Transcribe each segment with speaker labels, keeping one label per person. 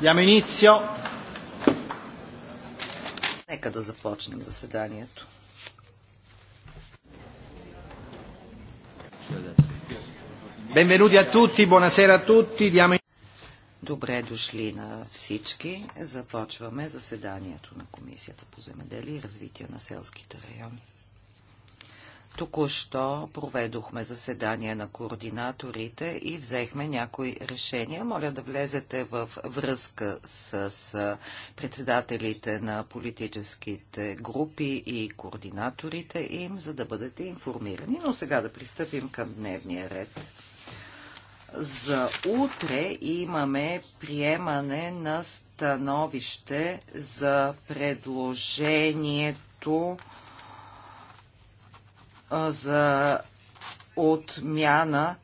Speaker 1: Дяме inizio. Нека да започнем заседанието. Benvenuti a tutti, buonasera тути, дяме Добре дошли на всички. Започваме заседанието на Комисията по земеделие и развитие на селските райони. Току-що проведохме заседание на координаторите и взехме някои решения. Моля да влезете в връзка с председателите на политическите групи и координаторите им, за да бъдете информирани. Но сега да пристъпим към дневния ред. За утре имаме приемане на становище за предложението за отмяна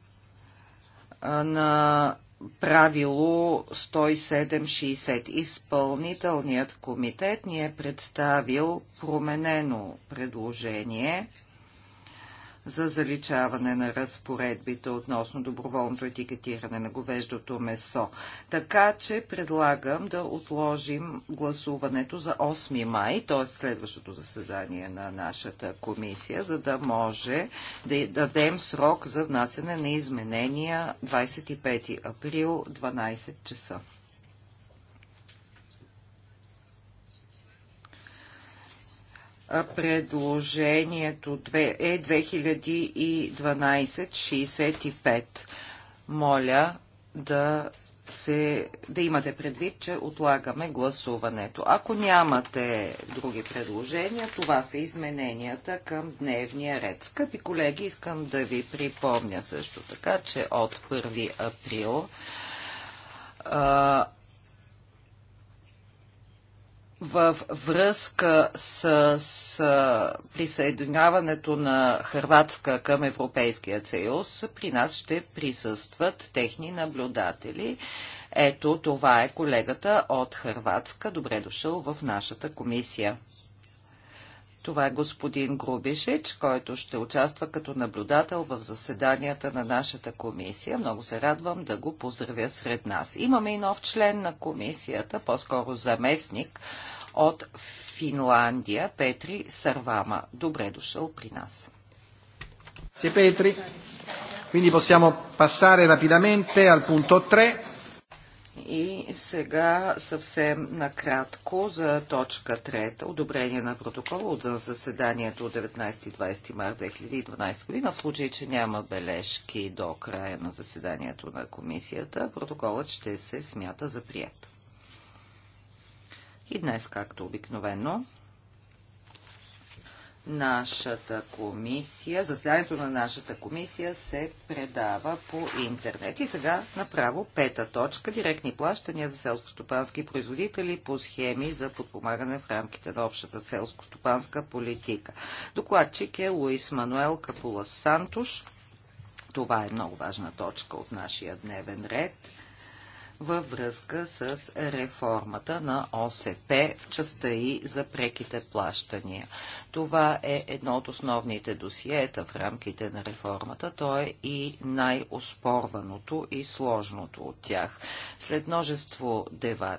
Speaker 1: на правило 107.60. Изпълнителният комитет ни е представил променено предложение – за заличаване на разпоредбите относно доброволното етикетиране на говеждото месо. Така че предлагам да отложим гласуването за 8 май, т.е. следващото заседание на нашата комисия, за да може да дадем срок за внасене на изменения 25 април 12 часа. предложението е 2012-65. Моля да, се, да имате предвид, че отлагаме гласуването. Ако нямате други предложения, това са измененията към дневния ред. Скъпи колеги, искам да ви припомня също така, че от 1 април в връзка с, с присъединяването на Хрватска към Европейския съюз, при нас ще присъстват техни наблюдатели. Ето, това е колегата от Хрватска. Добре дошъл в нашата комисия. Това е господин Грубишич, който ще участва като наблюдател в заседанията на нашата комисия. Много се радвам да го поздравя сред нас. Имаме и нов член на комисията, по-скоро заместник от Финландия, Петри Сарвама. Добре дошъл при нас. Си Петри.
Speaker 2: Quindi possiamo passare rapidamente al punto 3.
Speaker 1: И сега съвсем накратко за точка 3. Одобрение на протокола от заседанието от 19 и 20 марта 2012 година. В случай, че няма бележки до края на заседанието на комисията, протоколът ще се смята за прият. И днес, както обикновено, нашата комисия, заседанието на нашата комисия се предава по интернет. И сега направо пета точка. Директни плащания за селскостопански производители по схеми за подпомагане в рамките на общата селскостопанска политика. Докладчик е Луис Мануел Капулас Сантуш. Това е много важна точка от нашия дневен ред във връзка с реформата на ОСП в частта и за преките плащания. Това е едно от основните досиета в рамките на реформата. То е и най-оспорваното и сложното от тях. След множество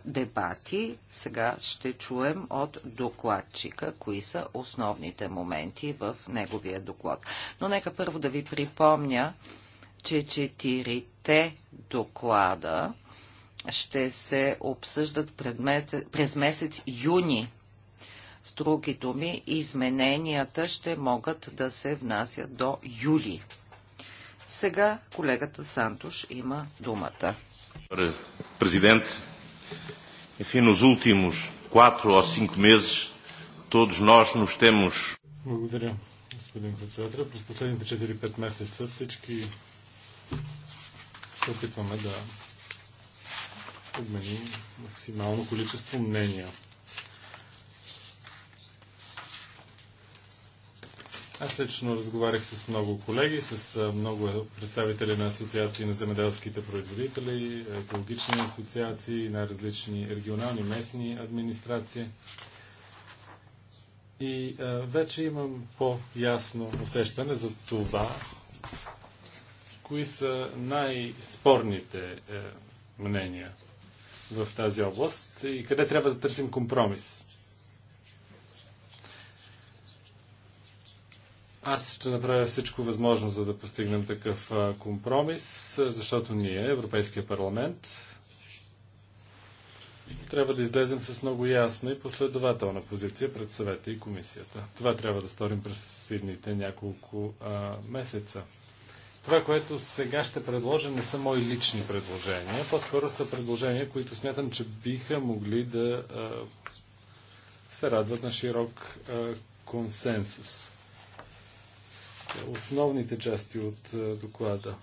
Speaker 1: дебати сега ще чуем от докладчика, кои са основните моменти в неговия доклад. Но нека първо да ви припомня, че четирите доклада ще се обсъждат месец, през месец юни. С други думи, измененията ще могат да се внасят до юли. Сега колегата Сантош има
Speaker 3: думата. Президент, enfim, nos últimos 4 ou 5 meses, todos nós nos temos. Благодаря, господин председател. През последните 4-5 месеца всички се опитваме да обменим максимално количество мнения. Аз лично разговарях с много колеги, с много представители на асоциации на земеделските производители, екологични асоциации, на различни регионални, местни администрации. И а, вече имам по-ясно усещане за това, кои са най-спорните е, мнения в тази област и къде трябва да търсим компромис. Аз ще направя всичко възможно, за да постигнем такъв компромис, защото ние, Европейския парламент, трябва да излезем с много ясна и последователна позиция пред съвета и комисията. Това трябва да сторим през следните няколко а, месеца. Това, което сега ще предложа, не са мои лични предложения, по-скоро са предложения, които смятам, че биха могли да а, се радват на широк а, консенсус. Основните части от а, доклада.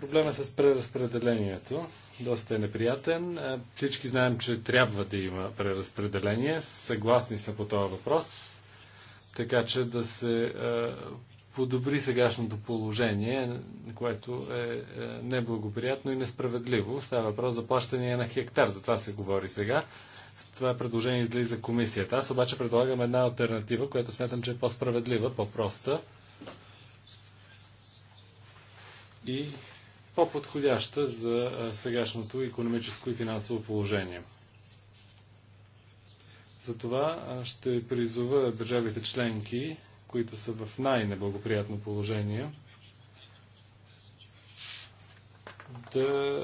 Speaker 3: Проблема с преразпределението. Доста е неприятен. Всички знаем, че трябва да има преразпределение. Съгласни сме по този въпрос. Така че да се подобри сегашното положение, което е, е неблагоприятно и несправедливо. Става въпрос за плащане на хектар, за това се говори сега. С това предложение излиза комисията. Аз обаче предлагам една альтернатива, която смятам, че е по-справедлива, по-проста и по-подходяща за е, сегашното економическо и финансово положение. Затова е, ще призова държавите членки които са в най-неблагоприятно положение, да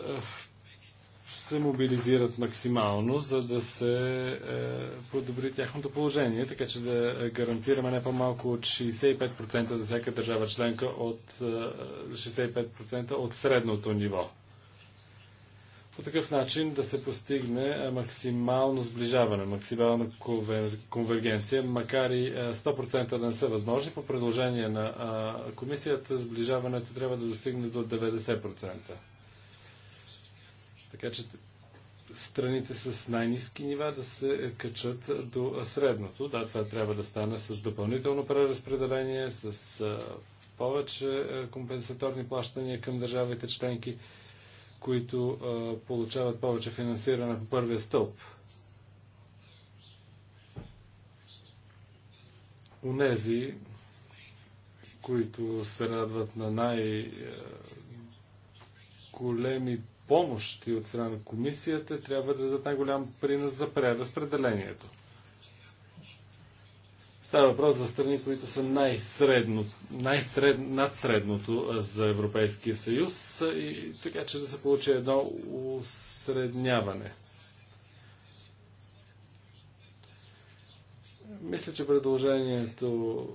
Speaker 3: се мобилизират максимално, за да се е, подобри тяхното положение, така че да гарантираме не по-малко от 65% за всяка държава членка от 65% е, от средното ниво по такъв начин да се постигне максимално сближаване, максимална конвергенция, макар и 100% да не са възможни. По предложение на комисията, сближаването трябва да достигне до 90%. Така че страните с най-низки нива да се качат до средното. Да, това трябва да стане с допълнително преразпределение, с повече компенсаторни плащания към държавите членки които а, получават повече финансиране по първия стълб. Унези, които се радват на най-големи помощи от страна на комисията, трябва да дадат най-голям принос за преразпределението. Става въпрос за страни, които са най-средно, най-сред, надсредното за Европейския съюз, и, така че да се получи едно усредняване. Мисля, че предложението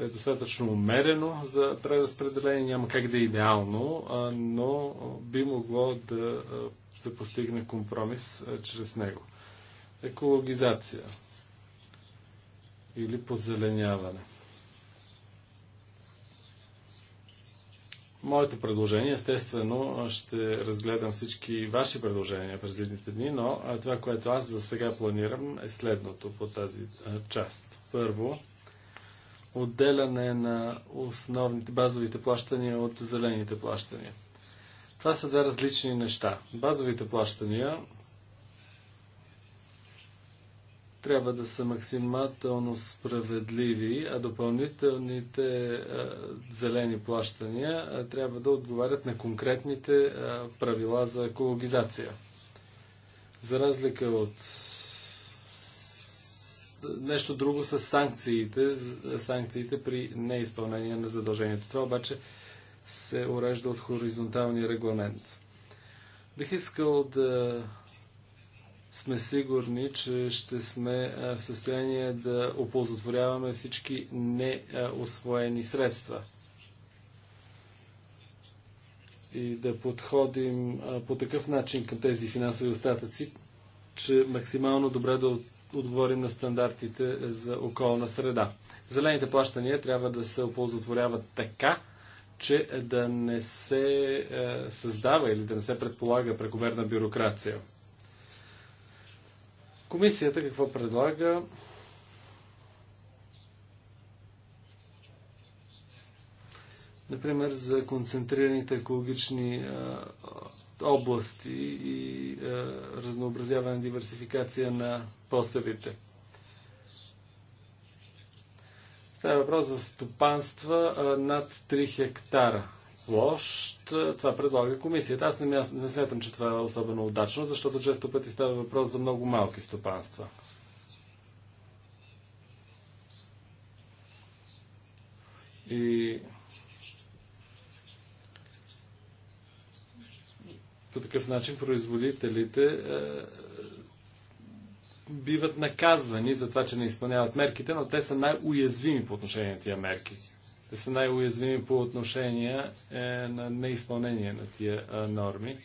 Speaker 3: е достатъчно умерено за преразпределение. Няма как да е идеално, но би могло да се постигне компромис чрез него. Екологизация или позеленяване. Моето предложение, естествено, ще разгледам всички ваши предложения през едните дни, но това, което аз за сега планирам е следното по тази част. Първо, отделяне на основните базовите плащания от зелените плащания. Това са две различни неща. Базовите плащания трябва да са максимално справедливи, а допълнителните а, е, зелени плащания а, е, трябва да отговарят на конкретните а, е, правила за екологизация. За разлика от нещо друго са санкциите, санкциите при неизпълнение на задължението. Това обаче се урежда от хоризонталния регламент. Бих искал да сме сигурни, че ще сме в състояние да оползотворяваме всички неосвоени средства и да подходим по такъв начин към тези финансови остатъци, че максимално добре да отговорим на стандартите за околна среда. Зелените плащания трябва да се оползотворяват така, че да не се създава или да не се предполага прекомерна бюрокрация. Комисията какво предлага? Например, за концентрираните екологични а, области и а, разнообразяване, диверсификация на посевите. Става въпрос за стопанства а, над 3 хектара площ, е, това предлага комисията. Аз не, не смятам, че това е особено удачно, защото често пъти става въпрос за много малки стопанства. И по такъв начин производителите е, биват наказвани за това, че не изпълняват мерките, но те са най-уязвими по отношение на тия мерки те са най-уязвими по отношение е, на неизпълнение на тия а, норми.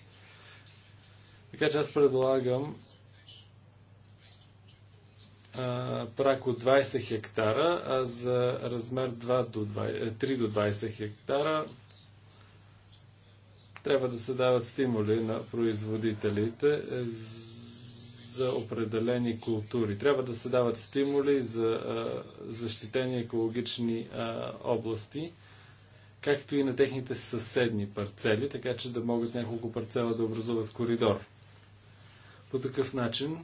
Speaker 3: Така че аз предлагам прак от 20 хектара, а за размер 2 до 20, 3 е, до 20 хектара трябва да се дават стимули на производителите е, за определени култури. Трябва да се дават стимули за а, защитени екологични а, области, както и на техните съседни парцели, така че да могат няколко парцела да образуват коридор. По такъв начин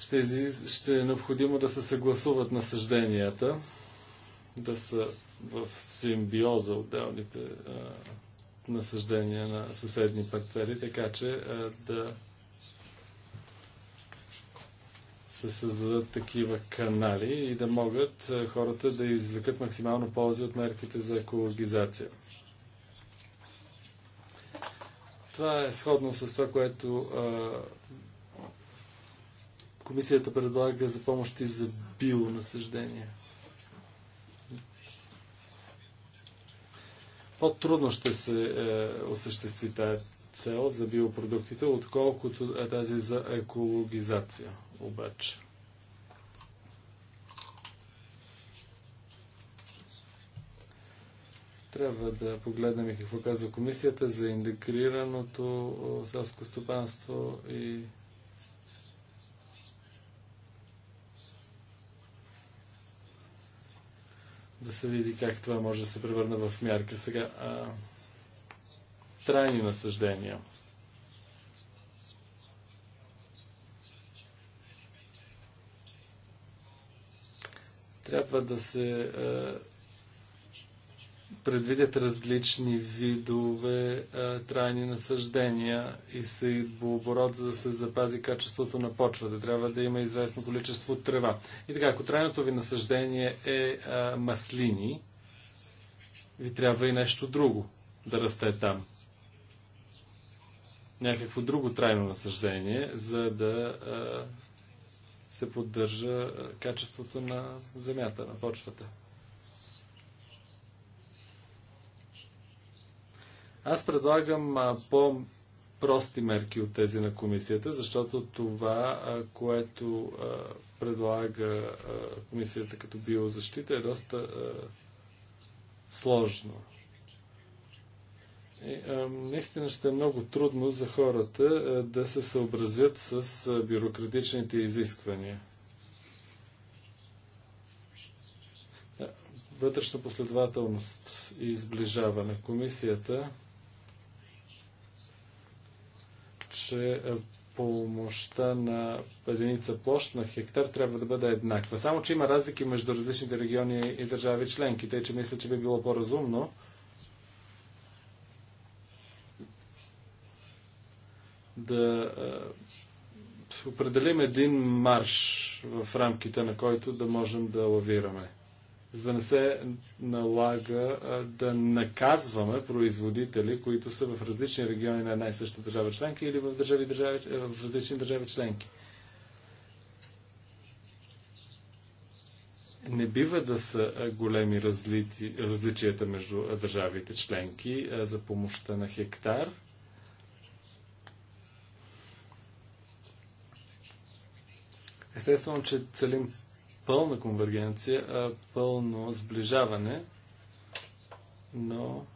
Speaker 3: ще, ще е необходимо да се съгласуват насъжденията, да са в симбиоза отделните а, насъждения на съседни парцели, така че а, да се създадат такива канали и да могат а, хората да извлекат максимално ползи от мерките за екологизация. Това е сходно с това, което а, комисията предлага за помощи за бионасъждения. по-трудно ще се е, осъществи тази цел за биопродуктите, отколкото е тази за екологизация обаче. Трябва да погледнем какво казва комисията за интегрираното е, селско стопанство и да се види как това може да се превърне в мярка. Сега, а, трайни насъждения. Трябва да се а, предвидят различни видове а, трайни насъждения и съдбооборот, за да се запази качеството на почвата. Трябва да има известно количество трева. И така, ако трайното ви насъждение е а, маслини, ви трябва и нещо друго да расте там. Някакво друго трайно насъждение, за да а, се поддържа качеството на земята, на почвата. Аз предлагам по прости мерки от тези на комисията, защото това, което предлага комисията като биозащита е доста сложно. И, а, наистина ще е много трудно за хората а, да се съобразят с а, бюрократичните изисквания. Вътрешна последователност и изближаване. Комисията че е, помощта на единица площ на хектар трябва да бъде еднаква. Само, че има разлики между различните региони и държави членки, тъй че мисля, че би било по-разумно да е, определим един марш в рамките на който да можем да лавираме за да не се налага да наказваме производители, които са в различни региони на една и съща държава членка или в, държави, държави, е, в различни държави членки. не бива да са големи разлити, различията между държавите членки за помощта на хектар. Естествено, че целим пълна конвергенция, пълно сближаване, но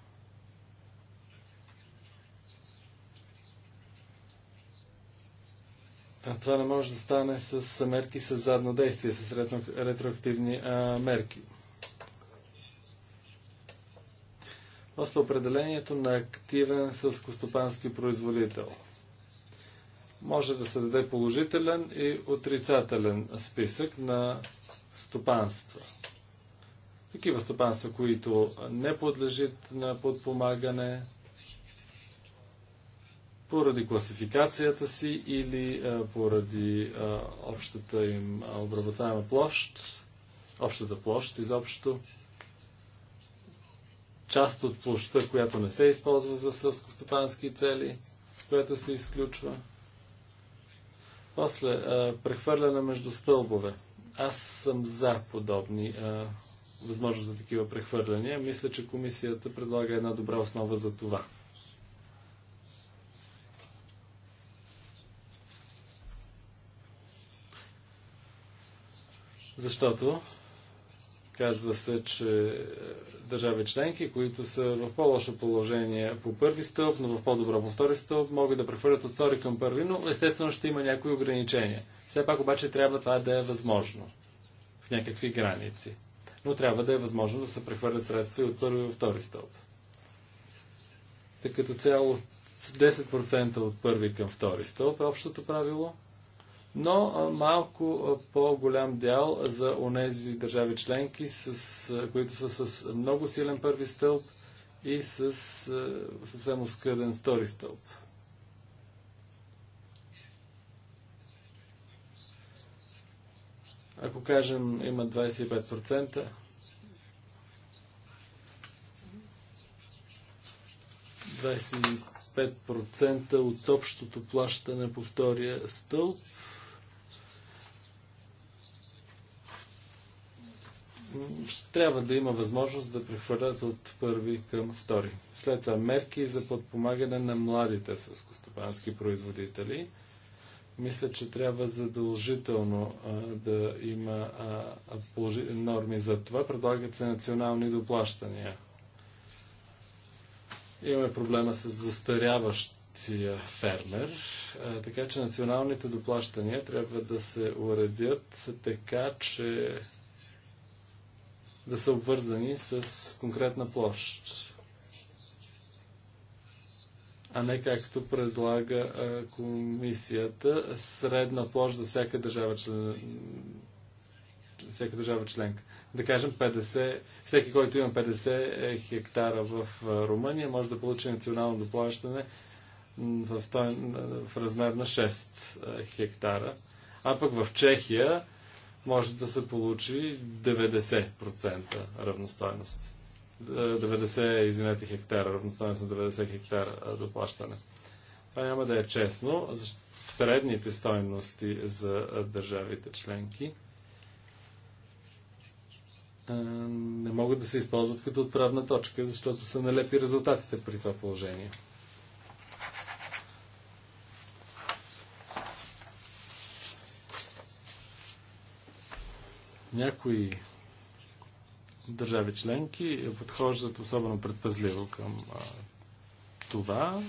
Speaker 3: А това не може да стане с мерки с задно действие, с ретроактивни а, мерки. После определението на активен сълскостопански производител. Може да се даде положителен и отрицателен списък на стопанства. Такива стопанства, които не подлежат на подпомагане поради класификацията си или поради общата им обработаема площ, общата площ изобщо част от площта, която не се използва за сълскостопански цели, която се изключва. После, прехвърляне между стълбове. Аз съм за подобни а, възможност за такива прехвърляния. Мисля, че комисията предлага една добра основа за това. Защото казва се, че е, държави членки, които са в по-лошо положение по първи стълб, но в по-добро по втори стълб, могат да прехвърлят от втори към първи, но естествено ще има някои ограничения – все пак обаче трябва това да е възможно в някакви граници. Но трябва да е възможно да се прехвърлят средства и от първи и втори стълб. Тъй като цяло 10% от първи към втори стълб е общото правило, но малко по-голям дял за онези държави членки, с, които са с много силен първи стълб и с съвсем оскъден втори стълб. Ако кажем, има 25%, 25% от общото плащане по втория стълб. Трябва да има възможност да прехвърлят от първи към втори. След това мерки за подпомагане на младите сълскостопански производители – мисля, че трябва задължително а, да има а, положи... норми за това. Предлагат се национални доплащания. Имаме проблема с застаряващия фермер, а, така че националните доплащания трябва да се уредят така, че да са обвързани с конкретна площ а не както предлага а, комисията средна площ за всяка държава, член... всяка държава членка. Да кажем 50, всеки, който има 50 е, хектара в Румъния, може да получи национално доплащане в, сто... в размер на 6 хектара. А пък в Чехия може да се получи 90% равностойност. 90, извинете, хектара, равностойност на 90 хектара доплащане. Това няма да е честно. Средните стойности за държавите членки не могат да се използват като отправна точка, защото са налепи резултатите при това положение. Някои държави членки подхождат особено предпазливо към това.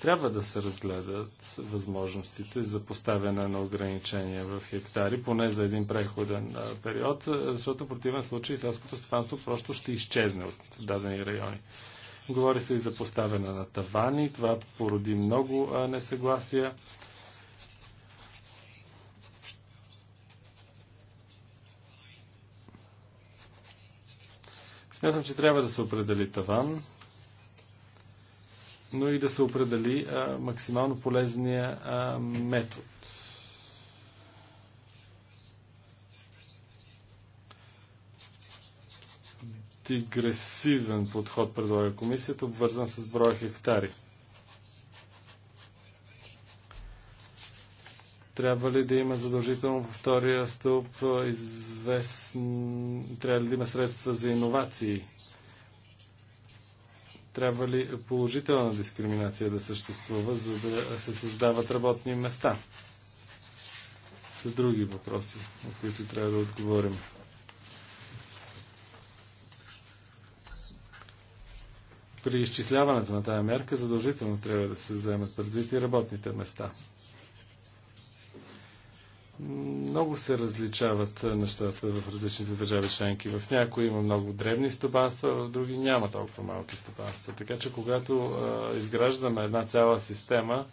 Speaker 3: Трябва да се разгледат възможностите за поставяне на ограничения в хектари, поне за един преходен период, защото в противен случай селското стопанство просто ще изчезне от дадени райони. Говори се и за поставяне на тавани. Това породи много несъгласия. Смятам, че трябва да се определи таван, но и да се определи а, максимално полезния а, метод. Дигресивен подход предлага комисията, обвързан с броя хектари. Трябва ли да има задължително по втория стълб известен, Трябва ли да има средства за иновации? Трябва ли положителна дискриминация да съществува, за да се създават работни места? Са други въпроси, на които трябва да отговорим. при изчисляването на тая мерка, задължително трябва да се вземат предвид и работните места много се различават е, нещата в различните държави членки. В някои има много древни стопанства, в други няма толкова малки стопанства. Така че когато а, изграждаме една цяла система,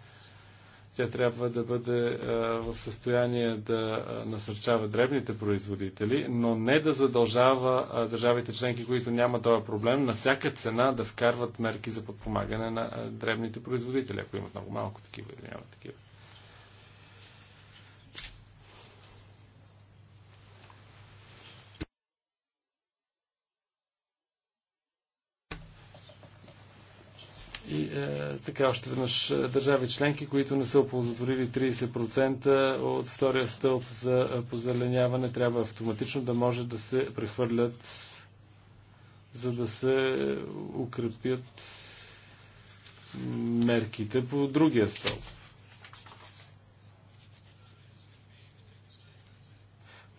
Speaker 3: тя трябва да бъде а, в състояние да насърчава дребните производители, но не да задължава а, държавите членки, които няма този проблем, на всяка цена да вкарват мерки за подпомагане на дребните производители, ако имат много малко такива или няма такива. И е, така още веднъж е, държави членки, които не са оползотворили 30% от втория стълб за е, позеленяване, трябва автоматично да може да се прехвърлят, за да се укрепят мерките по другия стълб.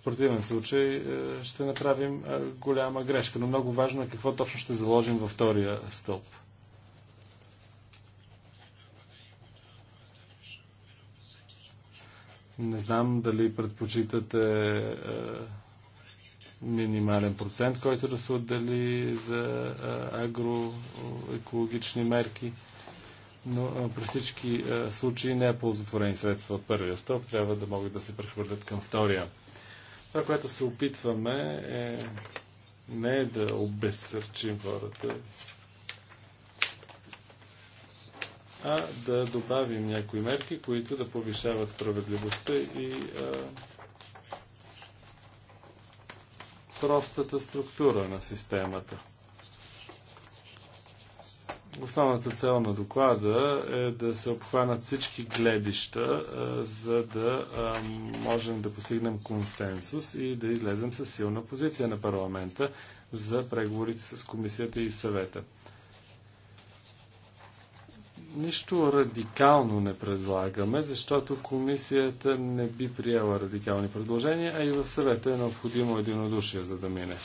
Speaker 3: В противен случай е, ще направим голяма грешка, но много важно е какво точно ще заложим във втория стълб. Не знам дали предпочитате е, минимален процент, който да се отдели за е, агроекологични мерки, но е, при всички е, случаи не е ползотворени средства от първия стоп, трябва да могат да се прехвърлят към втория. Това, което се опитваме е не е да обесърчим хората, а да добавим някои мерки, които да повишават справедливостта и а, простата структура на системата. Основната цел на доклада е да се обхванат всички гледища, а, за да а, можем да постигнем консенсус и да излезем с силна позиция на парламента за преговорите с комисията и съвета. Нищо радикално не предлагаме, защото комисията не би приела радикални предложения, а и в съвета е необходимо единодушие, за да мине.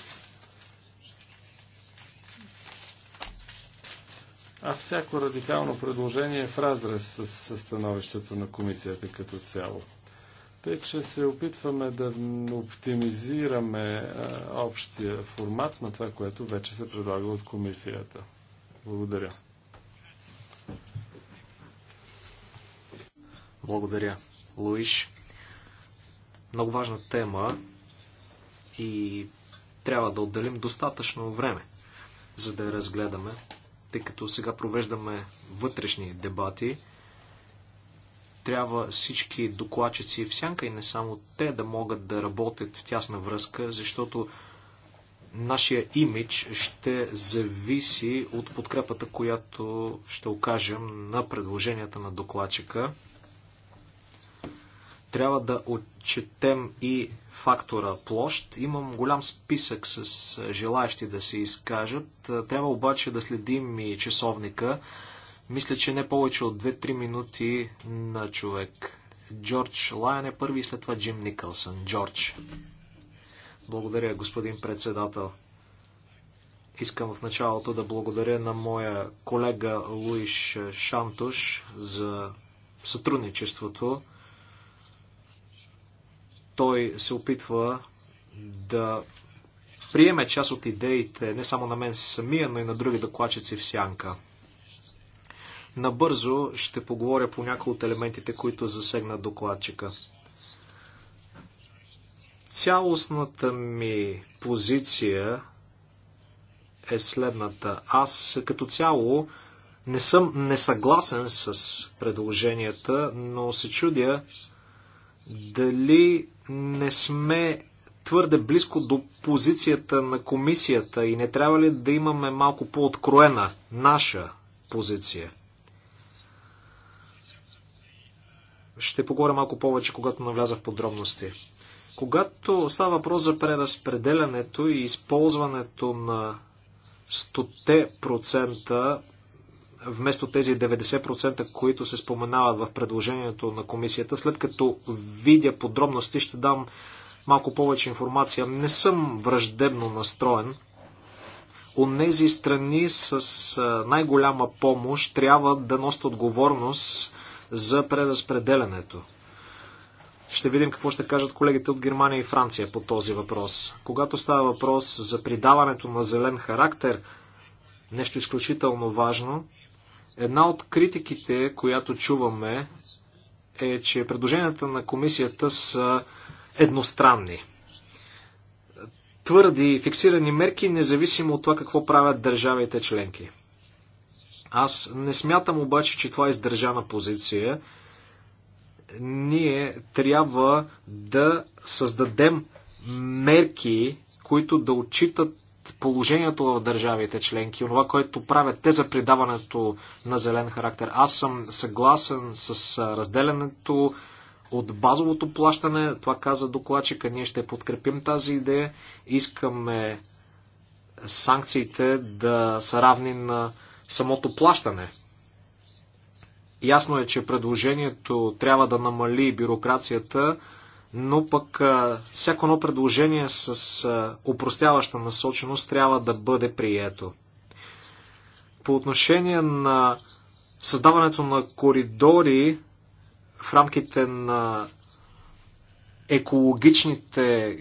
Speaker 3: А всяко радикално предложение е в разрез с, становището на комисията като цяло. Тъй, че се опитваме да оптимизираме общия формат на това, което вече се предлага от комисията.
Speaker 2: Благодаря. Благодаря, Луиш. Много важна тема и трябва да отделим достатъчно време, за да я разгледаме, тъй като сега провеждаме вътрешни дебати. Трябва всички докладчици в сянка и не само те да могат да работят в тясна връзка, защото нашия имидж ще зависи от подкрепата, която ще окажем на предложенията на докладчика. Трябва да отчетем и фактора площ. Имам голям списък с е, желаящи да се изкажат. Е, трябва обаче да следим и часовника. Мисля, че не повече от 2-3 минути на човек. Джордж Лайан е първи и след това Джим Никълсън. Джордж. Благодаря, господин председател. Искам в началото да благодаря на моя колега Луиш Шантуш за сътрудничеството. Той се опитва да приеме част от идеите, не само на мен самия, но и на други докладчици в сянка. Набързо ще поговоря по някои от елементите, които засегнат докладчика. Цялостната ми позиция е следната. Аз като цяло не съм несъгласен с предложенията, но се чудя дали не сме твърде близко до позицията на комисията и не трябва ли да имаме малко по-откроена наша позиция? Ще поговоря малко повече, когато навляза в подробности. Когато става въпрос за преразпределянето и използването на 100% вместо тези 90%, които се споменават в предложението на комисията. След като видя подробности, ще дам малко повече информация. Не съм враждебно настроен. тези страни с най-голяма помощ трябва да носят отговорност за преразпределенето. Ще видим какво ще кажат колегите от Германия и Франция по този въпрос. Когато става въпрос за придаването на зелен характер, нещо изключително важно, Една от критиките, която чуваме, е, че предложенията на комисията са едностранни. Твърди и фиксирани мерки, независимо от това какво правят държавите членки. Аз не смятам обаче, че това е издържана позиция. Ние трябва да създадем мерки, които да отчитат положението в държавите членки, онова, което правят те за придаването на зелен характер. Аз съм съгласен с разделянето от базовото плащане, това каза докладчика, ние ще подкрепим тази идея. Искаме санкциите да са равни на самото плащане. Ясно е, че предложението трябва да намали бюрокрацията, но пък всяко едно предложение с упростяваща насоченост трябва да бъде прието. По отношение на създаването на коридори в рамките на екологичните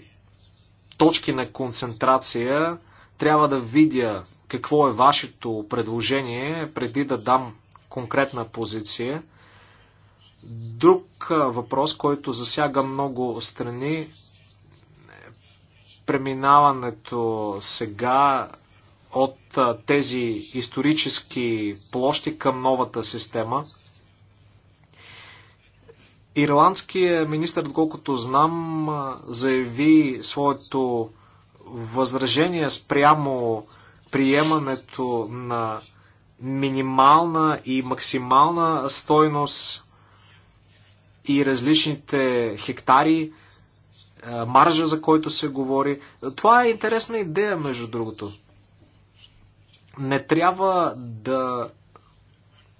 Speaker 2: точки на концентрация, трябва да видя какво е вашето предложение, преди да дам конкретна позиция. Друг въпрос, който засяга много страни, е преминаването сега от тези исторически площи към новата система. Ирландският министр, доколкото знам, заяви своето възражение спрямо приемането на минимална и максимална стойност и различните хектари, е, маржа, за който се говори. Това е интересна идея, между другото. Не трябва да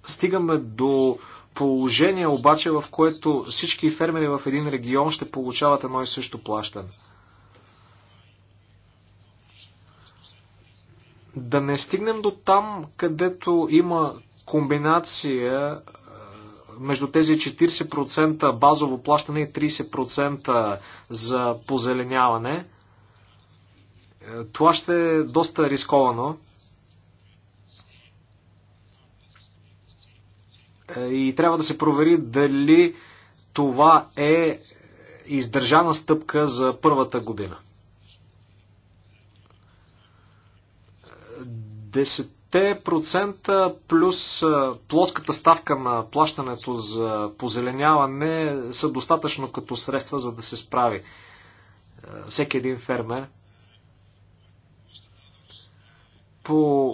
Speaker 2: стигаме до положение, обаче, в което всички фермери в един регион ще получават едно и също плащане. Да не стигнем до там, където има комбинация между тези 40% базово плащане и 30% за позеленяване. Е, това ще е доста рисковано. Е, и трябва да се провери дали това е издържана стъпка за първата година. 10 те процента плюс плоската ставка на плащането за позеленяване са достатъчно като средства, за да се справи всеки един фермер. По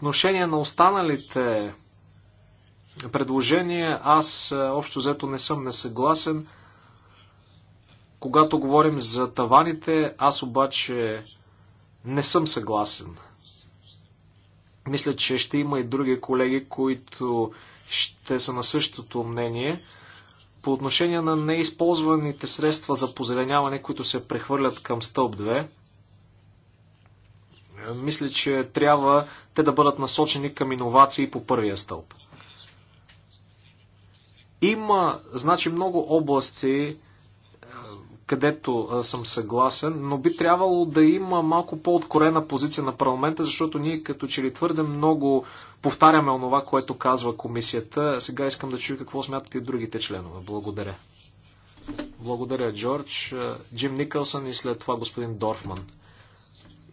Speaker 2: отношение на останалите предложения, аз общо взето не съм несъгласен. Когато говорим за таваните, аз обаче не съм съгласен мисля, че ще има и други колеги, които ще са на същото мнение. По отношение на неизползваните средства за позеленяване, които се прехвърлят към стълб 2, мисля, че трябва те да бъдат насочени към иновации по първия стълб. Има, значи, много области, където съм съгласен, но би трябвало да има малко по-откорена позиция на парламента, защото ние като че ли твърде много повтаряме онова, което казва комисията. Сега искам да чуя какво смятат и другите членове. Благодаря. Благодаря, Джордж. Джим Никълсън и след това господин Дорфман.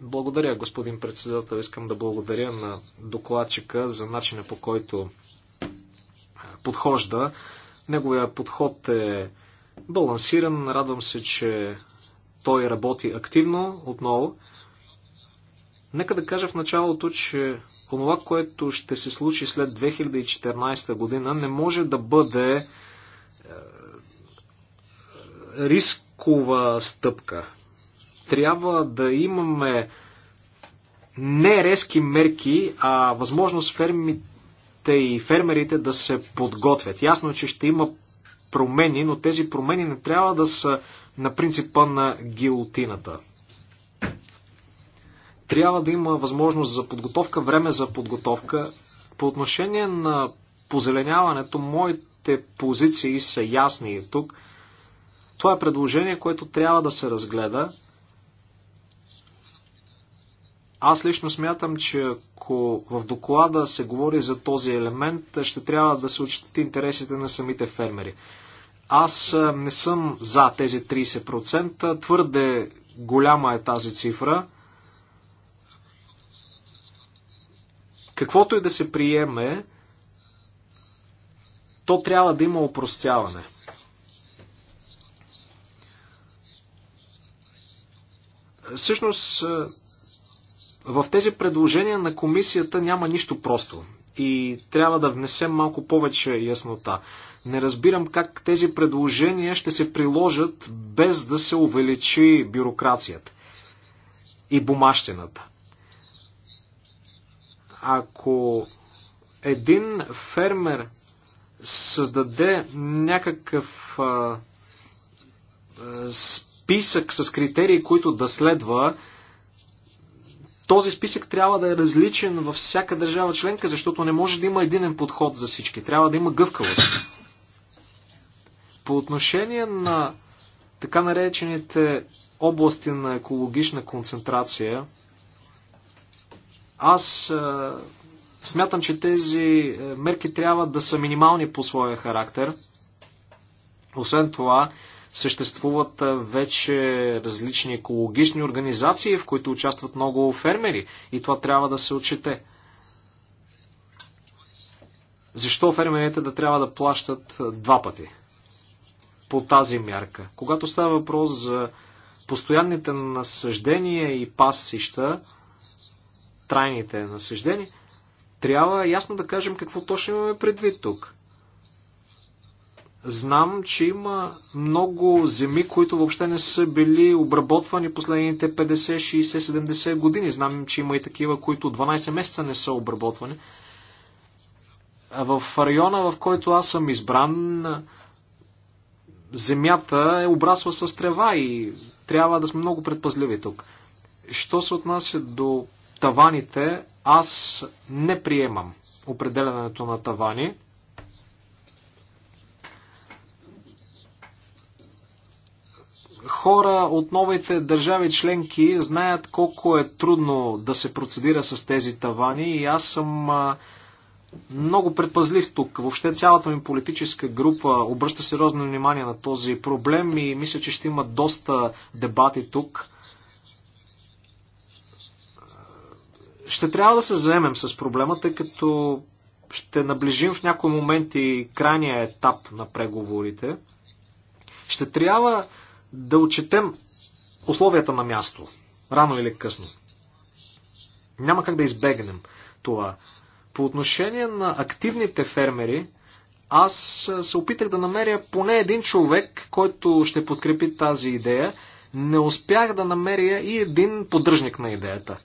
Speaker 2: Благодаря, господин председател. Искам да благодаря на докладчика за начина по който подхожда. Неговия подход е балансиран. Радвам се, че той работи активно отново. Нека да кажа в началото, че онова, което ще се случи след 2014 година, не може да бъде е, рискова стъпка. Трябва да имаме не резки мерки, а възможност фермите и фермерите да се подготвят. Ясно е, че ще има промени, но тези промени не трябва да са на принципа на гилотината. Трябва да има възможност за подготовка, време за подготовка. По отношение на позеленяването, моите позиции са ясни и тук. Това е предложение, което трябва да се разгледа. Аз лично смятам, че ако в доклада се говори за този елемент, ще трябва да се отчитат интересите на самите фермери. Аз е, не съм за тези 30%. Твърде голяма е тази цифра. Каквото и да се приеме, то трябва да има упростяване. Всъщност, е, в тези предложения на комисията няма нищо просто и трябва да внесем малко повече яснота. Не разбирам как тези предложения ще се приложат без да се увеличи бюрокрацията и бумащината. Ако един фермер създаде някакъв а, списък с критерии, които да следва, този списък трябва да е различен във всяка държава членка, защото не може да има единен подход за всички. Трябва да има гъвкавост. По отношение на така наречените области на екологична концентрация, аз е, смятам, че тези е, мерки трябва да са минимални по своя характер. Освен това, съществуват е, вече различни екологични организации, в които участват много фермери и това трябва да се отчете. Защо фермерите да трябва да плащат е, два пъти? по тази мярка. Когато става въпрос за постоянните насъждения и пасища, трайните насъждения, трябва ясно да кажем какво точно имаме предвид тук. Знам, че има много земи, които въобще не са били обработвани последните 50, 60, 70 години. Знам, че има и такива, които 12 месеца не са обработвани. В района, в който аз съм избран, земята е обрасла с трева и трябва да сме много предпазливи тук. Що се отнася до таваните, аз не приемам определенето на тавани. Хора от новите държави членки знаят колко е трудно да се процедира с тези тавани и аз съм много предпазлив тук. Въобще цялата ми политическа група обръща сериозно внимание на този проблем и мисля, че ще има доста дебати тук. Ще трябва да се заемем с проблема, тъй като ще наближим в някои моменти крайния етап на преговорите. Ще трябва да отчетем условията на място, рано или късно. Няма как да избегнем това. По отношение на активните фермери, аз се опитах да намеря поне един човек, който ще подкрепи тази идея. Не успях да намеря и един поддръжник на идеята.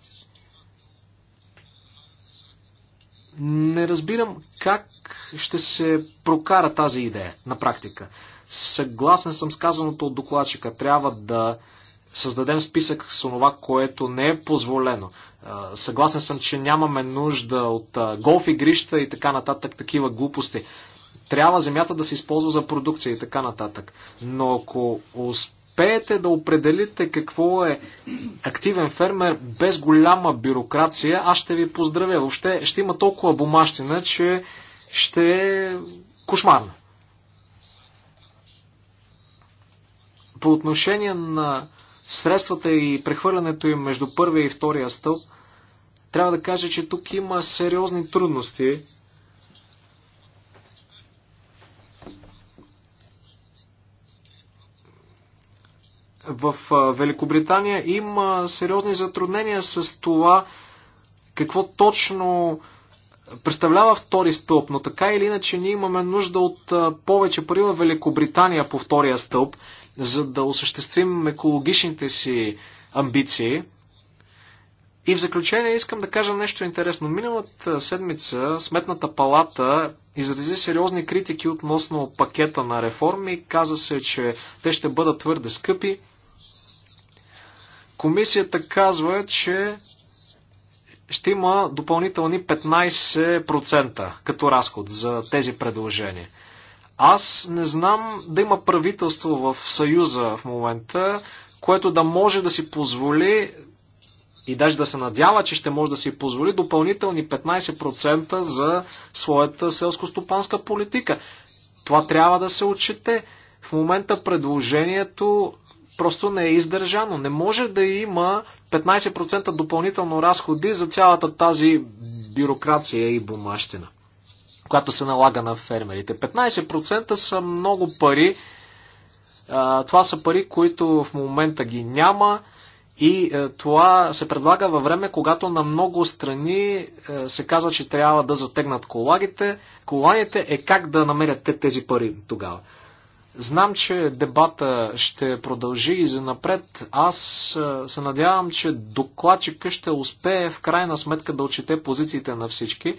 Speaker 2: Не разбирам как ще се прокара тази идея на практика. Съгласен съм с казаното от докладчика. Трябва да създадем списък с това, което не е позволено. Съгласен съм, че нямаме нужда от голф игрища и така нататък, такива глупости. Трябва земята да се използва за продукция и така нататък. Но ако успеете да определите какво е активен фермер без голяма бюрокрация, аз ще ви поздравя. Въобще ще има толкова бумащина, че ще е кошмарно. По отношение на средствата и прехвърлянето им между първия и втория стълб, трябва да кажа, че тук има сериозни трудности. В Великобритания има сериозни затруднения с това какво точно представлява втори стълб, но така или иначе ние имаме нужда от повече пари в Великобритания по втория стълб за да осъществим екологичните си амбиции. И в заключение искам да кажа нещо интересно. Миналата седмица Сметната палата изрази сериозни критики относно пакета на реформи. Каза се, че те ще бъдат твърде скъпи. Комисията казва, че ще има допълнителни 15% като разход за тези предложения. Аз не знам да има правителство в Съюза в момента, което да може да си позволи и даже да се надява, че ще може да си позволи допълнителни 15% за своята селско-стопанска политика. Това трябва да се отчете. В момента предложението просто не е издържано. Не може да има 15% допълнително разходи за цялата тази бюрокрация и бумащина която се налага на фермерите. 15% са много пари. Това са пари, които в момента ги няма. И е, това се предлага във време, когато на много страни е, се казва, че трябва да затегнат колагите. Коланите е как да намерят те тези пари тогава. Знам, че дебата ще продължи и за напред. Аз е, се надявам, че докладчика ще успее в крайна сметка да отчете позициите на всички.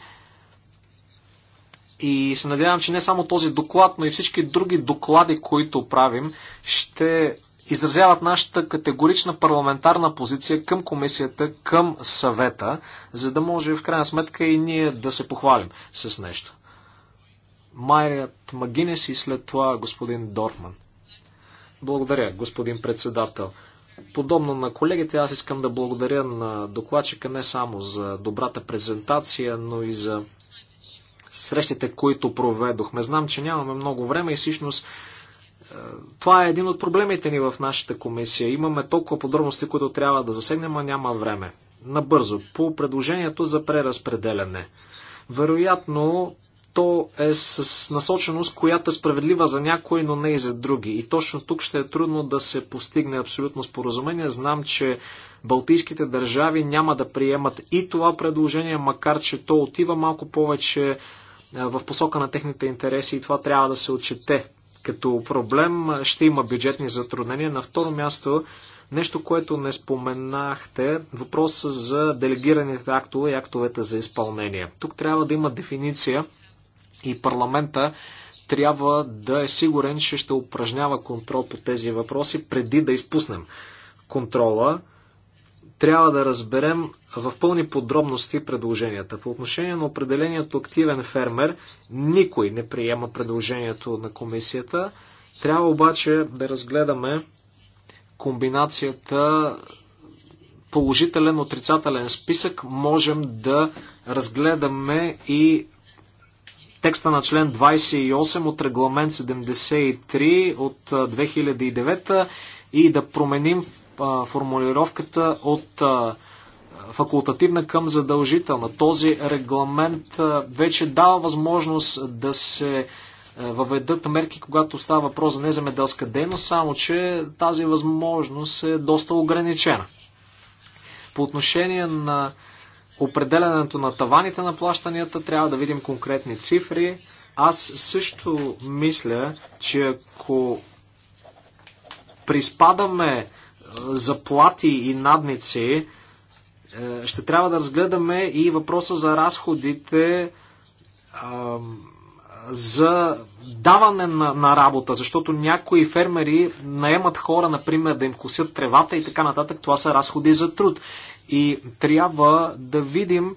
Speaker 2: И се надявам, че не само този доклад, но и всички други доклади, които правим, ще изразяват нашата категорична парламентарна позиция към комисията, към съвета, за да може в крайна сметка и ние да се похвалим с нещо. Майрият Магинес и след това господин Дортман. Благодаря, господин председател. Подобно на колегите, аз искам да благодаря на докладчика не само за добрата презентация, но и за срещите, които проведохме. Знам, че нямаме много време и всъщност е, това е един от проблемите ни в нашата комисия. Имаме толкова подробности, които трябва да засегнем, а няма време. Набързо, по предложението за преразпределяне. Вероятно, то е с насоченост, която е справедлива за някои, но не и за други. И точно тук ще е трудно да се постигне абсолютно споразумение. Знам, че балтийските държави няма да приемат и това предложение, макар че то отива малко повече е, в посока на техните интереси и това трябва да се отчете. Като проблем ще има бюджетни затруднения. На второ място, нещо, което не споменахте, въпроса за делегираните актове и актовете за изпълнение. Тук трябва да има дефиниция и парламента трябва да е сигурен, че ще упражнява контрол по тези въпроси преди да изпуснем контрола трябва да разберем в пълни подробности предложенията. По отношение на определението активен фермер, никой не приема предложението на комисията. Трябва обаче да разгледаме комбинацията положителен, отрицателен списък. Можем да разгледаме и текста на член 28 от регламент 73 от 2009 и да променим формулировката от факултативна към задължителна. Този регламент вече дава възможност да се въведат мерки, когато става въпрос за неземеделска дейност, само че тази възможност е доста ограничена. По отношение на определенето на таваните на плащанията, трябва да видим конкретни цифри. Аз също мисля, че ако приспадаме заплати и надници, е, ще трябва да разгледаме и въпроса за разходите за даване на, на работа, защото някои фермери наемат хора, например, да им косят тревата и така нататък. Това са разходи за труд. И трябва да видим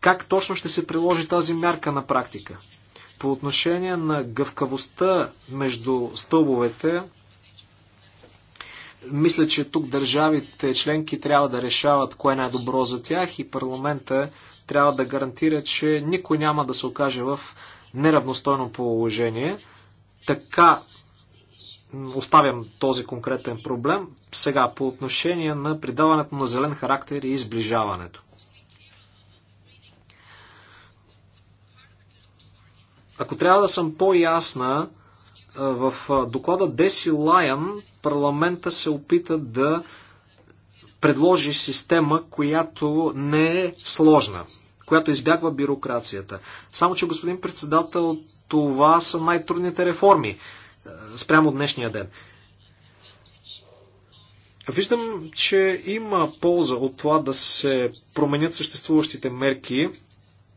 Speaker 2: как точно ще се приложи тази мярка на практика. По отношение на гъвкавостта между стълбовете, мисля, че тук държавите членки трябва да решават кое е най-добро за тях и парламента трябва да гарантира, че никой няма да се окаже в неравностойно положение. Така оставям този конкретен проблем. Сега по отношение на придаването на зелен характер и изближаването. Ако трябва да съм по-ясна, в доклада Деси Лайън парламента се опита да предложи система, която не е сложна, която избягва бюрокрацията. Само, че, господин председател, това са най-трудните реформи спрямо днешния ден. Виждам, че има полза от това да се променят съществуващите мерки,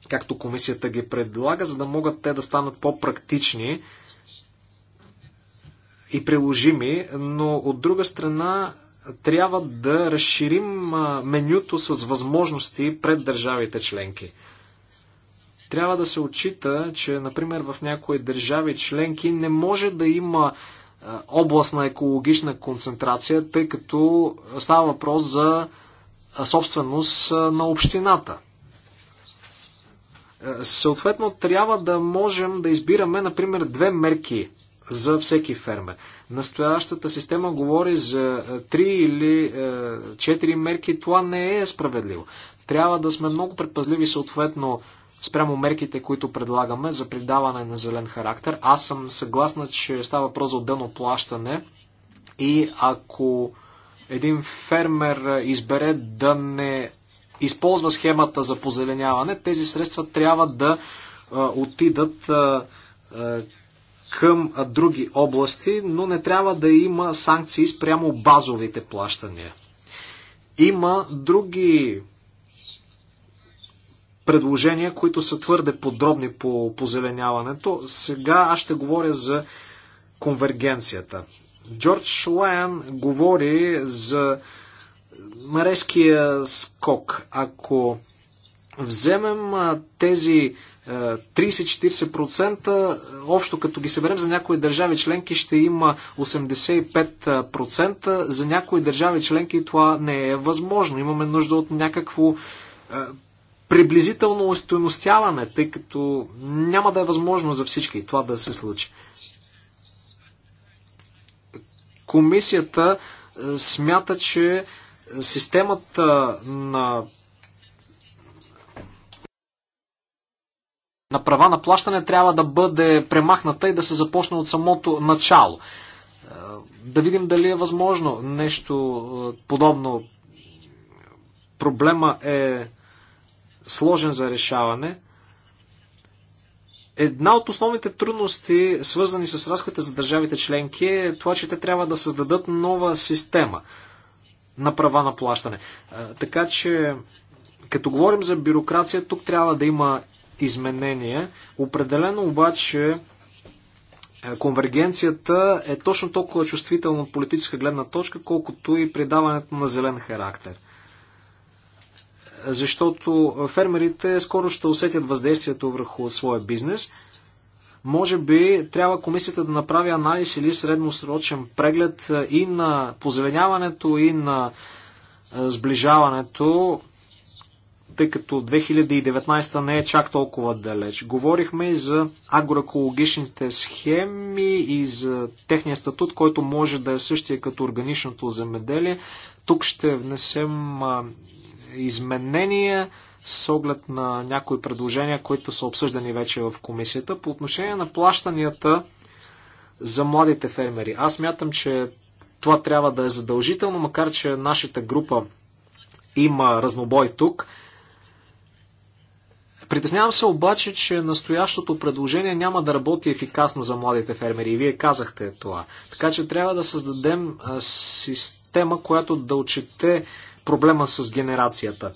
Speaker 2: както комисията ги предлага, за да могат те да станат по-практични и приложими, но от друга страна трябва да разширим менюто с възможности пред държавите членки. Трябва да се отчита, че, например, в някои държави членки не може да има област на екологична концентрация, тъй като става въпрос за собственост на общината. Е, съответно, трябва да можем да избираме, например, две мерки за всеки фермер. Настоящата система говори за 3 е, или 4 е, мерки. Това не е справедливо. Трябва да сме много предпазливи съответно спрямо мерките, които предлагаме за придаване на зелен характер. Аз съм съгласна, че става въпрос за отделно плащане и ако един фермер е, избере да не използва схемата за позеленяване, тези средства трябва да отидат към други области, но не трябва да има санкции спрямо базовите плащания. Има други предложения, които са твърде подробни по позеленяването. Сега аз ще говоря за конвергенцията. Джордж Лайан говори за мареския скок. Ако вземем тези 30-40% общо като ги съберем за някои държави членки ще има 85%. За някои държави членки това не е възможно. Имаме нужда от някакво е, приблизително устойностяване, тъй като няма да е възможно за всички това да се случи. Комисията е, смята, че системата на на права на плащане трябва да бъде премахната и да се започне от самото начало. Е, да видим дали е възможно нещо е, подобно. Проблема е сложен за решаване. Една от основните трудности, свързани с разходите за държавите членки, е това, че те трябва да създадат нова система на права на плащане. Е, така че, като говорим за бюрокрация, тук трябва да има изменения. Определено обаче е, конвергенцията е точно толкова чувствителна от политическа гледна точка, колкото и придаването на зелен характер. Защото фермерите скоро ще усетят въздействието върху своя бизнес. Може би трябва комисията да направи анализ или средносрочен преглед е, и на позеленяването, и на е, сближаването тъй като 2019 не е чак толкова далеч. Говорихме и за агроекологичните схеми и за техния статут, който може да е същия като органичното земеделие. Тук ще внесем изменения с оглед на някои предложения, които са обсъждани вече в комисията. По отношение на плащанията за младите фермери, аз мятам, че това трябва да е задължително, макар че нашата група има разнобой тук. Притеснявам се обаче, че настоящото предложение няма да работи ефикасно за младите фермери. И вие казахте това. Така че трябва да създадем система, която да отчете проблема с генерацията.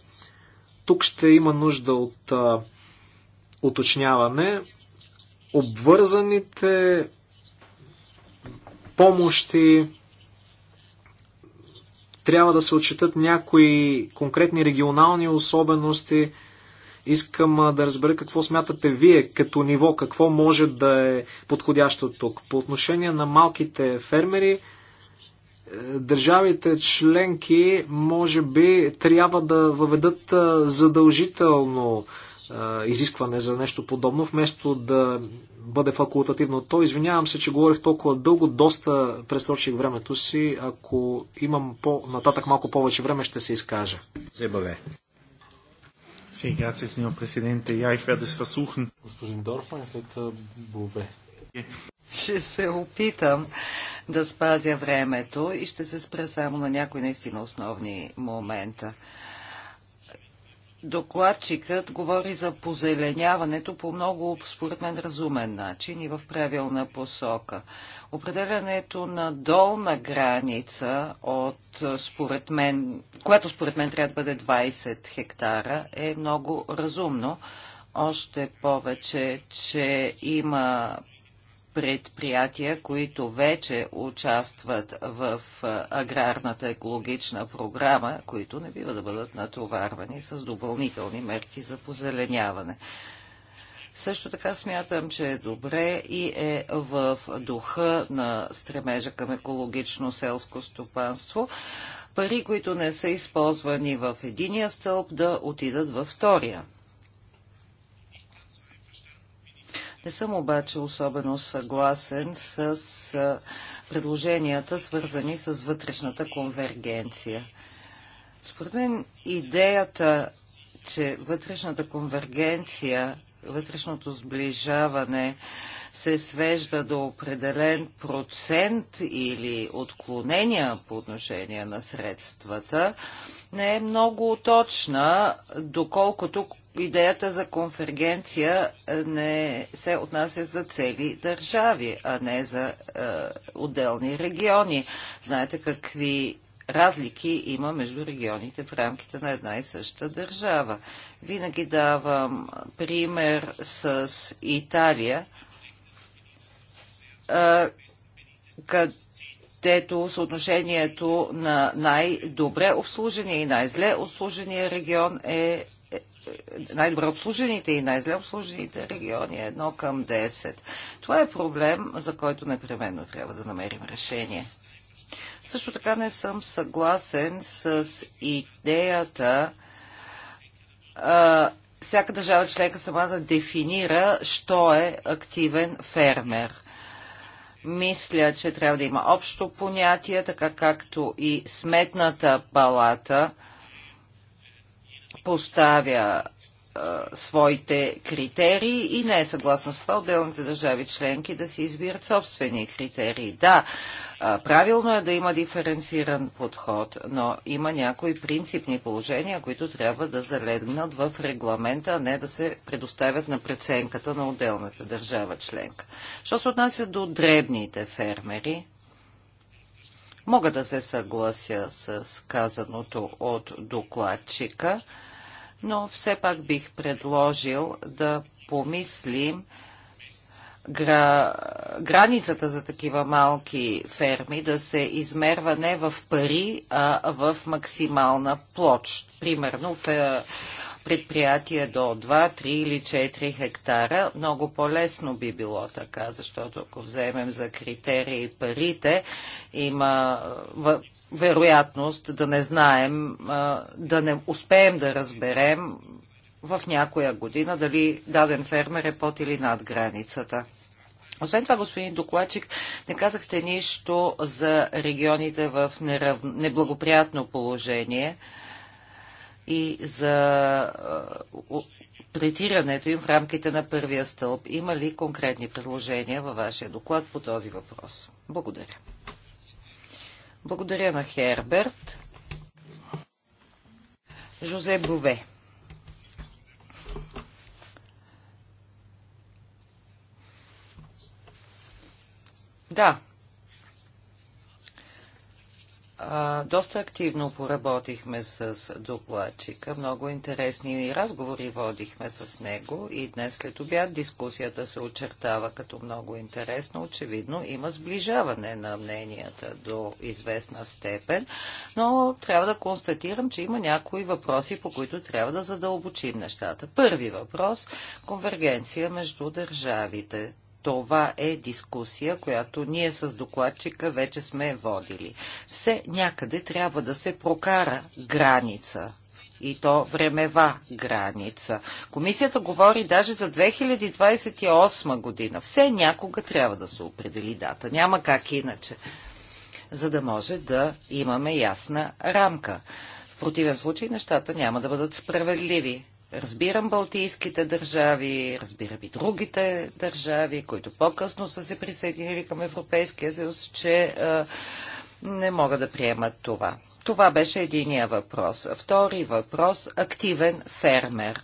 Speaker 2: Тук ще има нужда от а, уточняване. Обвързаните помощи трябва да се отчитат някои конкретни регионални особености. Искам да разбера какво смятате вие като ниво, какво може да е подходящо тук. По отношение на малките фермери, е, държавите членки може би трябва да въведат задължително е, изискване за нещо подобно, вместо да бъде факултативно то. Извинявам се, че говорих толкова дълго, доста пресрочих времето си. Ако имам по-нататък малко повече време, ще се изкажа.
Speaker 1: Зебаве grazie signor Presidente. Ja, ich werde es versuchen. Ще се опитам да спазя времето и ще се спра само на някои наистина основни момента докладчикът говори за позеленяването по много, според мен, разумен начин и в правилна посока. Определянето на долна граница от, според мен, която според мен трябва да бъде 20 хектара, е много разумно. Още повече, че има предприятия, които вече участват в аграрната екологична програма, които не бива да бъдат натоварвани с допълнителни мерки за позеленяване. Също така смятам, че е добре и е в духа на стремежа към екологично селско стопанство пари, които не са използвани в единия стълб, да отидат във втория. Не съм обаче особено съгласен с предложенията, свързани с вътрешната конвергенция. Според мен идеята, че вътрешната конвергенция, вътрешното сближаване се свежда до определен процент или отклонения по отношение на средствата, не е много точна, доколкото идеята за конвергенция е, не се отнася за цели държави, а не за е, отделни региони. Знаете какви разлики има между регионите в рамките на една и съща държава. Винаги давам пример с Италия, е, където съотношението на най-добре обслужения и най-зле обслужения регион е най-добре обслужените и най-зле обслужените региони е едно към 10. Това е проблем, за който непременно трябва да намерим решение. Също така не съм съгласен с идеята а, всяка държава членка сама да дефинира, що е активен фермер. Мисля, че трябва да има общо понятие, така както и сметната палата – поставя своите критерии и не е съгласна с това отделните държави членки да си избират собствени критерии. Да, правилно е да има диференциран подход, но има някои принципни положения, които трябва да залегнат в регламента, а не да се предоставят на преценката на отделната държава членка. Що се отнася до дребните фермери, мога да се съглася с казаното от докладчика – но все пак бих предложил да помислим гра... границата за такива малки ферми да се измерва не в пари, а в максимална площ. Примерно в е, предприятие до 2, 3 или 4 хектара. Много по-лесно би било така, защото ако вземем за критерии парите, има вероятност да не знаем, да не успеем да разберем в някоя година дали даден фермер е под или над границата. Освен това, господин докладчик, не казахте нищо за регионите в неблагоприятно положение и за третирането им в рамките на първия стълб. Има ли конкретни предложения във вашия доклад по този въпрос? Благодаря. Благодаря на Херберт. Жозе Бове. Да, а, доста активно поработихме с докладчика. Много интересни разговори водихме с него и днес след обяд дискусията се очертава като много интересно. Очевидно има сближаване на мненията до известна степен, но трябва да констатирам, че има някои въпроси, по които трябва да задълбочим нещата. Първи въпрос – конвергенция между държавите това е дискусия, която ние с докладчика вече сме водили. Все някъде трябва да се прокара граница и то времева граница. Комисията говори даже за 2028 година. Все някога трябва да се определи дата. Няма как иначе. За да може да имаме ясна рамка. В противен случай нещата няма да бъдат справедливи. Разбирам балтийските държави, разбирам и другите държави, които по-късно са се присъединили към Европейския съюз, че не могат да приемат това. Това беше единия въпрос. Втори въпрос – активен фермер.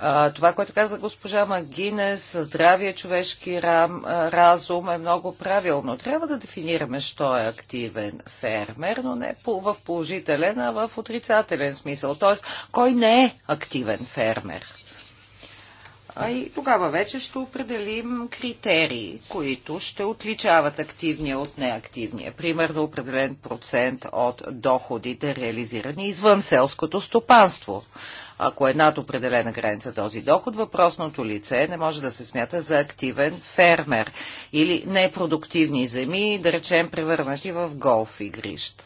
Speaker 1: А, това, което каза госпожа Магинес, здравия човешки рам, разум е много правилно. Трябва да дефинираме, що е активен фермер, но не в положителен, а в отрицателен смисъл. Тоест, кой не е активен фермер? А и тогава вече ще определим критерии, които ще отличават активния от неактивния. Примерно определен процент от доходите, реализирани извън селското стопанство. Ако е над определена граница този доход, въпросното лице не може да се смята за активен фермер или непродуктивни земи, да речем превърнати в голф игрища.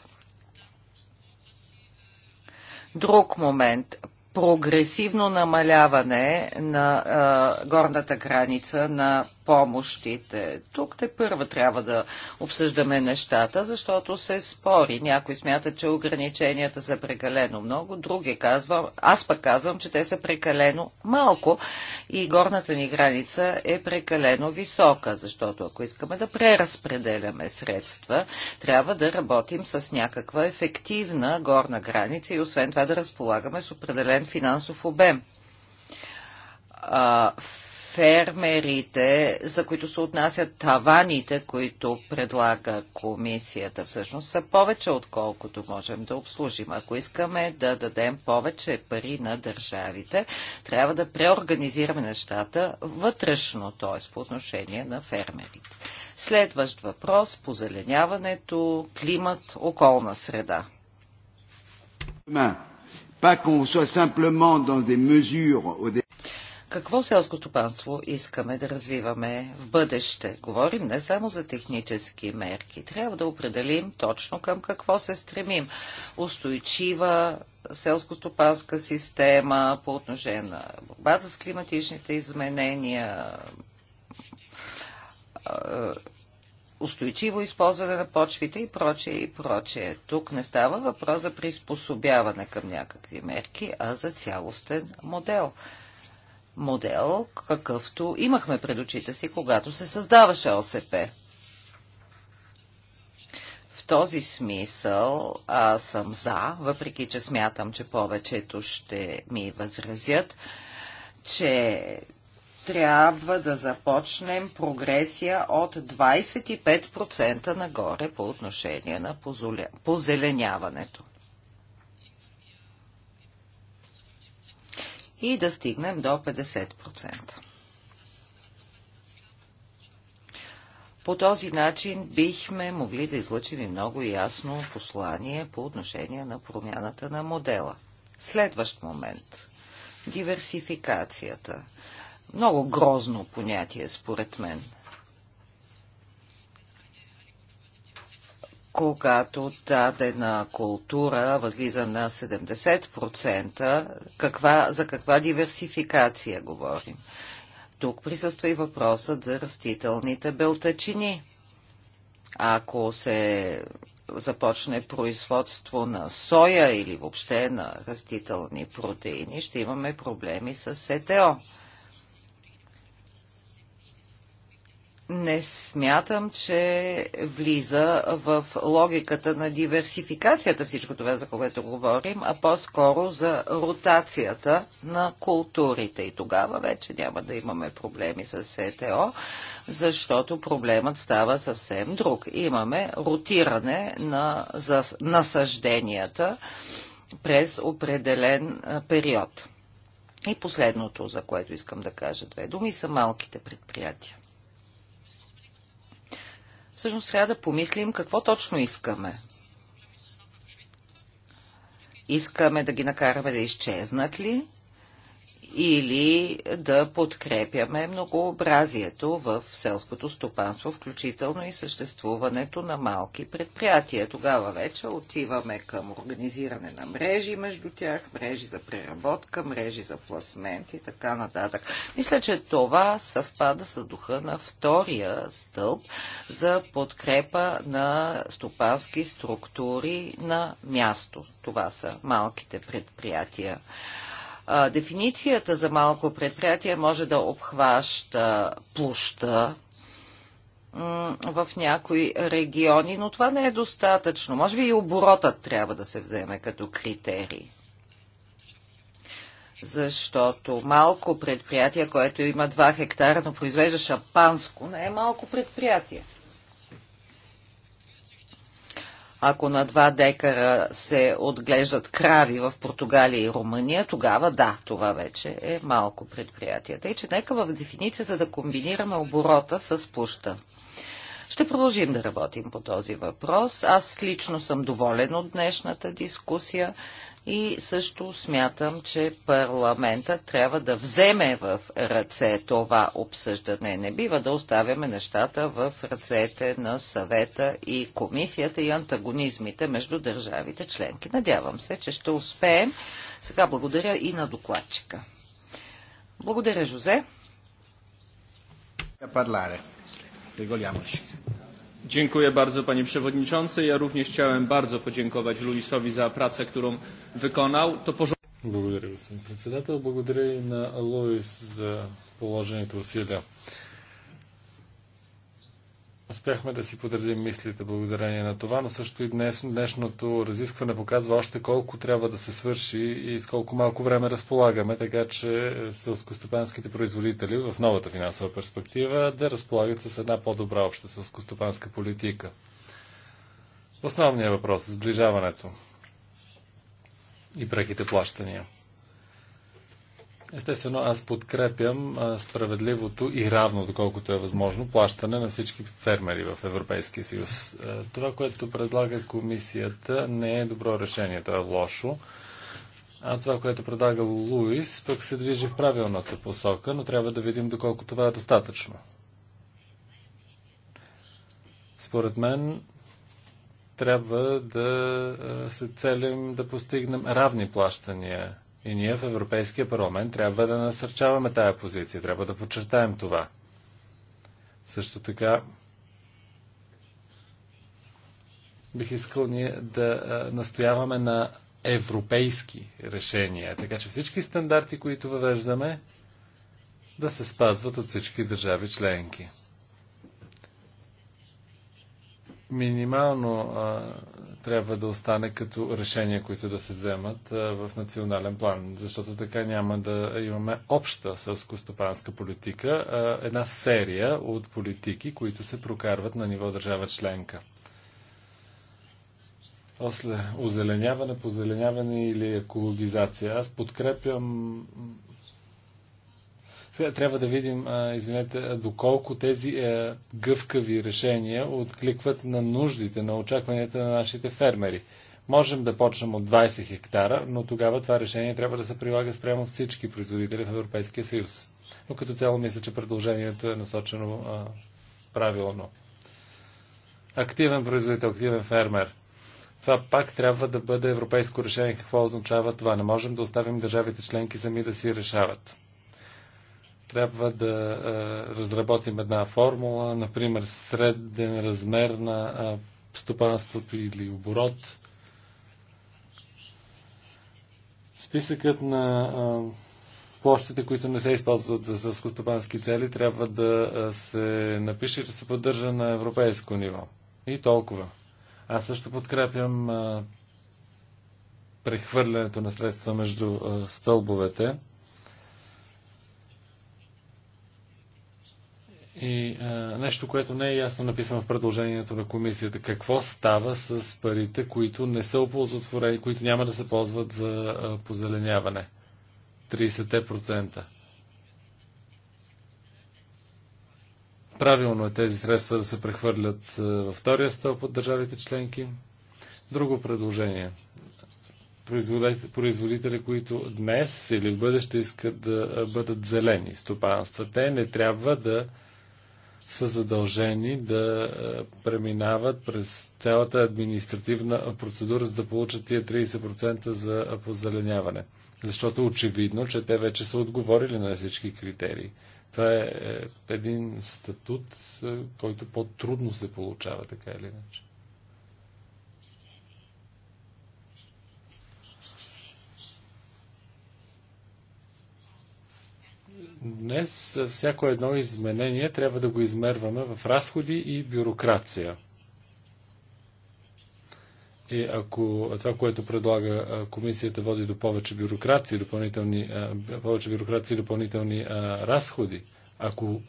Speaker 1: Друг момент прогресивно намаляване на а, горната граница на помощите. Тук те първа трябва да обсъждаме нещата, защото се спори. Някой смята, че ограниченията са прекалено много, други казвам, аз пък казвам, че те са прекалено малко и горната ни граница е прекалено висока, защото ако искаме да преразпределяме средства, трябва да работим с някаква ефективна горна граница и освен това да разполагаме с определен финансов обем. А, фермерите, за които се отнасят таваните, които предлага комисията, всъщност са повече, отколкото можем да обслужим. Ако искаме да дадем повече пари на държавите, трябва да преорганизираме нещата вътрешно, т.е. по отношение на фермерите. Следващ въпрос – позеленяването, климат, околна среда. Pas qu'on soit simplement dans des mesures au какво селско стопанство искаме да развиваме в бъдеще? Говорим не само за технически мерки. Трябва да определим точно към какво се стремим. Устойчива селско-стопанска система по отношение на борбата с климатичните изменения, устойчиво използване на почвите и прочее и прочее. Тук не става въпрос за приспособяване към някакви мерки, а за цялостен модел – модел, какъвто имахме пред очите си, когато се създаваше ОСП. В този смисъл аз съм за, въпреки че смятам, че повечето ще ми възразят, че трябва да започнем прогресия от 25% нагоре по отношение на позеленяването. и да стигнем до 50%. По този начин бихме могли да излъчим и много ясно послание по отношение на промяната на модела. Следващ момент – диверсификацията. Много грозно понятие, според мен – когато дадена култура възлиза на 70%, каква, за каква диверсификация говорим? Тук присъства и въпросът за растителните белтачини. Ако се започне производство на соя или въобще на растителни протеини, ще имаме проблеми с СТО. не смятам, че влиза в логиката на диверсификацията всичко това, за което говорим, а по-скоро за ротацията на културите. И тогава вече няма да имаме проблеми с СТО, защото проблемът става съвсем друг. Имаме ротиране на насъжденията през определен период. И последното, за което искам да кажа две думи, са малките предприятия всъщност трябва да помислим какво точно искаме. Искаме да ги накараме да изчезнат ли? или да подкрепяме многообразието в селското стопанство, включително и съществуването на малки предприятия. Тогава вече отиваме към организиране на мрежи между тях, мрежи за преработка, мрежи за пласмент и така нататък. Мисля, че това съвпада с духа на втория стълб за подкрепа на стопански структури на място. Това са малките предприятия дефиницията за малко предприятие може да обхваща площа в някои региони, но това не е достатъчно. Може би и оборотът трябва да се вземе като критерий защото малко предприятие, което има 2 хектара, но произвежда шапанско, не е малко предприятие. Ако на два декара се отглеждат крави в Португалия и Румъния, тогава да, това вече е малко предприятията. И че нека в дефиницията да комбинираме оборота с пуща. Ще продължим да работим по този въпрос. Аз лично съм доволен от днешната дискусия и също смятам, че парламента трябва да вземе в ръце това обсъждане. Не бива да оставяме нещата в ръцете на съвета и комисията и антагонизмите между държавите членки. Надявам се, че ще успеем. Сега благодаря и на докладчика. Благодаря, Жозе.
Speaker 2: Parlare. Regoliamoci.
Speaker 3: Dziękuję bardzo panie przewodniczący. Ja również chciałem bardzo podziękować Luisowi za pracę, którą wykonał. To porząd... Благодаря, господин председател. Благодаря и на Луис за положените усилия. Успяхме да си подредим мислите благодарение на това, но също и днес, днешното разискване показва още колко трябва да се свърши и с колко малко време разполагаме, така че сълскостопанските производители в новата финансова перспектива да разполагат с една по-добра обща сълскостопанска политика. Основният въпрос е сближаването и преките плащания. Естествено, аз подкрепям справедливото и равно, доколкото е възможно, плащане на всички фермери в Европейския съюз. Това, което предлага комисията, не е добро решение, то е лошо. А това, което предлага Луис, пък се движи в правилната посока, но трябва да видим доколко това е достатъчно. Според мен, трябва да се целим да постигнем равни плащания и ние в Европейския парламент трябва да насърчаваме тая позиция, трябва да подчертаем това. Също така, бих искал ние да настояваме на европейски решения. Така че всички стандарти, които въвеждаме, да се спазват от всички държави членки. Минимално трябва да остане като решения, които да се вземат в национален план, защото така няма да имаме обща селско-стопанска политика, а една серия от политики, които се прокарват на ниво държава членка. После озеленяване, позеленяване или екологизация. Аз подкрепям сега трябва да видим, извинете, доколко тези гъвкави решения откликват на нуждите, на очакванията на нашите фермери. Можем да почнем от 20 хектара, но тогава това решение трябва да се прилага спрямо всички производители в Европейския съюз. Но като цяло мисля, че предложението е насочено а, правилно. Активен производител, активен фермер. Това пак трябва да бъде европейско решение. Какво означава това? Не можем да оставим държавите членки сами да си решават трябва да разработим една формула, например среден размер на стопанството или оборот. Списъкът на площите, които не се използват за селскостопански цели, трябва да се напише и да се поддържа на европейско ниво. И толкова. Аз също подкрепям прехвърлянето на средства между стълбовете. И а, нещо, което не е ясно написано в предложението на комисията. Какво става с парите, които не са оползотворени, които няма да се ползват за а, позеленяване? 30%. Правилно е тези средства да се прехвърлят във втория стълб от държавите членки. Друго предложение. Производители, които днес или в бъдеще искат да бъдат зелени стопанства, те не трябва да са задължени да е, преминават през цялата административна процедура, за да получат тия 30% за позеленяване. Защото очевидно, че те вече са отговорили на всички критерии. Това е, е един статут, е, който по-трудно се получава, така или иначе. Днес всяко едно изменение трябва да го измерваме в разходи и бюрокрация. И ако това, което предлага комисията, води до повече бюрокрация, допълнителни, повече бюрокрация и допълнителни разходи, ако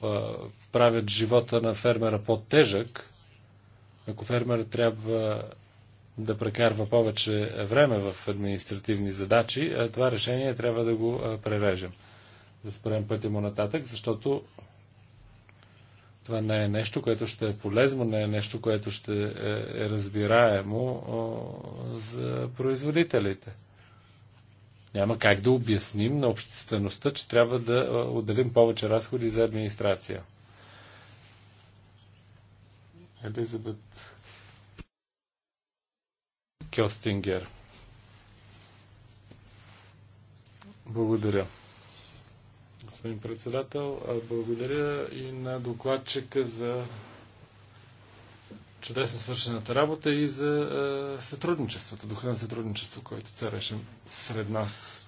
Speaker 3: правят живота на фермера по-тежък, ако фермерът трябва да прекарва повече време в административни задачи, това решение трябва да го прережем да спрем пътя му нататък, защото това не е нещо, което ще е полезно, не е нещо, което ще е, е разбираемо за производителите. Няма как да обясним на обществеността, че трябва да отделим повече разходи за администрация. Елизабет Кьостингер. Благодаря господин председател. Благодаря и на докладчика за чудесно свършената работа и за сътрудничеството, духа на сътрудничество, който цареше сред нас.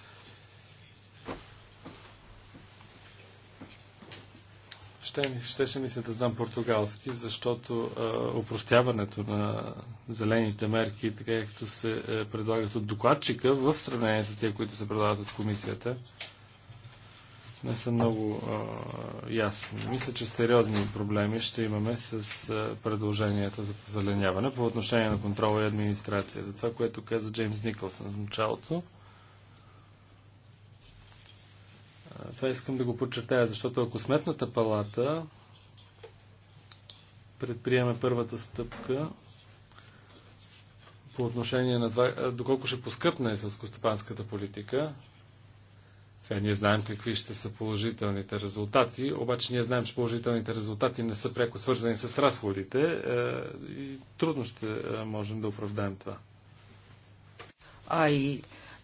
Speaker 3: ще, щеше ми се да знам португалски, защото а, упростяването на зелените мерки, така както се е, предлагат от докладчика, в сравнение с тези, които се предлагат от комисията, не са много а, ясни. Мисля, че сериозни проблеми ще имаме с а, предложенията за позеленяване по отношение на контрола и администрацията. Това, което каза Джеймс Никълсън в началото, а, това искам да го подчертая, защото ако сметната палата предприеме първата стъпка по отношение на това, доколко ще поскъпне селскостопанската политика, сега ние знаем какви ще са положителните резултати, обаче ние знаем, че положителните резултати не са пряко свързани с разходите е, и трудно ще е, можем да оправдаем това.
Speaker 1: А и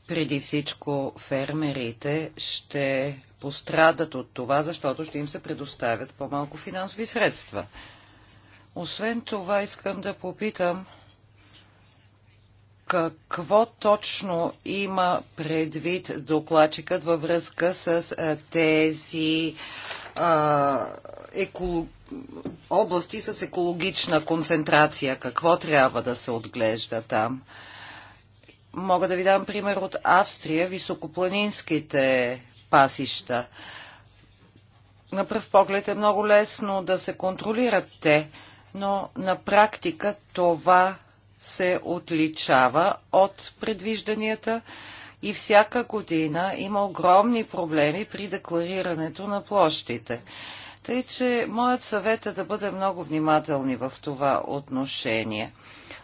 Speaker 1: преди всичко фермерите ще пострадат от това, защото ще им се предоставят по-малко финансови средства. Освен това искам да попитам какво точно има предвид докладчикът във връзка с тези а, еколог... области с екологична концентрация? Какво трябва да се отглежда там? Мога да ви дам пример от Австрия, високопланинските пасища. На пръв поглед е много лесно да се контролират те, но на практика това се отличава от предвижданията и всяка година има огромни проблеми при декларирането на площите. Тъй, че моят съвет е да бъдем много внимателни в това отношение.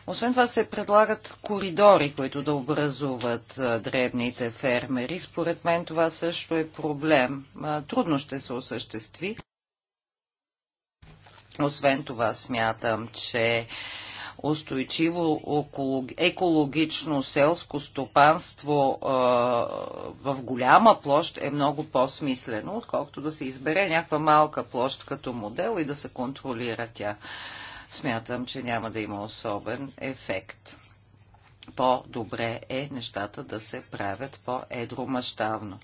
Speaker 1: Освен това се предлагат коридори, които да образуват дребните фермери. Според мен това също е проблем. трудно ще се осъществи. Освен това смятам, че устойчиво екологично селско стопанство в голяма площ е много по-смислено, отколкото да се избере някаква малка площ като модел и да се контролира тя. Смятам, че няма да има особен ефект. По-добре е нещата да се правят по-едромащавно.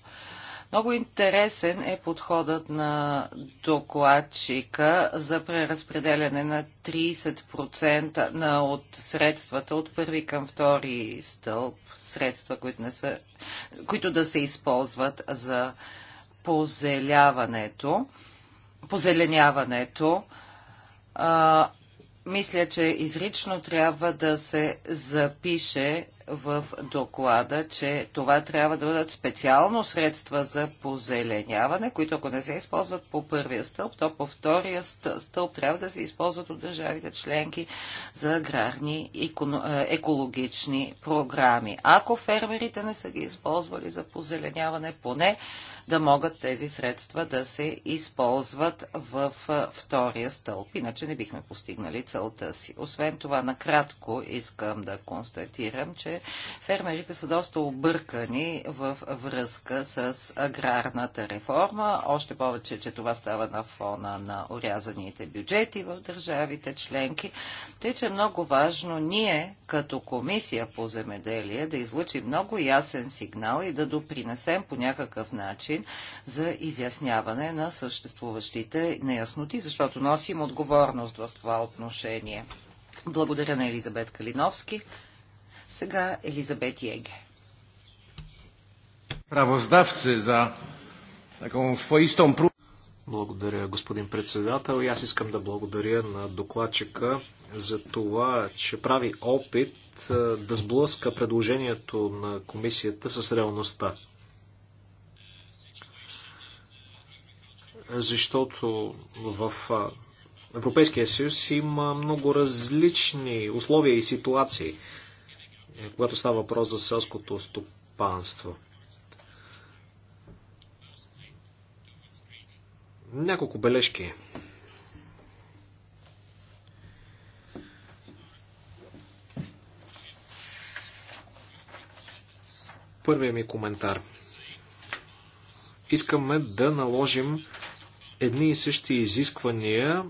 Speaker 1: Много интересен е подходът на докладчика за преразпределяне на 30% на, от средствата от първи към втори стълб, средства, които, не са, които да се използват за позеляването, позеленяването. А, мисля, че изрично трябва да се запише в доклада, че това трябва да бъдат специално средства за позеленяване, които ако не се използват по първия стълб, то по втория стълб трябва да се използват от държавите членки за аграрни е, екологични програми. Ако фермерите не са ги използвали за позеленяване, поне да могат тези средства да се използват в втория стълб. Иначе не бихме постигнали целта си. Освен това, накратко искам да констатирам, че фермерите са доста объркани в връзка с аграрната реформа. Още повече, че това става на фона на урязаните бюджети в държавите членки. Тъй, че е много важно ние, като комисия по земеделие, да излучим много ясен сигнал и да допринесем по някакъв начин начин за изясняване на съществуващите неясноти, защото носим отговорност в това отношение. Благодаря на Елизабет Калиновски. Сега Елизабет Еге. Правоздавце за такова своистом
Speaker 2: благодаря, господин председател. И аз искам да благодаря на докладчика за това, че прави опит е, да сблъска предложението на комисията с реалността. защото в Европейския съюз има много различни условия и ситуации, е, когато става въпрос за селското стопанство. Няколко бележки. Първият ми коментар. Искаме да наложим едни и същи изисквания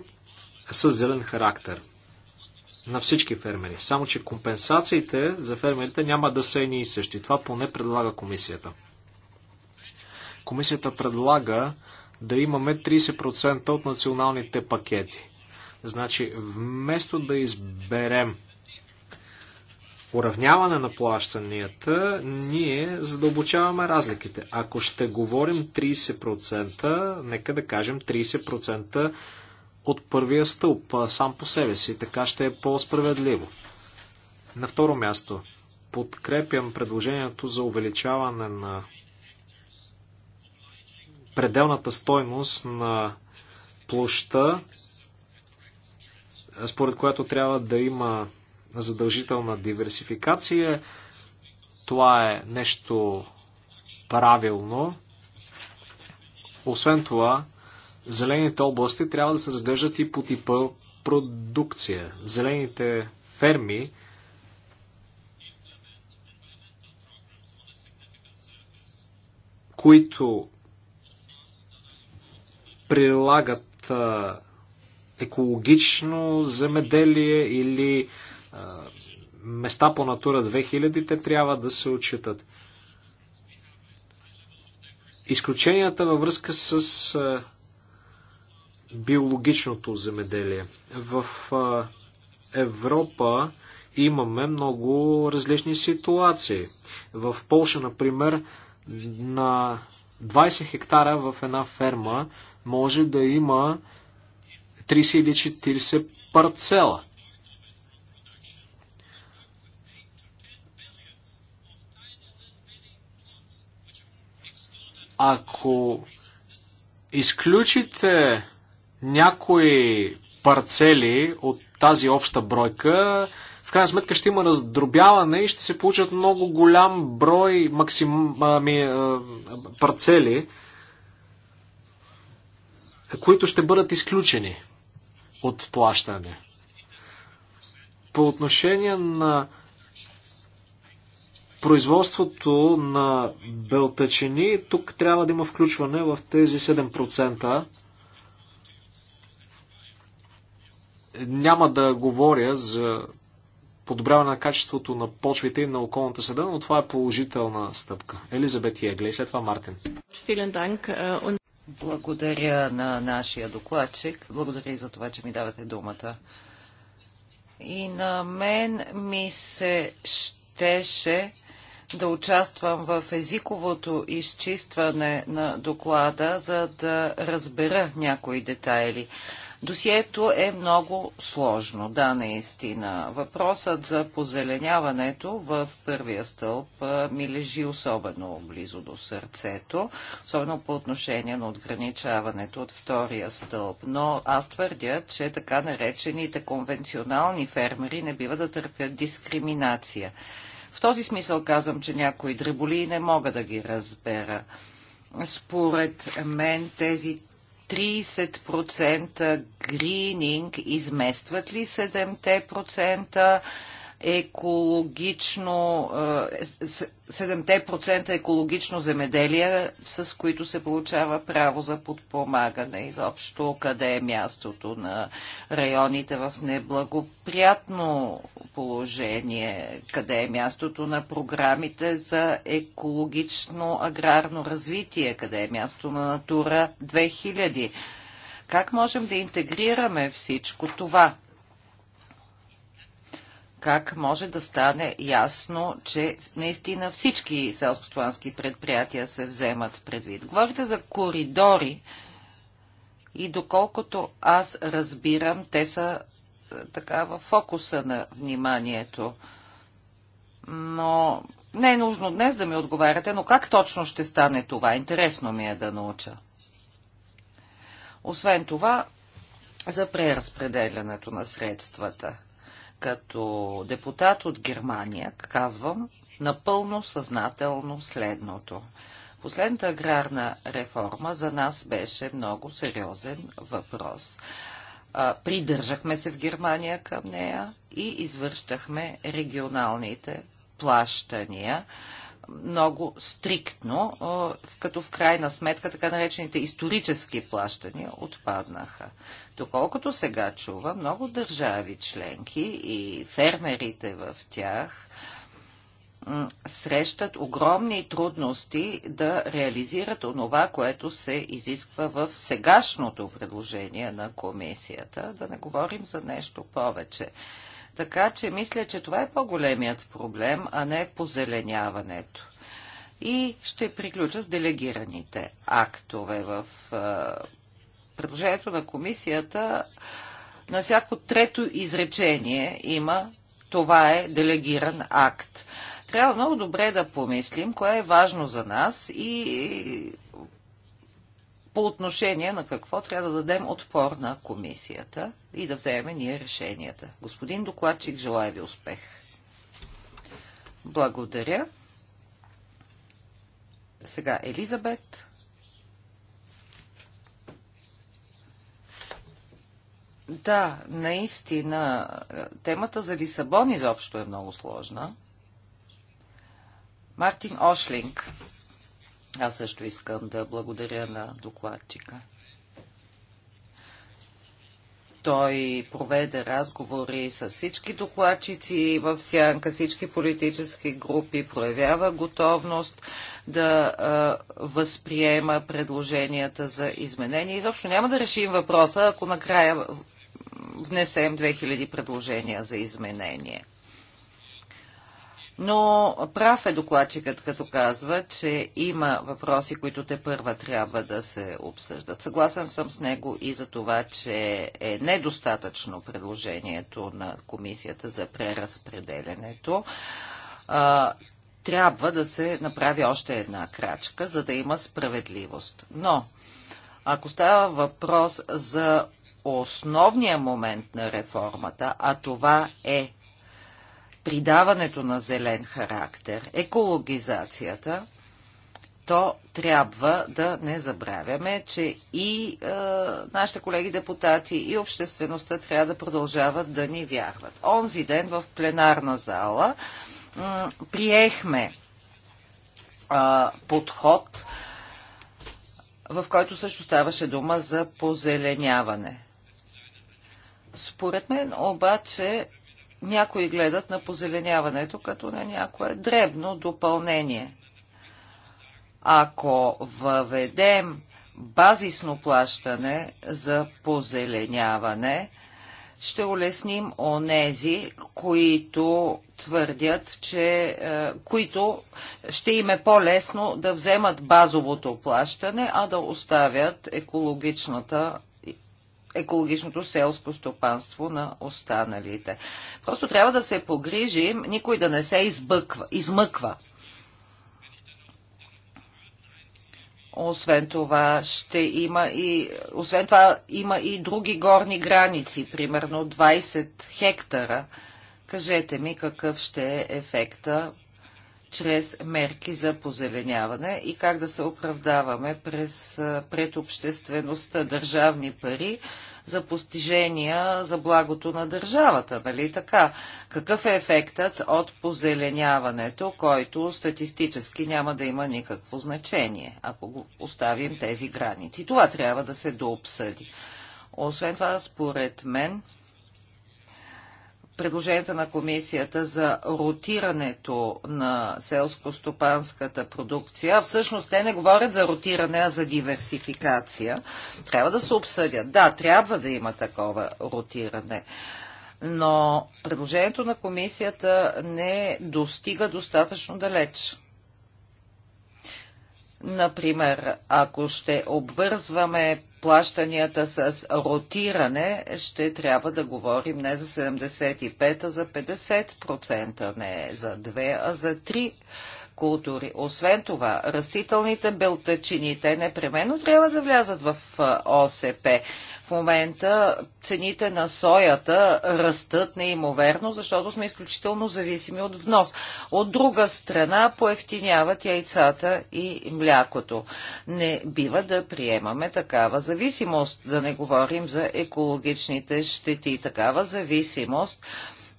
Speaker 2: с зелен характер на всички фермери. Само, че компенсациите за фермерите няма да са едни и същи. Това поне предлага комисията. Комисията предлага да имаме 30% от националните пакети. Значи, вместо да изберем уравняване на плащанията, ние задълбочаваме разликите. Ако ще говорим 30%, нека да кажем 30% от първия стълб сам по себе си, така ще е по-справедливо. На второ място, подкрепям предложението за увеличаване на пределната стойност на площа, според която трябва да има задължителна диверсификация. Това е нещо правилно. Освен това, зелените области трябва да се разглеждат и по типа продукция. Зелените ферми които прилагат екологично земеделие или места по Натура 2000, те трябва да се отчитат. Изключенията във връзка с биологичното земеделие. В Европа имаме много различни ситуации. В Полша, например, на 20 хектара в една ферма може да има 30 или 40 парцела. Ако изключите някои парцели от тази обща бройка, в крайна сметка ще има раздробяване и ще се получат много голям брой максим... а, ами, е, парцели, които ще бъдат изключени от плащане. По отношение на производството на белтъчени, тук трябва да има включване в тези 7%. Няма да говоря за подобряване на качеството на почвите и на околната среда, но това е положителна стъпка. Елизабет Егле и след това Мартин.
Speaker 1: Благодаря на нашия докладчик. Благодаря и за това, че ми давате думата. И на мен ми се щеше да участвам в езиковото изчистване на доклада, за да разбера някои детайли. Досието е много сложно, да, наистина. Въпросът за позеленяването в първия стълб ми лежи особено близо до сърцето, особено по отношение на отграничаването от втория стълб. Но аз твърдя, че така наречените конвенционални фермери не бива да търпят дискриминация този смисъл казвам, че някои дреболии не мога да ги разбера. Според мен тези 30% грининг изместват ли 7% екологично, 7% екологично земеделие, с които се получава право за подпомагане. Изобщо къде е мястото на районите в неблагоприятно положение, къде е мястото на програмите за екологично аграрно развитие, къде е мястото на Натура 2000. Как можем да интегрираме всичко това? как може да стане ясно, че наистина всички селско селскостопански предприятия се вземат предвид. Говорите за коридори и доколкото аз разбирам, те са е, така в фокуса на вниманието. Но не е нужно днес да ми отговаряте, но как точно ще стане това? Интересно ми е да науча. Освен това, за преразпределянето на средствата като депутат от Германия казвам напълно съзнателно следното. Последната аграрна реформа за нас беше много сериозен въпрос. Придържахме се в Германия към нея и извърщахме регионалните плащания много стриктно, като в крайна сметка така наречените исторически плащания отпаднаха. Доколкото сега чува, много държави членки и фермерите в тях срещат огромни трудности да реализират онова, което се изисква в сегашното предложение на комисията. Да не говорим за нещо повече. Така че мисля, че това е по-големият проблем, а не позеленяването. И ще приключа с делегираните актове в предложението на комисията. На всяко трето изречение има това е делегиран акт. Трябва много добре да помислим кое е важно за нас и по отношение на какво трябва да дадем отпор на комисията и да вземе ние решенията. Господин докладчик, желая ви успех. Благодаря. Сега Елизабет. Да, наистина, темата за Лисабон изобщо е много сложна. Мартин Ошлинг. Аз също искам да благодаря на докладчика. Той проведе разговори с всички докладчици в сянка, всички политически групи, проявява готовност да а, възприема предложенията за изменения. Изобщо няма да решим въпроса, ако накрая внесем 2000 предложения за изменение. Но прав е докладчикът, като казва, че има въпроси, които те първа трябва да се обсъждат. Съгласен съм с него и за това, че е недостатъчно предложението на Комисията за преразпределенето. трябва да се направи още една крачка, за да има справедливост. Но, ако става въпрос за основния момент на реформата, а това е придаването на зелен характер, екологизацията, то трябва да не забравяме, че и е, нашите колеги депутати и обществеността трябва да продължават да ни вярват. Онзи ден в пленарна зала е, приехме е, подход, в който също ставаше дума за позеленяване. Според мен обаче някои гледат на позеленяването като на някое дребно допълнение. Ако въведем базисно плащане за позеленяване, ще улесним онези, които твърдят, че е, които ще им е по-лесно да вземат базовото плащане, а да оставят екологичната екологичното селско стопанство на останалите. Просто трябва да се погрижим, никой да не се избъква, измъква. Освен това, ще има и, освен това има и други горни граници, примерно 20 хектара. Кажете ми какъв ще е ефекта чрез мерки за позеленяване и как да се оправдаваме през, пред обществеността държавни пари за постижения за благото на държавата, нали така? Какъв е ефектът от позеленяването, който статистически няма да има никакво значение, ако го оставим тези граници? Това трябва да се дообсъди. Освен това, според мен, предложенията на комисията за ротирането на селско-стопанската продукция, а всъщност те не говорят за ротиране, а за диверсификация, трябва да се обсъдят. Да, трябва да има такова ротиране. Но предложението на комисията не достига достатъчно далеч. Например, ако ще обвързваме плащанията с ротиране, ще трябва да говорим не за 75, а за 50%, не за 2, а за 3 култури. Освен това, растителните белтъчини, те непременно трябва да влязат в ОСП. В момента цените на соята растат неимоверно, защото сме изключително зависими от внос. От друга страна поевтиняват яйцата и млякото. Не бива да приемаме такава зависимост, да не говорим за екологичните щети. Такава зависимост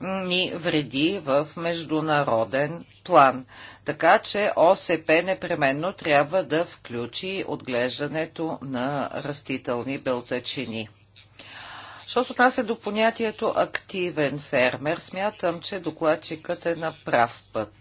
Speaker 1: ни вреди в международен план. Така че ОСП непременно трябва да включи отглеждането на растителни белтачини. Що се отнася до понятието активен фермер, смятам, че докладчикът е на прав път.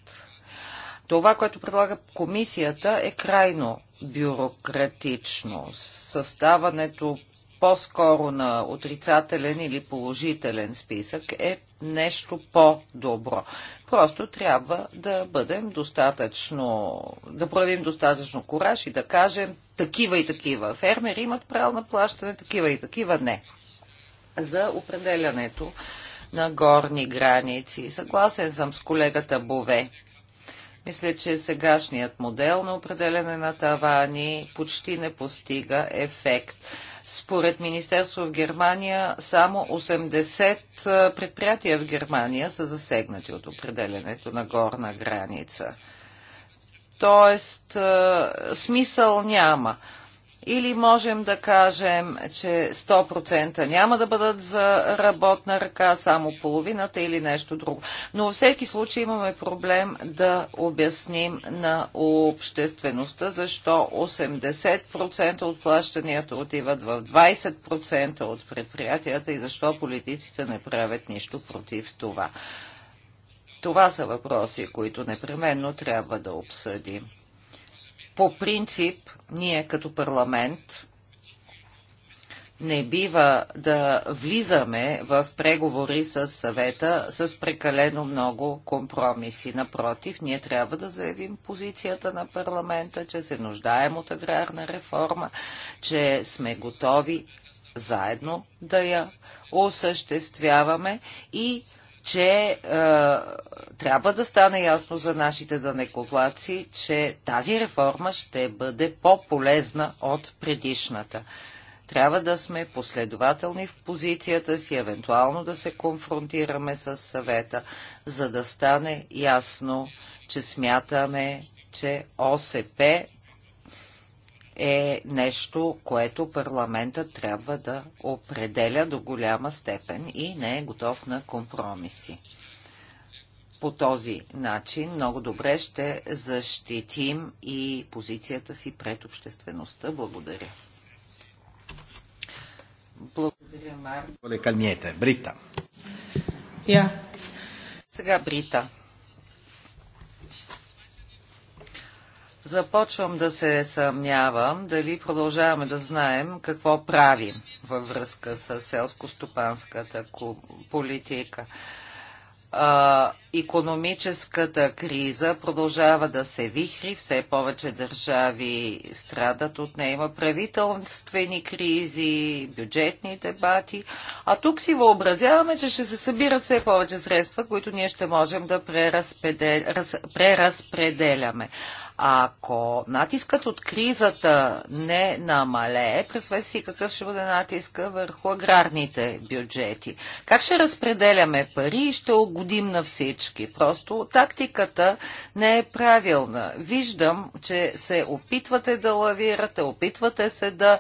Speaker 1: Това, което предлага комисията, е крайно бюрократично. Съставането, по-скоро на отрицателен или положителен списък е нещо по-добро. Просто трябва да бъдем достатъчно, да проявим достатъчно кураж и да кажем такива и такива фермери имат право на плащане, такива и такива не. За определянето на горни граници. Съгласен съм с колегата Бове. Мисля, че сегашният модел на определене на тавани почти не постига ефект. Според Министерство в Германия, само 80 предприятия в Германия са засегнати от определенето на горна граница. Тоест, смисъл няма. Или можем да кажем, че 100% няма да бъдат за работна ръка, само половината или нещо друго. Но във всеки случай имаме проблем да обясним на обществеността, защо 80% от плащанията отиват в 20% от предприятията и защо политиците не правят нищо против това. Това са въпроси, които непременно трябва да обсъдим. По принцип, ние като парламент не бива да влизаме в преговори с съвета с прекалено много компромиси. Напротив, ние трябва да заявим позицията на парламента, че се нуждаем от аграрна реформа, че сме готови заедно да я осъществяваме и че е, трябва да стане ясно за нашите данекоплаци, че тази реформа ще бъде по-полезна от предишната. Трябва да сме последователни в позицията си, евентуално да се конфронтираме с съвета, за да стане ясно, че смятаме, че ОСП е нещо, което парламентът трябва да определя до голяма степен и не е готов на компромиси. По този начин много добре ще защитим и позицията си пред обществеността. Благодаря. Благодаря, Марко. Брита. Yeah. Сега Брита. Започвам да се съмнявам дали продължаваме да знаем какво правим във връзка с селско-стопанската политика. А, Економическата криза продължава да се вихри, все повече държави страдат от нея. Има правителствени кризи, бюджетни дебати. А тук си въобразяваме, че ще се събират все повече средства, които ние ще можем да преразпределяме. Ако натискът от кризата не намалее, представете си какъв ще бъде натиска върху аграрните бюджети. Как ще разпределяме пари и ще угодим на всички? всички. Просто тактиката не е правилна. Виждам, че се опитвате да лавирате, опитвате се да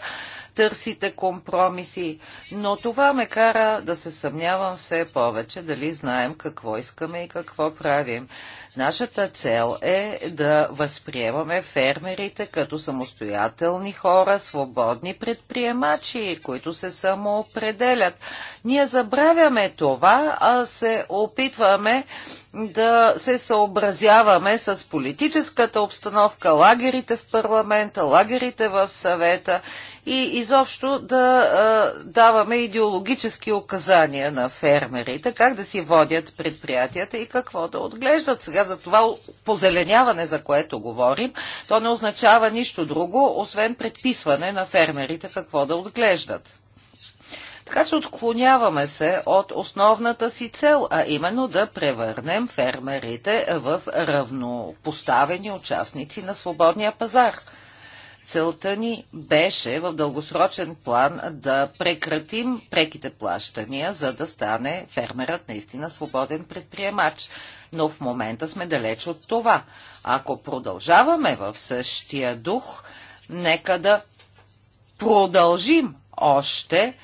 Speaker 1: търсите компромиси, но това ме кара да се съмнявам все повече дали знаем какво искаме и какво правим. Нашата цел е да възприемаме фермерите като самостоятелни хора, свободни предприемачи, които се самоопределят. Ние забравяме това, а се опитваме да се съобразяваме с политическата обстановка, лагерите в парламента, лагерите в съвета и изобщо да а, даваме идеологически указания на фермерите, как да си водят предприятията и какво да отглеждат. Сега за това позеленяване, за което говорим, то не означава нищо друго, освен предписване на фермерите какво да отглеждат. Така че отклоняваме се от основната си цел, а именно да превърнем фермерите в равнопоставени участници на свободния пазар. Целта ни беше в дългосрочен план да прекратим преките плащания, за да стане фермерът наистина свободен предприемач. Но в момента сме далеч от това. Ако продължаваме в същия дух, нека да продължим още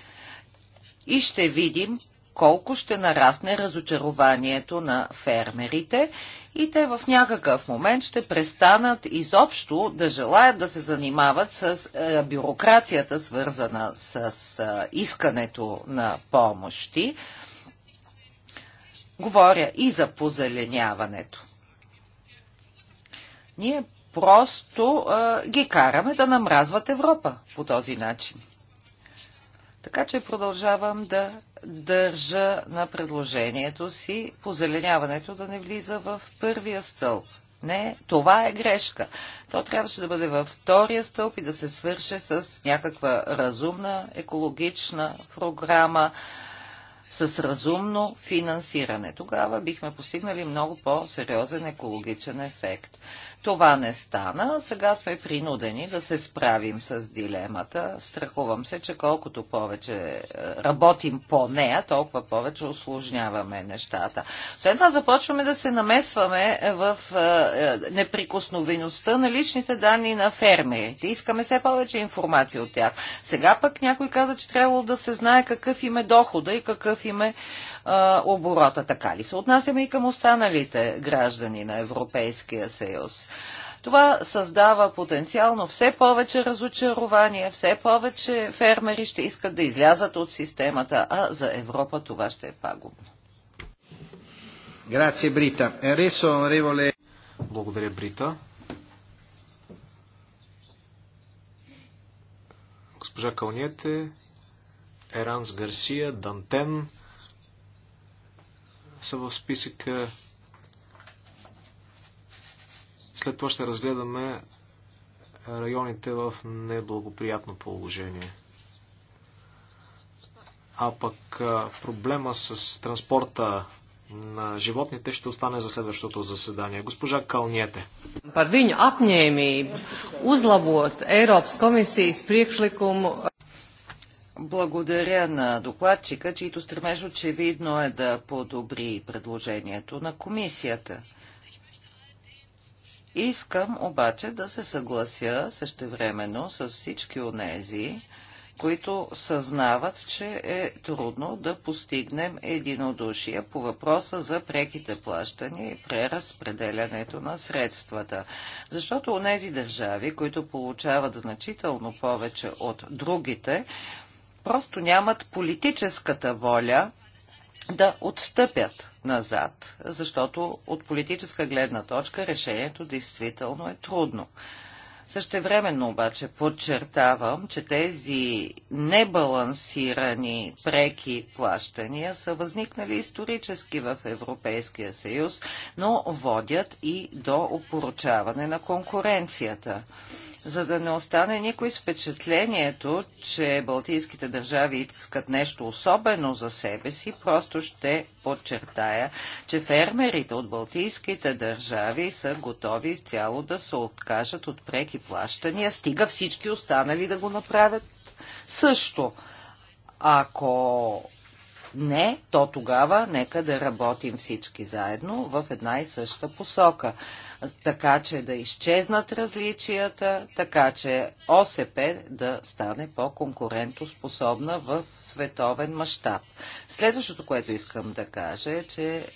Speaker 1: и ще видим колко ще нарасне разочарованието на фермерите и те в някакъв момент ще престанат изобщо да желаят да се занимават с е, бюрокрацията, свързана с е, искането на помощи. Говоря и за позеленяването. Ние просто а, е, ги караме да намразват Европа по този начин. Така че продължавам да държа на предложението си позеленяването да не влиза в първия стълб. Не, това е грешка. То трябваше да бъде във втория стълб и да се свърше с някаква разумна екологична програма, с разумно финансиране. Тогава бихме постигнали много по-сериозен екологичен ефект. Това не стана. Сега сме принудени да се справим с дилемата. Страхувам се, че колкото повече е, работим по нея, толкова повече осложняваме нещата. След това започваме да се намесваме в е, е, неприкосновеността на личните данни на фермерите. Искаме все повече информация от тях. Сега пък някой каза, че трябвало да се знае какъв им е дохода и какъв им е а, оборота. Така ли се отнасяме и към останалите граждани на Европейския съюз? Това създава потенциално все повече разочарование, все повече фермери ще искат да излязат от системата, а за Европа това ще е пагубно.
Speaker 2: Грация, Брита. Револе... Благодаря, Брита. Госпожа Кълниете, Еранс Гарсия, Дантен, са в списъка. След това ще разгледаме районите в неблагоприятно положение. А пък проблема с транспорта на животните ще остане за следващото заседание. Госпожа Калниете.
Speaker 1: Par viņu apņēmību uzlabot Eiropas komisijas priekšlikumu благодаря на докладчика, чието стремеж очевидно е да подобри предложението на комисията. Искам обаче да се съглася същевременно с всички онези, които съзнават, че е трудно да постигнем единодушие по въпроса за преките плащания и преразпределянето на средствата. Защото онези държави, които получават значително повече от другите, просто нямат политическата воля да отстъпят назад, защото от политическа гледна точка решението действително е трудно. Същевременно обаче подчертавам, че тези небалансирани преки плащания са възникнали исторически в Европейския съюз, но водят и до опоручаване на конкуренцията за да не остане никой с впечатлението, че балтийските държави искат нещо особено за себе си, просто ще подчертая, че фермерите от балтийските държави са готови изцяло да се откажат от преки плащания, стига всички останали да го направят също. Ако не, то тогава нека да работим всички заедно в една и съща посока така че да изчезнат различията, така че ОСП да стане по-конкурентоспособна в световен мащаб. Следващото, което искам да кажа е, че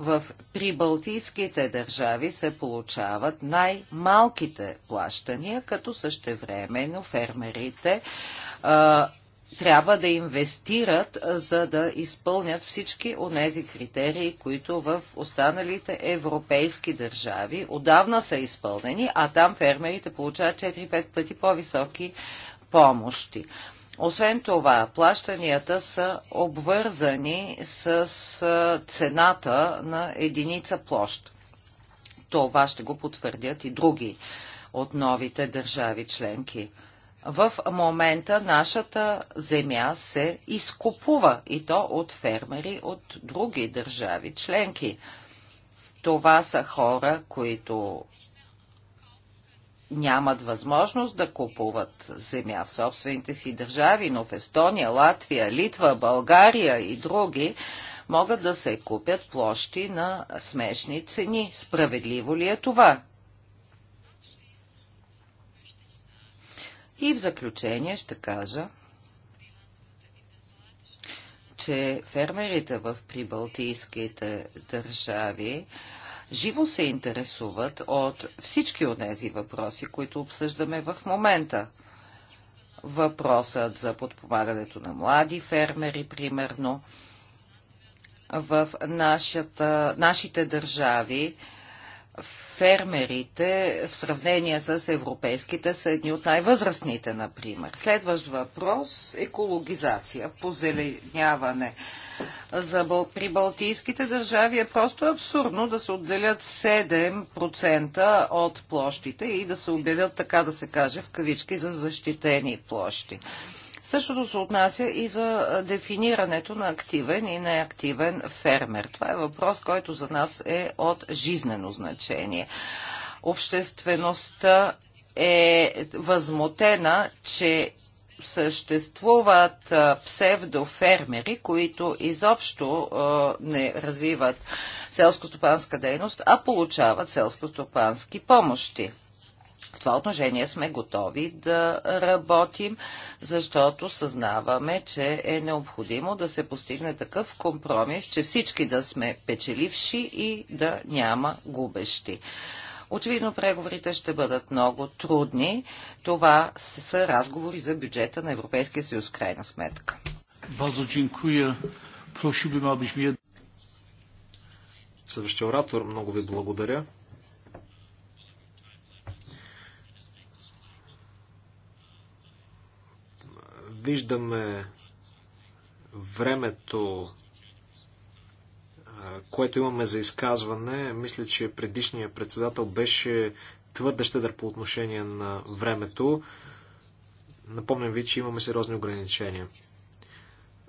Speaker 1: в прибалтийските държави се получават най-малките плащания, като същевременно фермерите а, трябва да инвестират, за да изпълнят всички онези критерии, които в останалите европейски държави отдавна са изпълнени, а там фермерите получават 4-5 пъти по-високи помощи. Освен това, плащанията са обвързани с цената на единица площ. Това ще го потвърдят и други от новите държави членки в момента нашата земя се изкупува и то от фермери от други държави членки. Това са хора, които нямат възможност да купуват земя в собствените си държави, но в Естония, Латвия, Литва, България и други могат да се купят площи на смешни цени. Справедливо ли е това? И в заключение ще кажа, че фермерите в прибалтийските държави живо се интересуват от всички от тези въпроси, които обсъждаме в момента. Въпросът за подпомагането на млади фермери, примерно, в нашата, нашите държави фермерите в сравнение с европейските са едни от най-възрастните, например. Следващ въпрос – екологизация, позеленяване. За, при балтийските държави е просто абсурдно да се отделят 7% от площите и да се обявят, така да се каже, в кавички за защитени площи. Същото се отнася и за дефинирането на активен и неактивен фермер. Това е въпрос, който за нас е от жизнено значение. Обществеността е възмутена, че съществуват псевдофермери, които изобщо не развиват селско-стопанска дейност, а получават селско-стопански помощи. В това отношение сме готови да работим, защото съзнаваме, че е необходимо да се постигне такъв компромис, че всички да сме печеливши и да няма губещи. Очевидно преговорите ще бъдат много трудни. Това са разговори за бюджета на Европейския съюз, крайна сметка.
Speaker 2: Съвещи оратор, много ви благодаря. виждаме времето, което имаме за изказване, мисля, че предишният председател беше твърде щедър по отношение на времето. Напомням ви, че имаме сериозни ограничения.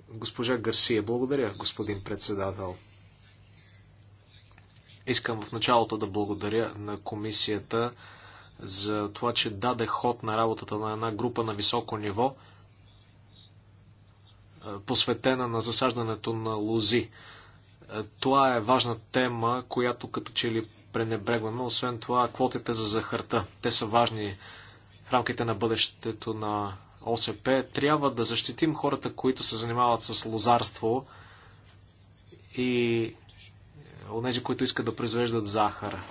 Speaker 2: Госпожа Гарсия, благодаря, господин председател. Искам в началото да благодаря на комисията за това, че даде ход на работата на една група на високо ниво – е, посветена на засаждането на лози. Е, това е важна тема, която като че ли пренебрегвана, Освен това, квотите за захарта. Те са важни в рамките на бъдещето на ОСП. Трябва да защитим хората, които се занимават с лозарство и е, онези, които искат да произвеждат захар.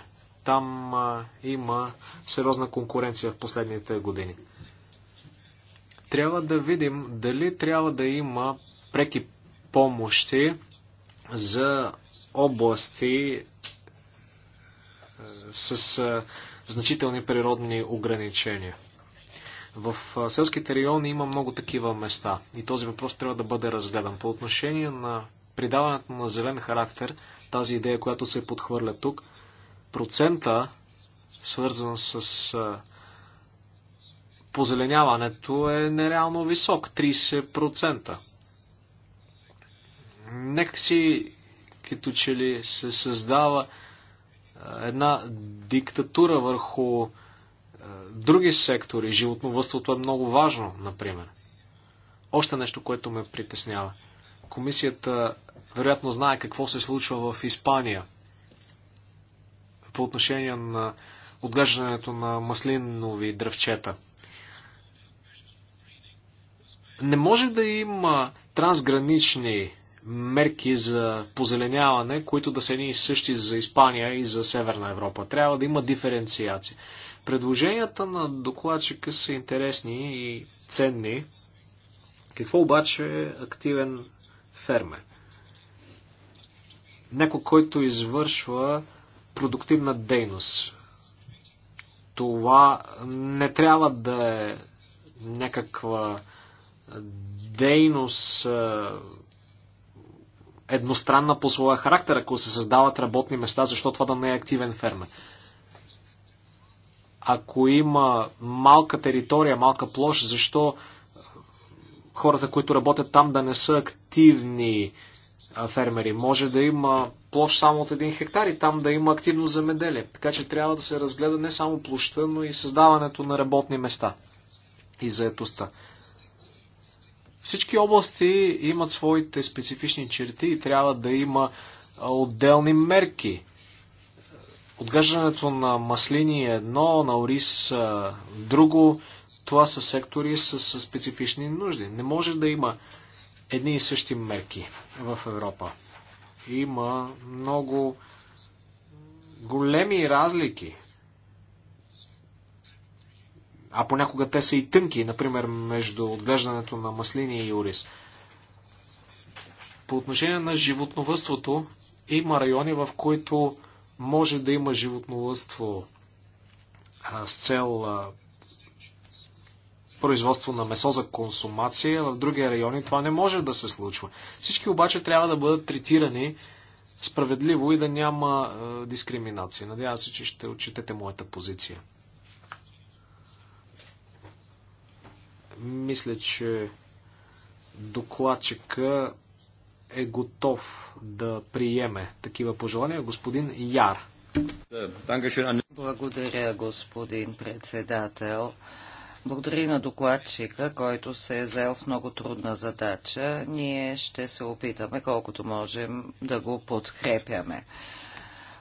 Speaker 2: Там а, има сериозна конкуренция в последните години. Трябва да видим дали трябва да има преки помощи за области е, с е, значителни природни ограничения. В е, селските райони има много такива места и този въпрос трябва да бъде разгледан. По отношение на придаването на зелен характер, тази идея, която се подхвърля тук, процента, свързан с позеленяването е нереално висок 30%. Нека си като че ли се създава една диктатура върху други сектори. Животновътството е много важно, например. Още нещо, което ме притеснява. Комисията вероятно знае какво се случва в Испания по отношение на отглеждането на маслинови дръвчета – не може да има трансгранични мерки за позеленяване, които да са едни и същи за Испания и за Северна Европа. Трябва да има диференциация. Предложенията на докладчика са интересни и ценни. Какво обаче е активен фермер? Някой, който извършва продуктивна дейност. Това не трябва да е някаква дейност едностранна по своя характер, ако се създават работни места, защо това да не е активен фермер? Ако има малка територия, малка площ, защо хората, които работят там, да не са активни фермери? Може да има площ само от един хектар и там да има активно замеделие. Така че трябва да се разгледа не само площта, но и създаването на работни места и заетостта. Всички области имат своите специфични черти и трябва да има отделни мерки. Отглеждането на маслини е едно, на ориз е друго. Това са сектори с, с специфични нужди. Не може да има едни и същи мерки в Европа. Има много големи разлики а понякога те са и тънки, например, между отглеждането на маслини и ориз. По отношение на животновътството, има райони, в които може да има животновътство с цел производство на месо за консумация, в други райони това не може да се случва. Всички обаче трябва да бъдат третирани справедливо и да няма е, дискриминация. Надявам се, че ще отчитете моята позиция. Мисля, че докладчика е готов да приеме
Speaker 1: такива пожелания. Господин Яр. Благодаря, господин председател. Благодаря на докладчика, който се е заел с много трудна задача. Ние ще се опитаме колкото можем да го подкрепяме.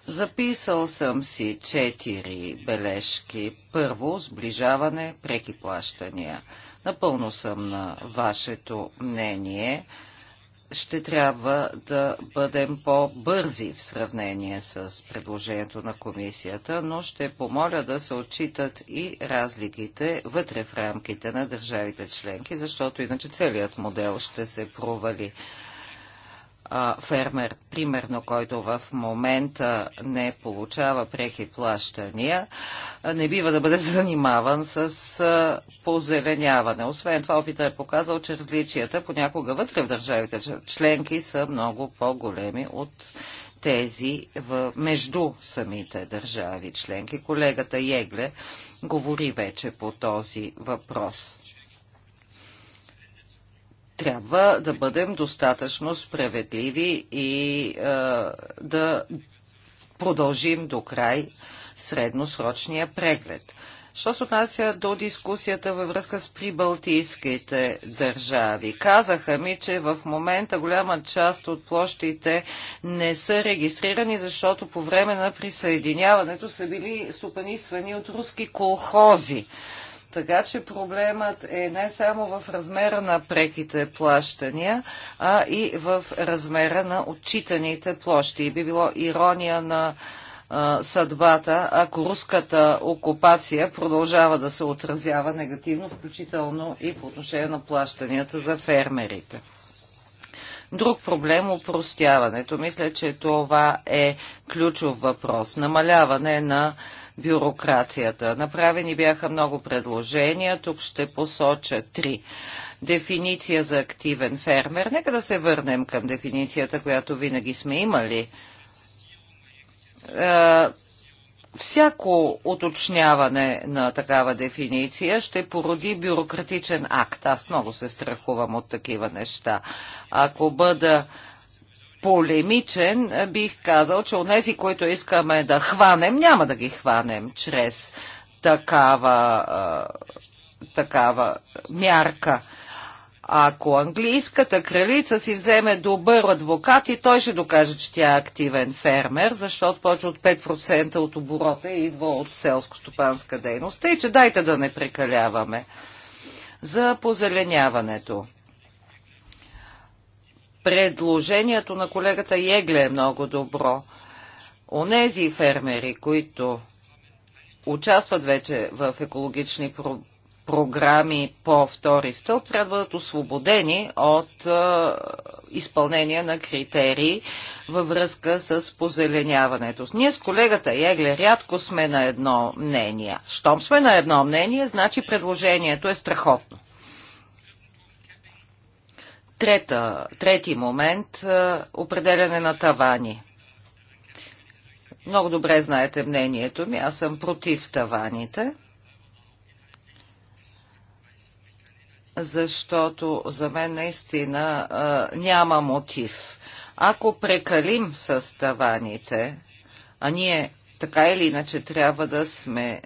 Speaker 1: Записал съм си четири бележки. Първо, сближаване, преки плащания. Напълно съм на вашето мнение. Ще трябва да бъдем по-бързи в сравнение с предложението на комисията, но ще помоля да се отчитат и разликите вътре в рамките на държавите членки, защото иначе целият модел ще се провали а, фермер, примерно, който в момента не получава преки плащания, не бива да бъде занимаван с а, позеленяване. Освен това, опита е показал, че различията понякога вътре в държавите членки са много по-големи от тези в, между самите държави членки. Колегата Егле говори вече по този въпрос трябва да бъдем достатъчно справедливи и е, да продължим до край средносрочния преглед. Що се отнася до дискусията във връзка с прибалтийските държави? Казаха ми, че в момента голяма част от площите не са регистрирани, защото по време на присъединяването са били стопанисвани от руски колхози. Така че проблемът е не само в размера на преките плащания, а и в размера на отчитаните площи. И би било ирония на съдбата, ако руската окупация продължава да се отразява негативно, включително и по отношение на плащанията за фермерите. Друг проблем – упростяването. Мисля, че това е ключов въпрос. Намаляване на бюрокрацията. Направени бяха много предложения, тук ще посоча три. Дефиниция за активен фермер. Нека да се върнем към дефиницията, която винаги сме имали. Е, всяко уточняване на такава дефиниция ще породи бюрократичен акт. Аз много се страхувам от такива неща. Ако бъда полемичен, бих казал, че онези, които искаме да хванем, няма да ги хванем чрез такава, а, такава мярка. Ако английската кралица си вземе добър адвокат и той ще докаже, че тя е активен фермер, защото повече от 5% от оборота идва от селско-стопанска дейност. Тъй, че дайте да не прекаляваме. За позеленяването – Предложението на колегата Егле е много добро. Онези фермери, които участват вече в екологични про програми по втори стълб, трябва да бъдат освободени от изпълнение на критерии във връзка с позеленяването. Ние с колегата Егле рядко сме на едно мнение. Щом сме на едно мнение, значи предложението е страхотно. Трета, трети момент е, – определяне на тавани. Много добре знаете мнението ми. Аз съм против таваните, защото за мен наистина а, е, няма мотив. Ако прекалим с таваните, а ние така или иначе трябва да сме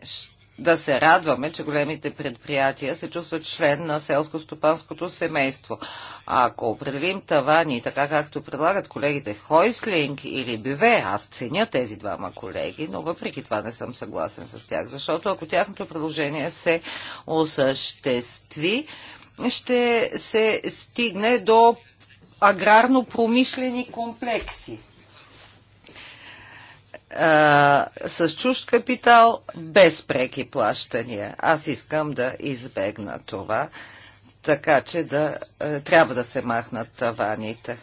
Speaker 1: да се радваме, че големите предприятия се чувстват член на селско-стопанското семейство. А ако определим тавани, така както предлагат колегите Хойслинг или Биве, аз ценя тези двама колеги, но въпреки това не съм съгласен с тях, защото ако тяхното предложение се осъществи, ще се стигне до аграрно-промишлени комплекси а, с чужд капитал, без преки плащания. Аз искам да избегна това, така че да, а, трябва да се махнат таваните.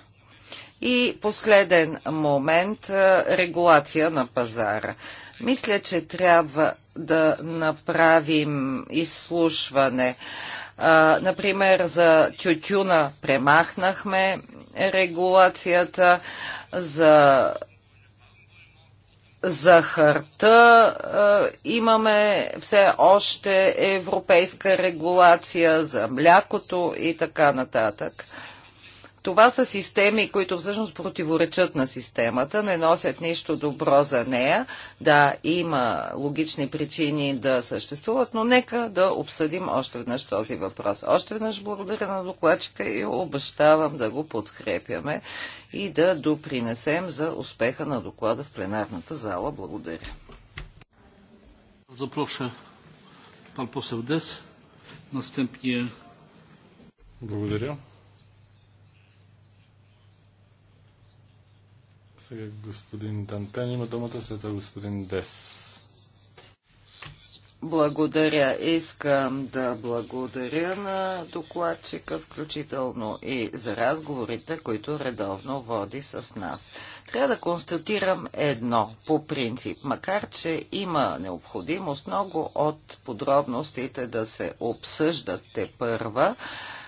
Speaker 1: И последен момент а, регулация на пазара. Мисля, че трябва да направим изслушване. А, например, за тютюна премахнахме регулацията, за захарта харта е, имаме все още европейска регулация за млякото и така нататък. Това са системи, които всъщност противоречат на системата, не носят нищо добро за нея. Да, има логични причини да съществуват, но нека да обсъдим още веднъж този въпрос. Още веднъж благодаря на докладчика и обещавам да го подкрепяме и да допринесем за успеха на доклада в пленарната зала. Благодаря. Запроша пан настъпния.
Speaker 3: Благодаря. Сега господин Дантен има думата, след това господин Дес.
Speaker 1: Благодаря. Искам да благодаря на докладчика, включително и за разговорите, които редовно води с нас. Трябва да констатирам едно по принцип, макар че има необходимост много от подробностите да се обсъждат те първа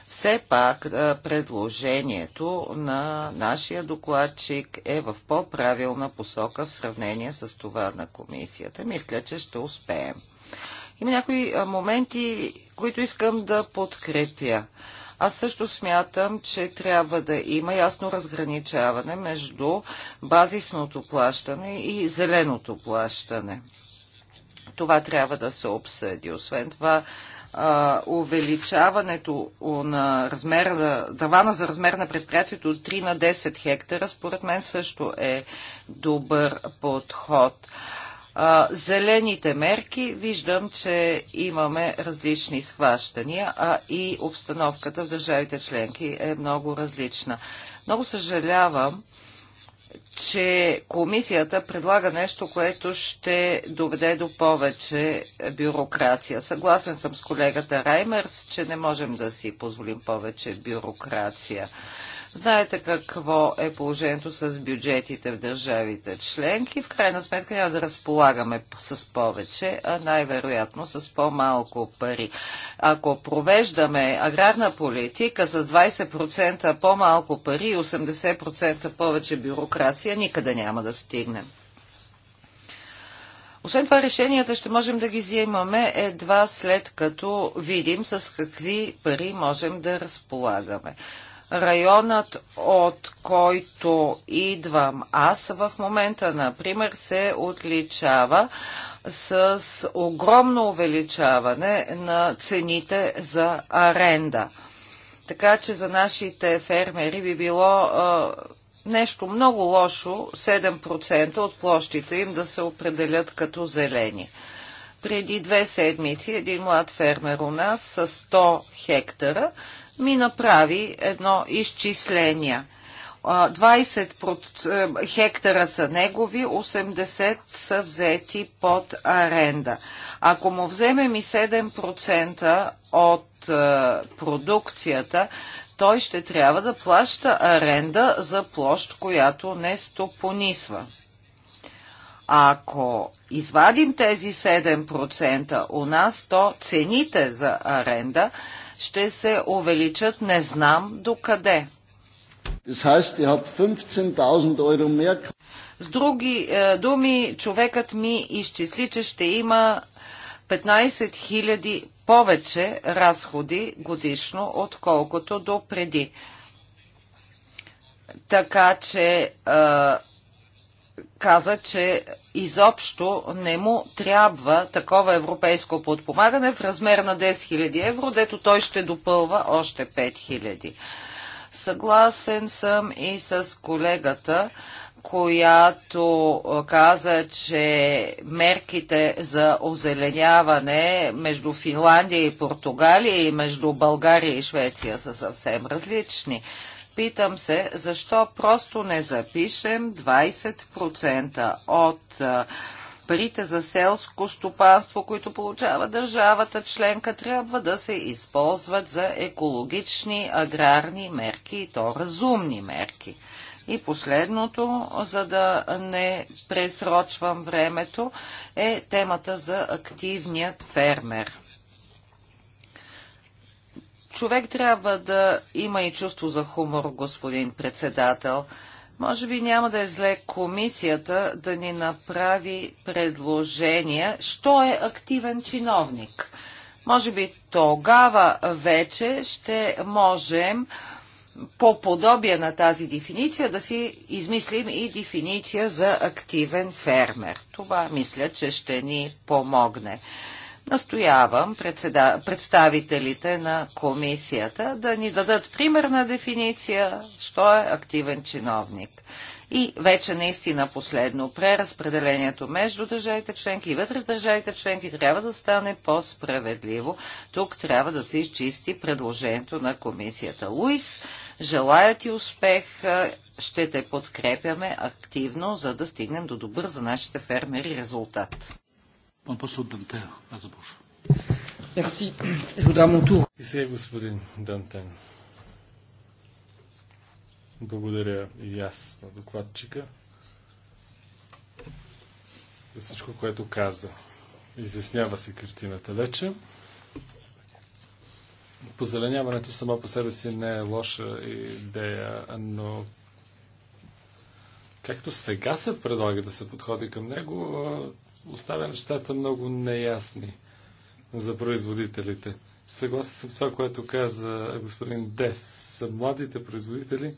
Speaker 1: все пак предложението на нашия докладчик е в по-правилна посока в сравнение с това на комисията. Мисля, че ще успеем. Има някои моменти, които искам да подкрепя. Аз също смятам, че трябва да има ясно разграничаване между базисното плащане и зеленото плащане. Това трябва да се обсъди. Освен това, а, увеличаването на размера на за размер на предприятието от 3 на 10 хектара, според мен също е добър подход. А, зелените мерки, виждам, че имаме различни схващания, а и обстановката в държавите членки е много различна. Много съжалявам, че комисията предлага нещо, което ще доведе до повече бюрокрация. Съгласен съм с колегата Раймерс, че не можем да си позволим повече бюрокрация. Знаете какво е положението с бюджетите в държавите членки. В крайна сметка няма да разполагаме с повече, а най-вероятно с по-малко пари. Ако провеждаме аграрна политика с 20% по-малко пари и 80% повече бюрокрация, никъде няма да стигнем. Освен това, решенията ще можем да ги взимаме едва след като видим с какви пари можем да разполагаме районът, от който идвам аз в момента, например, се отличава с огромно увеличаване на цените за аренда. Така че за нашите фермери би било а, нещо много лошо 7% от площите им да се определят като зелени. Преди две седмици един млад фермер у нас с 100 хектара ми направи едно изчисление. 20 е, хектара са негови, 80 са взети под аренда. Ако му вземем и 7% от е, продукцията, той ще трябва да плаща аренда за площ, която не стопонисва. Ако извадим тези 7% у нас, то цените за аренда ще се увеличат, не знам докъде. С други е, думи, човекът ми изчисли, че ще има 15 000 повече разходи годишно, отколкото до преди. Така че е, каза, че изобщо не му трябва такова европейско подпомагане в размер на 10 000 евро, дето той ще допълва още 5 000. Съгласен съм и с колегата, която каза, че мерките за озеленяване между Финландия и Португалия и между България и Швеция са съвсем различни. Питам се, защо просто не запишем 20% от парите за селско стопанство, които получава държавата членка, трябва да се използват за екологични аграрни мерки и то разумни мерки. И последното, за да не пресрочвам времето, е темата за активният фермер. Човек трябва да има и чувство за хумор, господин председател. Може би няма да е зле комисията да ни направи предложение, що е активен чиновник. Може би тогава вече ще можем по подобие на тази дефиниция да си измислим и дефиниция за активен фермер. Това мисля, че ще ни помогне. Настоявам председа... представителите на комисията да ни дадат примерна дефиниция, що е активен чиновник. И вече наистина последно, преразпределението между държавите членки и вътре в държавите членки трябва да стане по-справедливо. Тук трябва да се изчисти предложението на комисията. Луис, желая ти успех, ще те подкрепяме активно, за да стигнем до добър за нашите фермери резултат. Merci. Je voudrais mon И господин Дантен.
Speaker 3: Благодаря и аз на докладчика за всичко, което каза. Изяснява се картината вече. Позеленяването само по себе си не е лоша идея, но както сега се предлага да се подходи към него, оставя нещата много неясни за производителите. Съгласен съм с това, което каза господин Дес. Младите производители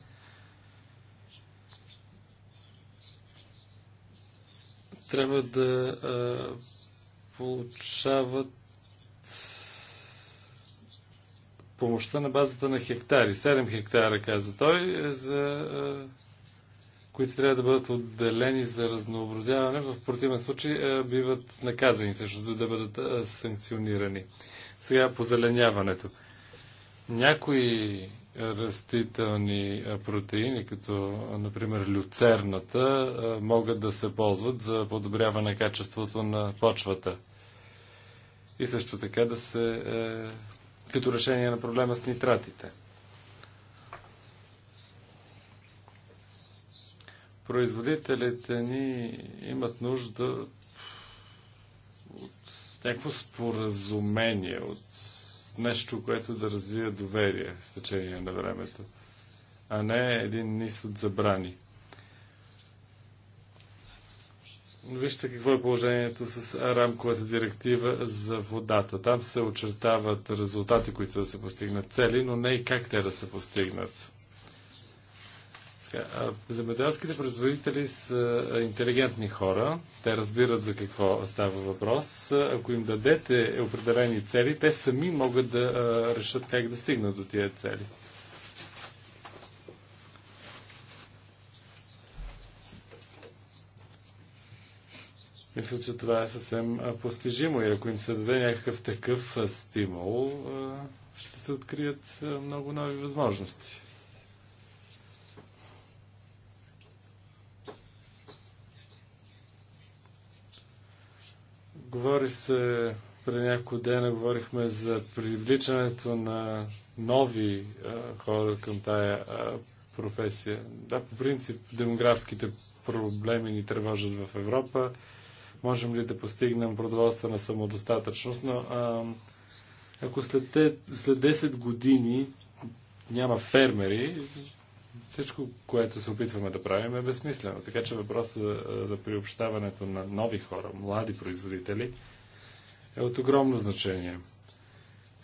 Speaker 3: трябва да а, получават помощта на базата на хектари. 7 хектара, каза той, е за а, които трябва да бъдат отделени за разнообразяване, в противен случай е, биват наказани, също да бъдат е, санкционирани. Сега позеленяването. Някои растителни е, протеини, като например люцерната, могат да се ползват за подобряване качеството на почвата. И също така да се. като решение на проблема с нитратите. производителите ни имат нужда от някакво споразумение, от нещо, което да развие доверие с течение на времето, а не един низ от забрани. Вижте какво е положението с рамковата директива за водата. Там се очертават резултати, които да се постигнат цели, но не и как те да се постигнат. Земеделските производители са интелигентни хора. Те разбират за какво става въпрос. Ако им дадете определени цели, те сами могат да решат как да стигнат до тия цели. Мисля, че това е съвсем постижимо и ако им се даде някакъв такъв стимул, ще се открият много нови възможности. Говори се преди няколко дена, говорихме за привличането на нови а, хора към тая а, професия. Да, по принцип демографските проблеми ни тревожат в Европа. Можем ли да постигнем продоволствена самодостатъчност, но а, ако след, след 10 години няма фермери, всичко, което се опитваме да правим е безсмислено. Така че въпросът е, за приобщаването на нови хора, млади производители, е от огромно значение.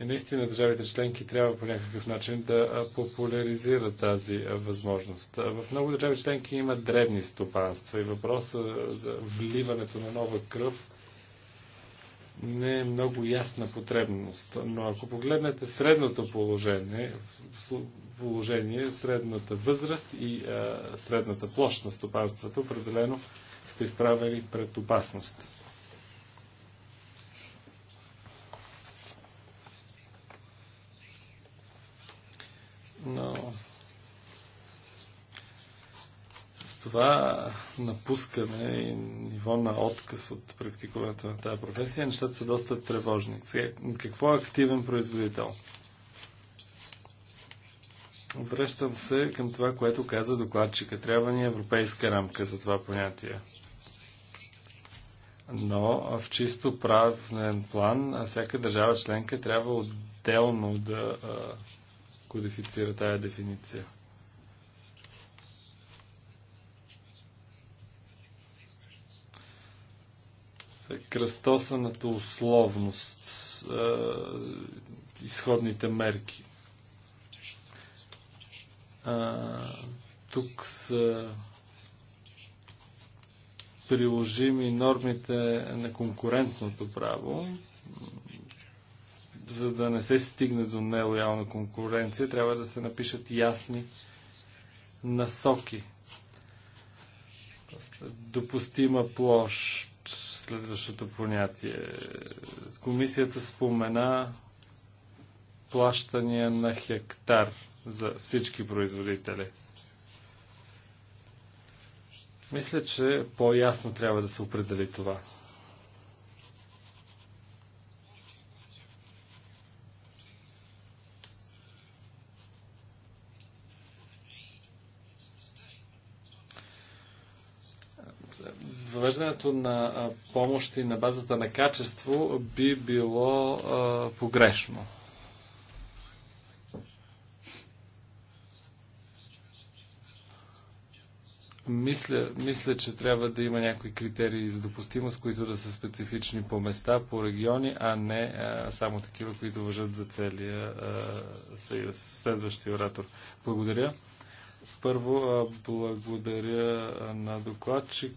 Speaker 3: И наистина държавите членки трябва по някакъв начин да популяризират тази възможност. В много държави членки има древни стопанства и въпроса за вливането на нова кръв не е много ясна потребност. Но ако погледнете средното положение, положение средната възраст и а, е, средната площ на стопанствата определено сте изправили пред опасност. Но с това напускане и ниво на отказ от практикуването на тази професия, нещата са доста тревожни. Сега, какво е активен производител? Връщам се към това, което каза докладчика. Трябва ни европейска рамка за това понятие. Но в чисто правен план всяка държава членка трябва отделно да а, кодифицира тая дефиниция. Кръстосаната условност, а, изходните мерки – а, тук са приложими нормите на конкурентното право, за да не се стигне до нелоялна конкуренция, трябва да се напишат ясни насоки. Допустима площ, следващото понятие. Комисията спомена плащания на хектар – за всички производители. Мисля, че по-ясно трябва да се определи това. въвеждането на помощи на базата на качество би било а, погрешно. мисля, мисля, че трябва да има някои критерии за допустимост, които да са специфични по места, по региони, а не а, само такива, които въжат за целия а, съюз. Следващия оратор. Благодаря. Първо, благодаря на докладчик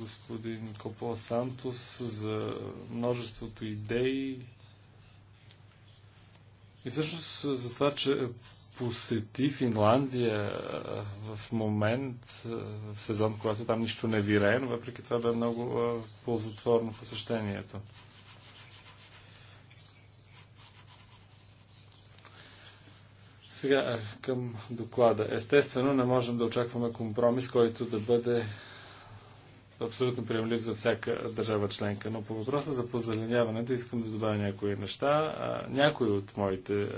Speaker 3: господин Копола Сантос за множеството идеи и всъщност за това, че посети Финландия в момент, в сезон, когато там нищо не вирее, но въпреки това бе много ползотворно посещението. Сега към доклада. Естествено, не можем да очакваме компромис, който да бъде абсолютно приемлив за всяка държава членка. Но по въпроса за позеленяването искам да добавя някои неща. някои от моите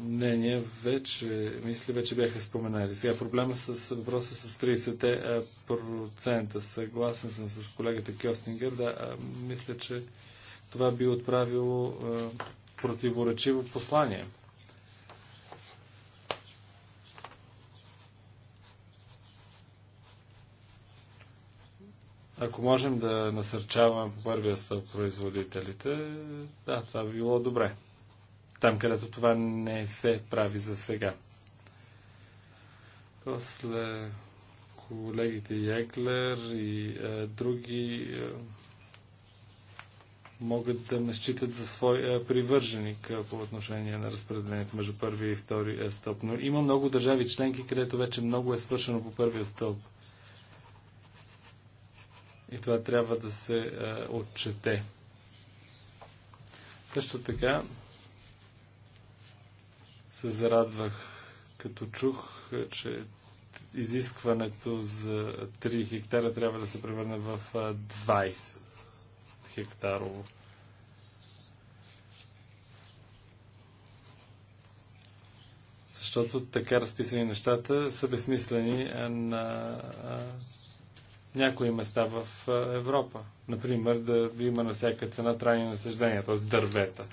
Speaker 3: мнения вече, мисля, вече бяха споменали. Сега проблема с въпроса с 30%. Съгласен съм с колегата Кьостингер. Да, мисля, че това би отправило противоречиво послание. Ако можем да насърчаваме по първия стъл производителите, да, това би било добре там, където това не се прави за сега. После колегите Яглер и е, други е, могат да ме считат за свой е, привърженик е, по отношение на разпределението между първия и втори е, стълб. Но има много държави членки, където вече много е свършено по първия стълб. И това трябва да се е, отчете. Също така, се зарадвах като чух, че изискването за 3 хектара трябва да се превърне в 20 хектарово. Защото така разписани нещата са безсмислени на някои места в Европа. Например, да има на всяка цена трайни насъждения, т.е. дървета.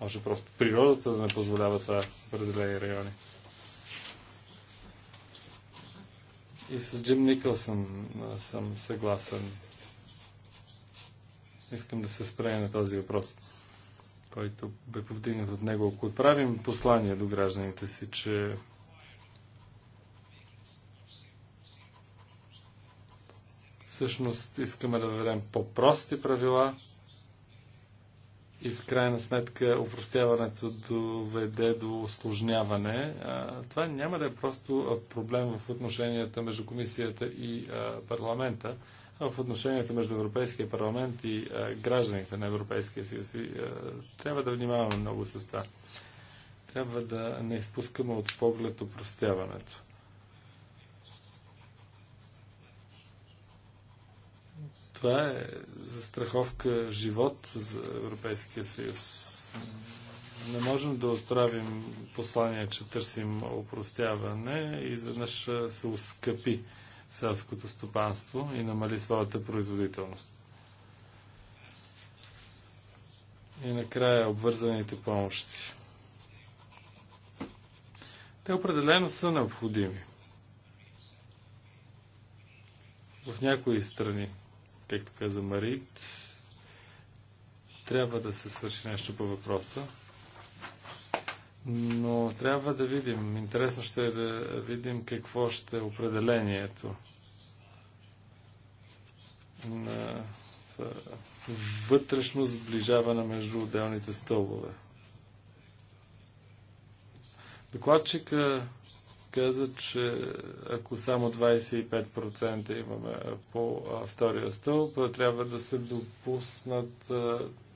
Speaker 3: Може просто природата да не позволява това в определени райони. И с Джим Никълсън съм съгласен. Искам да се спрея на този въпрос, който бе повдигнат от него. Ако отправим послание до гражданите си, че всъщност искаме да дадем по-прости правила, и в крайна сметка упростяването доведе до осложняване. Това няма да е просто проблем в отношенията между комисията и парламента, а в отношенията между Европейския парламент и гражданите на Европейския съюз. трябва да внимаваме много с това. Трябва да не изпускаме от поглед упростяването. Това е застраховка живот за Европейския съюз. Не можем да отправим послание, че търсим опростяване и заднъж се ускъпи селското стопанство и намали своята производителност. И накрая обвързаните помощи. Те определено са необходими. В някои страни както каза Мари, трябва да се свърши нещо по въпроса. Но трябва да видим. Интересно ще е да видим какво ще е определението на вътрешно сближаване между отделните стълбове. Докладчика каза, че ако само 25% имаме по втория стълб, трябва да се допуснат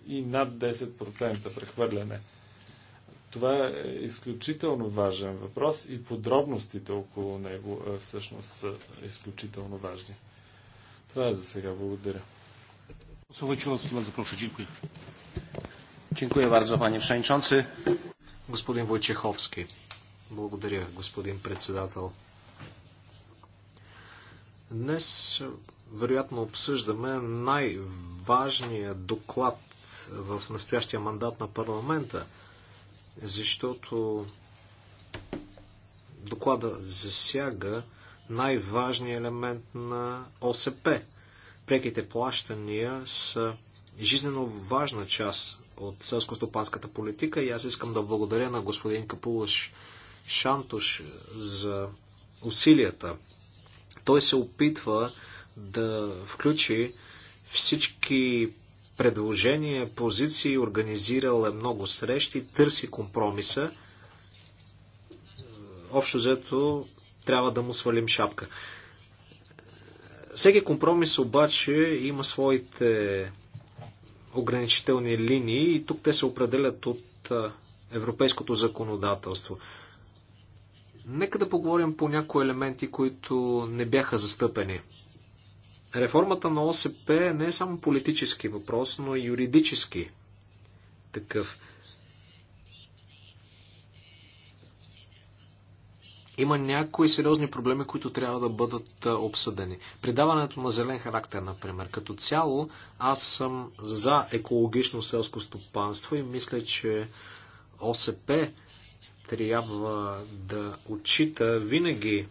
Speaker 3: и над 10% прехвърляне. Това е изключително важен въпрос и подробностите около него всъщност са изключително важни. Това е за сега. Благодаря. Dziękuję bardzo, panie
Speaker 2: przewodniczący. Господин Wojciechowski. Благодаря, господин председател. Днес вероятно обсъждаме най-важния доклад в настоящия мандат на парламента, защото доклада засяга най-важния елемент на ОСП. Преките плащания са жизненно важна част от селско-стопанската политика и аз искам да благодаря на господин Капулаш Шантош е, за усилията. Той се опитва да включи всички предложения, позиции, организирал е много срещи, търси компромиса. Е, общо взето трябва да му свалим шапка. Всеки компромис обаче има своите ограничителни линии и тук те се определят от е, европейското законодателство. Нека да поговорим по някои елементи, които не бяха застъпени. Реформата на ОСП не е само политически въпрос, но и юридически такъв. Има някои сериозни проблеми, които трябва да бъдат обсъдени. Придаването на зелен характер, например. Като цяло, аз съм за екологично селско стопанство и мисля, че ОСП трябва да отчита винаги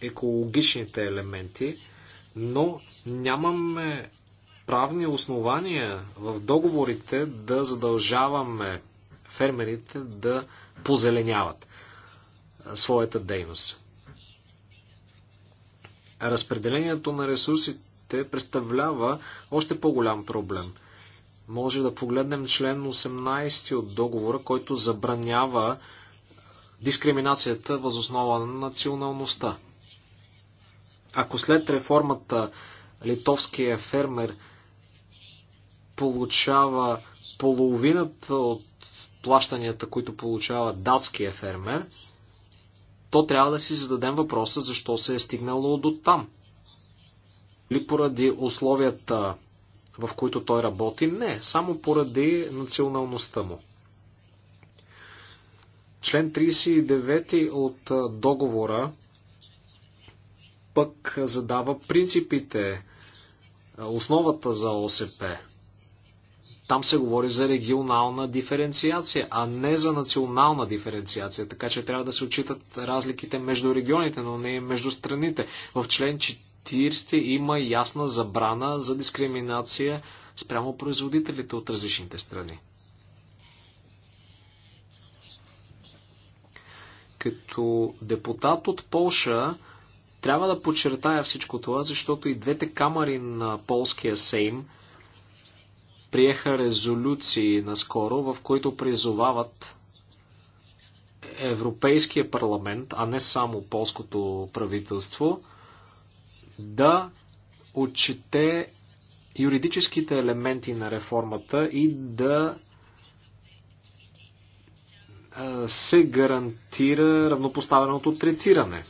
Speaker 2: екологичните елементи, но нямаме правни основания в договорите да задължаваме фермерите да позеленяват своята дейност. Разпределението на ресурсите представлява още по-голям проблем. Може да погледнем член 18 от договора, който забранява дискриминацията възоснова на националността. Ако след реформата литовския фермер получава половината от плащанията, които получава датския фермер, то трябва да си зададем въпроса защо се е стигнало до там. Ли поради условията, в които той работи? Не, само поради националността му. Член 39 от договора пък задава принципите, основата за ОСП. Там се говори за регионална диференциация, а не за национална диференциация, така че трябва да се отчитат разликите между регионите, но не и между страните. В член 40 има ясна забрана за дискриминация спрямо производителите от различните страни. Като депутат от Полша трябва да подчертая всичко това, защото и двете камери на полския Сейм приеха резолюции наскоро, в които призовават Европейския парламент, а не само полското правителство, да отчете юридическите елементи на реформата и да се гарантира равнопоставеното третиране.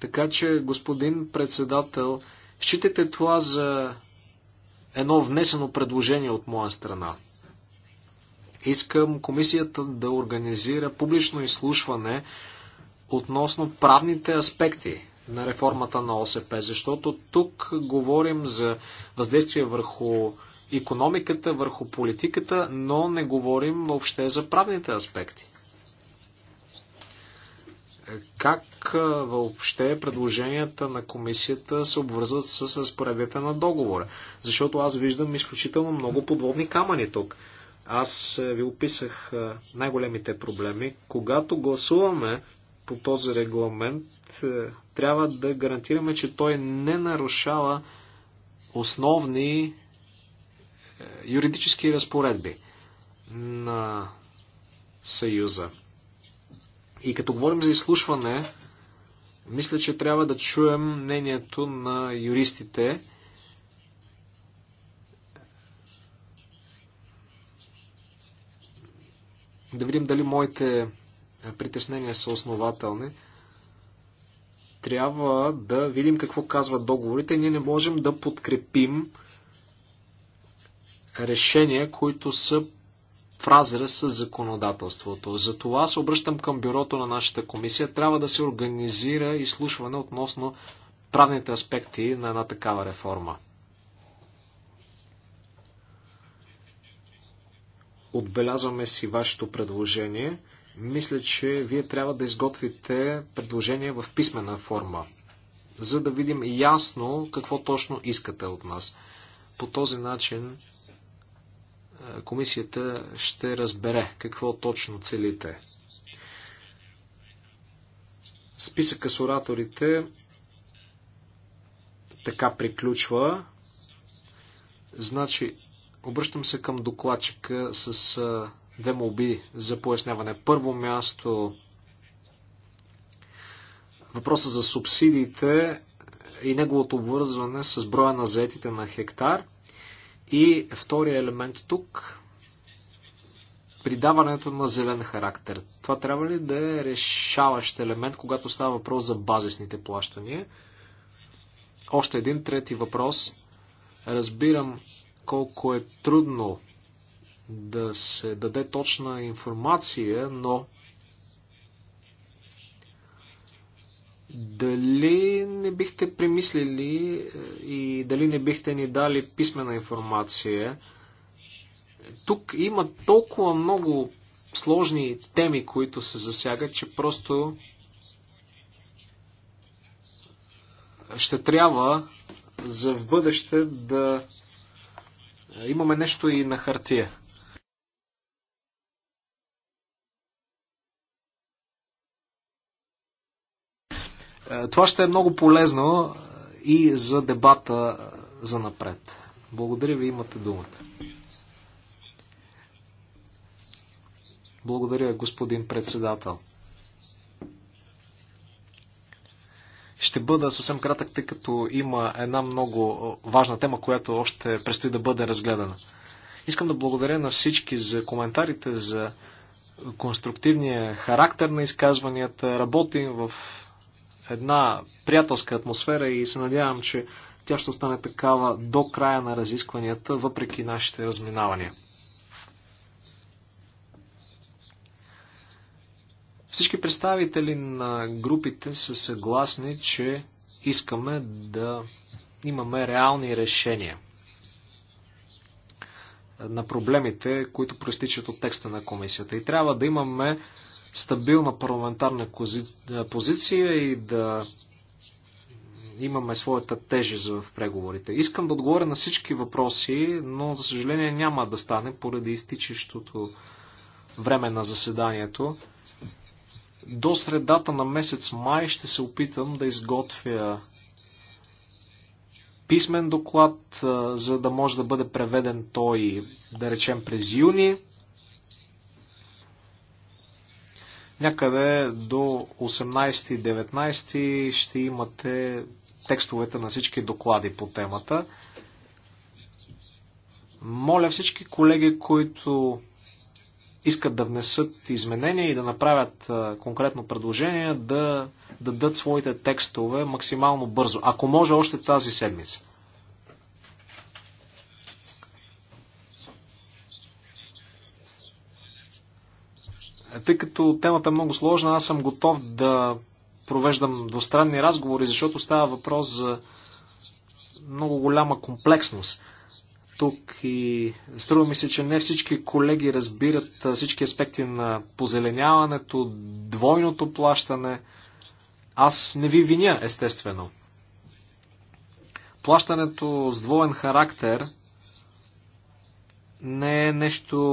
Speaker 2: Така че, господин председател, считайте това за едно внесено предложение от моя страна. Искам комисията да организира публично изслушване относно правните аспекти на реформата на ОСП, защото тук говорим за въздействие върху економиката, върху политиката, но не говорим въобще за правните аспекти. Как въобще предложенията на комисията се обвързват с разпоредите на договора? Защото аз виждам изключително много подводни камъни тук. Аз ви описах най-големите проблеми. Когато гласуваме по този регламент, трябва да гарантираме, че той не нарушава основни юридически разпоредби на Съюза. И като говорим за изслушване, мисля, че трябва да чуем мнението на юристите. Да видим дали моите притеснения са основателни. Трябва да видим какво казват договорите. Ние не можем да подкрепим решения, които са в разрез с законодателството. Затова се обръщам към бюрото на нашата комисия. Трябва да се организира изслушване относно правните аспекти на една такава реформа. Отбелязваме си вашето предложение. Мисля, че вие трябва да изготвите предложение в писмена форма, за да видим ясно какво точно искате от нас. По този начин комисията ще разбере какво точно целите. Списъка с ораторите така приключва. Значи, обръщам се към докладчика с две молби за поясняване. Първо място въпроса за субсидиите и неговото обвързване с броя на заетите на хектар. И втория елемент тук придаването на зелен характер. Това трябва ли да е решаващ елемент, когато става въпрос за базисните плащания? Още един трети въпрос. Разбирам колко е трудно да се даде точна информация, но Дали не бихте премислили е, и дали не бихте ни дали писмена информация? Тук има толкова много сложни теми, които се засягат, че просто ще трябва за в бъдеще да имаме нещо и на хартия. Е, това ще е много полезно е, и за дебата е, за напред. Благодаря ви, имате думата. Благодаря, господин председател. Ще бъда съвсем кратък, тъй като има една много важна тема, която още предстои да бъде разгледана. Искам да благодаря на всички за коментарите, за конструктивния характер на изказванията. Работим в една приятелска атмосфера и се надявам, че тя ще остане такава до края на разискванията, въпреки нашите разминавания. Всички представители на групите са съгласни, че искаме да имаме реални решения на проблемите, които проистичат от текста на комисията. И трябва да имаме стабилна парламентарна е, позиция и да имаме своята тежест в преговорите. Искам да отговоря на всички въпроси, но за съжаление няма да стане поради изтичащото време на заседанието. До средата на месец май ще се опитам да изготвя писмен доклад, е, за да може да бъде преведен той, да речем, през юни. Някъде до 18-19 ще имате текстовете на всички доклади по темата. Моля всички колеги, които искат да внесат изменения и да направят конкретно предложение, да дадат своите текстове максимално бързо. Ако може, още тази седмица. Тъй като темата е много сложна, аз съм готов да провеждам двустранни разговори, защото става въпрос за много голяма комплексност тук и струва ми се, че не всички колеги разбират всички аспекти на позеленяването, двойното плащане. Аз не ви виня, естествено. Плащането с двоен характер не е нещо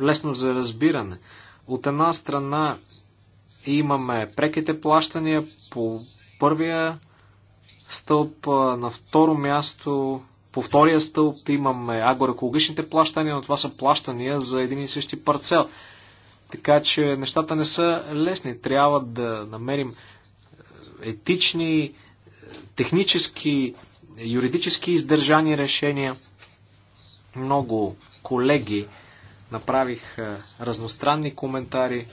Speaker 2: лесно за разбиране. От една страна имаме преките плащания по първия стълб, на второ място по втория стълб имаме агроекологичните плащания, но това са плащания за един и същи парцел. Така че нещата не са лесни. Трябва да намерим етични, технически, юридически издържани решения. Много колеги направих е, разностранни коментари.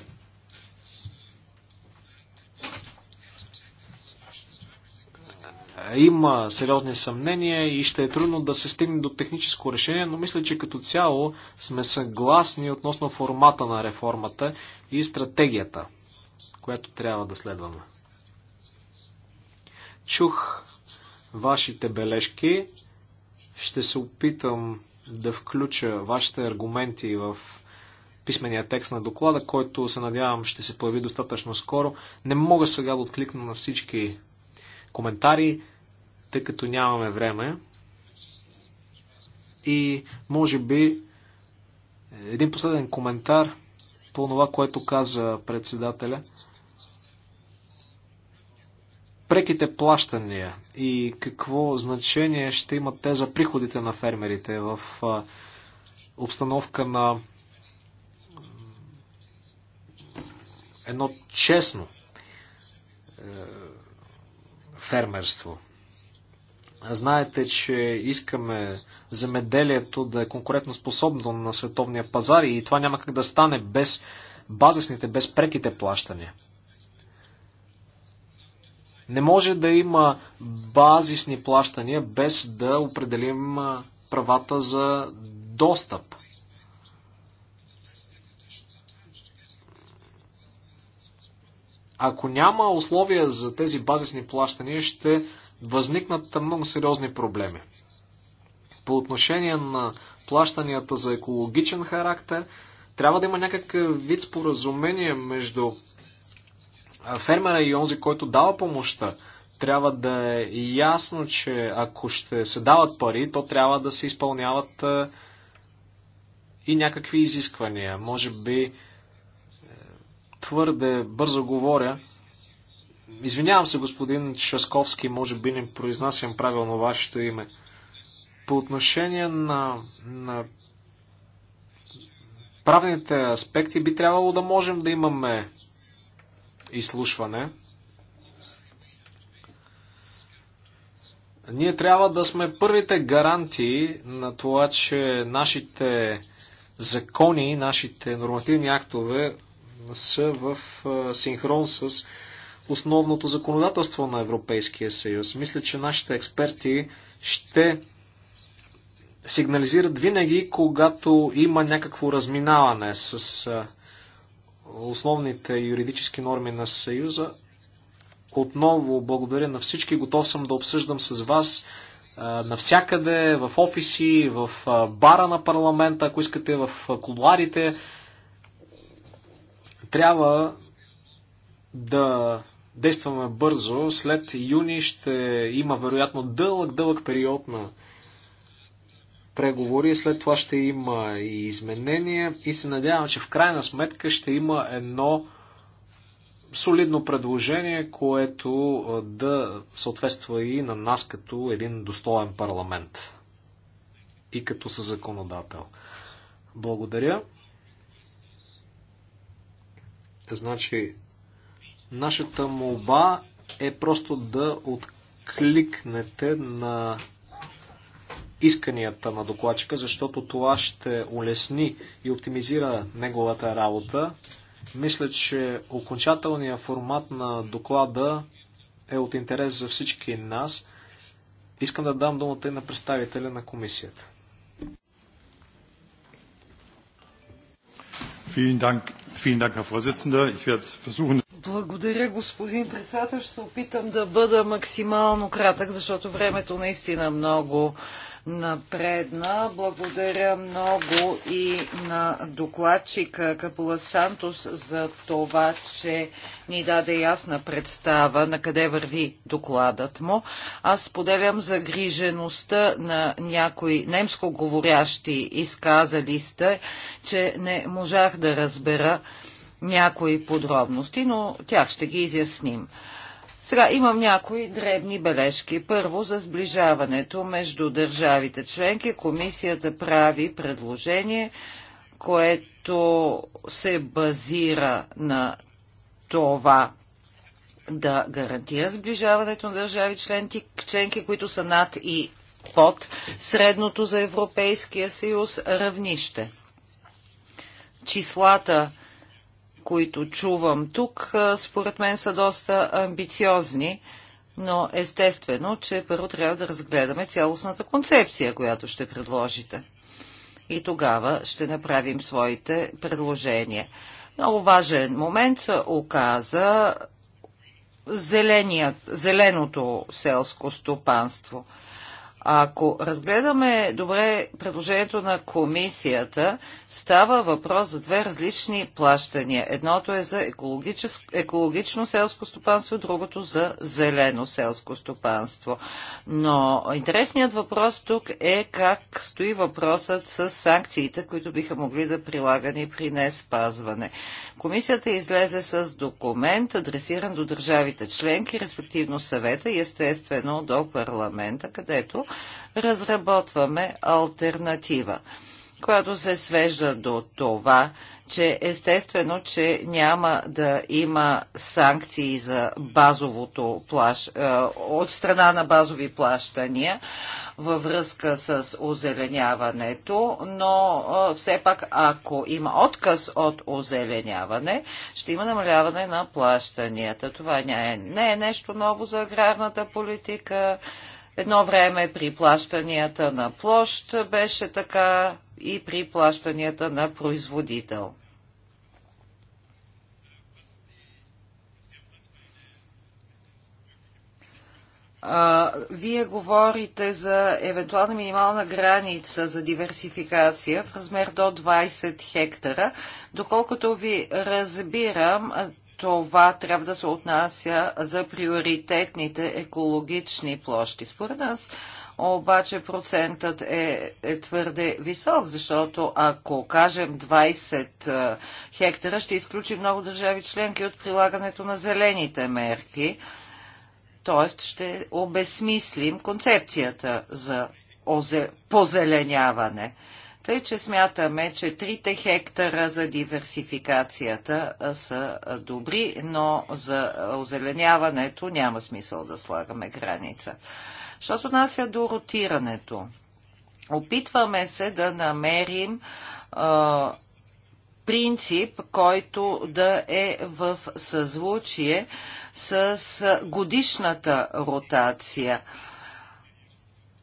Speaker 2: Е, има сериозни съмнения и ще е трудно да се стигне до техническо решение, но мисля, че като цяло сме съгласни относно формата на реформата и стратегията, която трябва да следваме. Чух вашите бележки. Ще се опитам да включа вашите аргументи в писмения текст на доклада, който се надявам ще се появи достатъчно скоро. Не мога сега да откликна на всички коментари, тъй като нямаме време. И може би един последен коментар по това, което каза председателя – преките плащания и какво значение ще имат те за приходите на фермерите в обстановка на едно честно е, фермерство. Знаете, че искаме земеделието да е конкурентно способно на световния пазар и това няма как да стане без базисните, без преките плащания. Не може да има базисни плащания без да определим правата за достъп. Ако няма условия за тези базисни плащания, ще възникнат много сериозни проблеми. По отношение на плащанията за екологичен характер, трябва да има някакъв вид споразумение между фермера е и онзи, който дава помощта, трябва да е ясно, че ако ще се дават пари, то трябва да се изпълняват и някакви изисквания. Може би е, твърде бързо говоря. Извинявам се, господин Шасковски, може би не произнасям правилно вашето име. По отношение на, на правните аспекти би трябвало да можем да имаме изслушване. Ние трябва да сме първите гаранти на това, че нашите закони, нашите нормативни актове са в синхрон с основното законодателство на Европейския съюз. Мисля, че нашите експерти ще сигнализират винаги, когато има някакво разминаване с основните юридически норми на Съюза. Отново благодаря на всички. Готов съм да обсъждам с вас навсякъде, в офиси, в бара на парламента, ако искате, в кулуарите. Трябва да действаме бързо. След юни ще има вероятно дълъг, дълъг период на преговори, след това ще има и изменения и се надявам, че в крайна сметка ще има едно солидно предложение, което да съответства и на нас като един достоен парламент и като съзаконодател. Благодаря. Значи, нашата молба е просто да откликнете на исканията на докладчика, защото това ще улесни и оптимизира неговата работа. Мисля, че окончателният формат на доклада е от интерес за всички нас. Искам да дам думата и на представителя на комисията.
Speaker 1: Благодаря, господин председател. Ще се опитам да бъда максимално кратък, защото времето наистина е много напредна. Благодаря много и на докладчика Капула Сантос за това, че ни даде ясна представа на къде върви докладът му. Аз поделям загрижеността на някои немско говорящи изказали сте, че не можах да разбера някои подробности, но тях ще ги изясним. Сега имам някои дребни бележки. Първо за сближаването между държавите членки. Комисията прави предложение, което се базира на това да гарантира сближаването на държави членки, членки, които са над и под средното за Европейския съюз равнище. Числата които чувам тук, според мен са доста амбициозни, но естествено, че първо трябва да разгледаме цялостната концепция, която ще предложите. И тогава ще направим своите предложения. Много важен момент се оказа зеленият, зеленото селско стопанство – ако разгледаме добре предложението на комисията, става въпрос за две различни плащания. Едното е за екологично селско стопанство, другото за зелено селско стопанство. Но интересният въпрос тук е как стои въпросът с санкциите, които биха могли да прилагани при неспазване. Комисията излезе с документ, адресиран до държавите членки, респективно съвета и естествено до парламента, където разработваме альтернатива, която се свежда до това, че естествено, че няма да има санкции за базовото плащ, е, от страна на базови плащания във връзка с озеленяването, но е, все пак ако има отказ от озеленяване, ще има намаляване на плащанията. Това не е, не е нещо ново за аграрната политика, Едно време при плащанията на площ беше така и при плащанията на производител. А, вие говорите за евентуална минимална граница за диверсификация в размер до 20 хектара. Доколкото ви разбирам, това трябва да се отнася за приоритетните екологични площи. Според нас обаче процентът е, е твърде висок, защото ако кажем 20 е, хектара, ще изключи много държави членки от прилагането на зелените мерки. Тоест ще обесмислим концепцията за позеленяване. Тъй, че смятаме, че трите хектара за диверсификацията са добри, но за озеленяването няма смисъл да слагаме граница. Що се отнася до ротирането? Опитваме се да намерим а, принцип, който да е в съзвучие с годишната ротация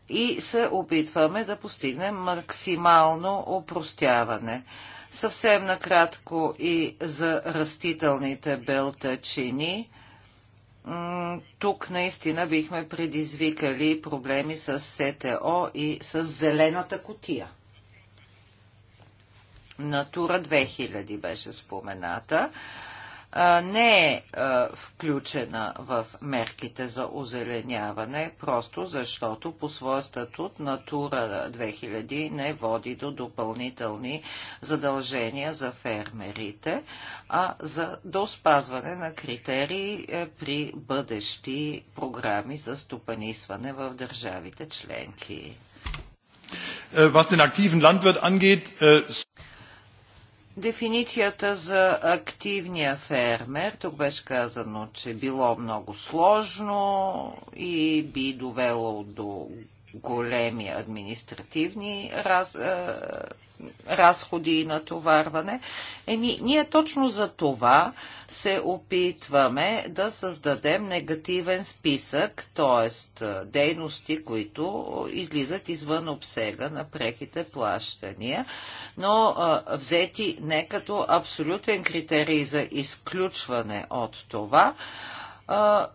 Speaker 1: и се опитваме да постигнем максимално опростяване. Съвсем накратко и за растителните белтачини. Тук наистина бихме предизвикали проблеми с СТО и с зелената котия. Натура 2000 беше спомената не е включена в мерките за озеленяване, просто защото по своя статут Натура 2000 не води до допълнителни задължения за фермерите, а за до спазване на критерии е, при бъдещи програми за стопанисване в държавите членки. Е, was
Speaker 3: den aktiven Landwirt angeht, е,
Speaker 1: Дефиницията за активния фермер, тук беше казано, че било много сложно и би довело до големи административни раз, а, разходи и натоварване. Е, ни, ние точно за това се опитваме да създадем негативен списък, т.е. дейности, които излизат извън обсега на преките плащания, но а, взети не като абсолютен критерий за изключване от това, а,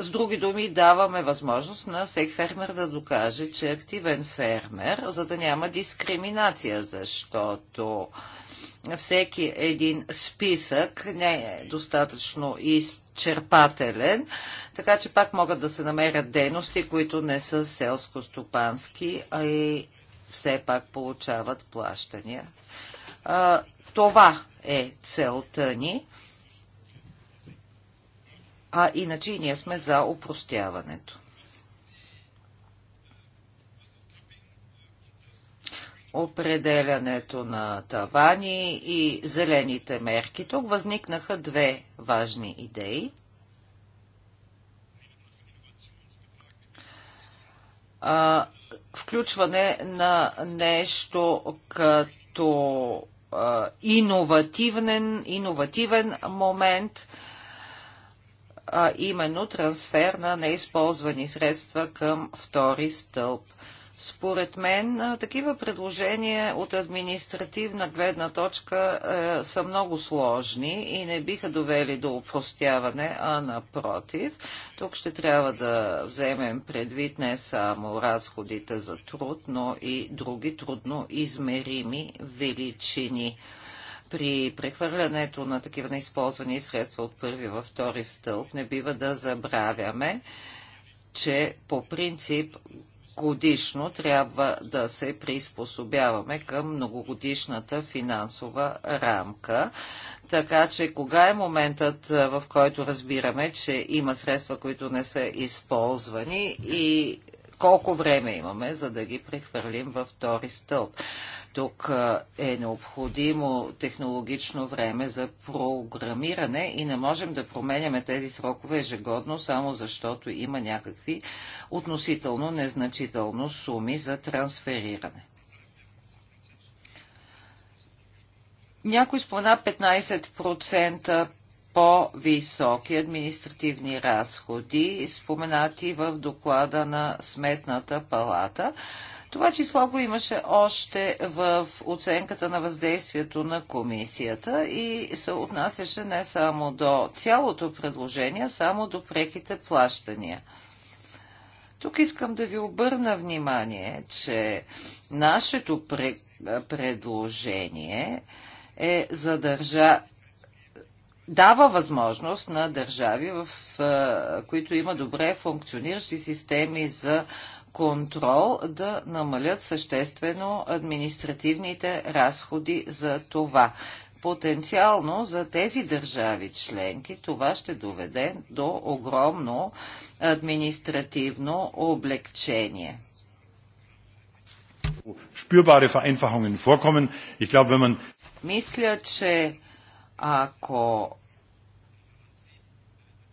Speaker 1: с други думи, даваме възможност на всеки фермер да докаже, че е активен фермер, за да няма дискриминация, защото всеки един списък не е достатъчно изчерпателен, така че пак могат да се намерят дейности, които не са селско-стопански, а и все пак получават плащания. това е целта ни. А иначе ние сме за упростяването. Определянето на тавани и зелените мерки. Тук възникнаха две важни идеи. а, включване на нещо като а, иновативен, иновативен момент а именно трансфер на неизползвани средства към втори стълб. Според мен такива предложения от административна гледна точка е, са много сложни и не биха довели до упростяване, а напротив. Тук ще трябва да вземем предвид не само разходите за труд, но и други трудно измерими величини при прехвърлянето на такива неизползвани средства от първи във втори стълб не бива да забравяме, че по принцип годишно трябва да се приспособяваме към многогодишната финансова рамка. Така че кога е моментът, в който разбираме, че има средства, които не са използвани и колко време имаме, за да ги прехвърлим във втори стълб. Тук е необходимо технологично време за програмиране и не можем да променяме тези срокове ежегодно, само защото има някакви относително незначително суми за трансфериране. Някой спомена 15% по-високи административни разходи, споменати в доклада на Сметната палата. Това число го имаше още в оценката на въздействието на комисията и се отнасяше не само до цялото предложение, само до преките плащания. Тук искам да ви обърна внимание, че нашето предложение е задържа дава възможност на държави, в които има добре функциониращи системи за контрол да намалят съществено административните разходи за това. Потенциално за тези държави членки това ще доведе до огромно административно облегчение
Speaker 3: spürbare Vereinfachungen vorkommen. Ich glaube, wenn man
Speaker 1: Мисля, че ако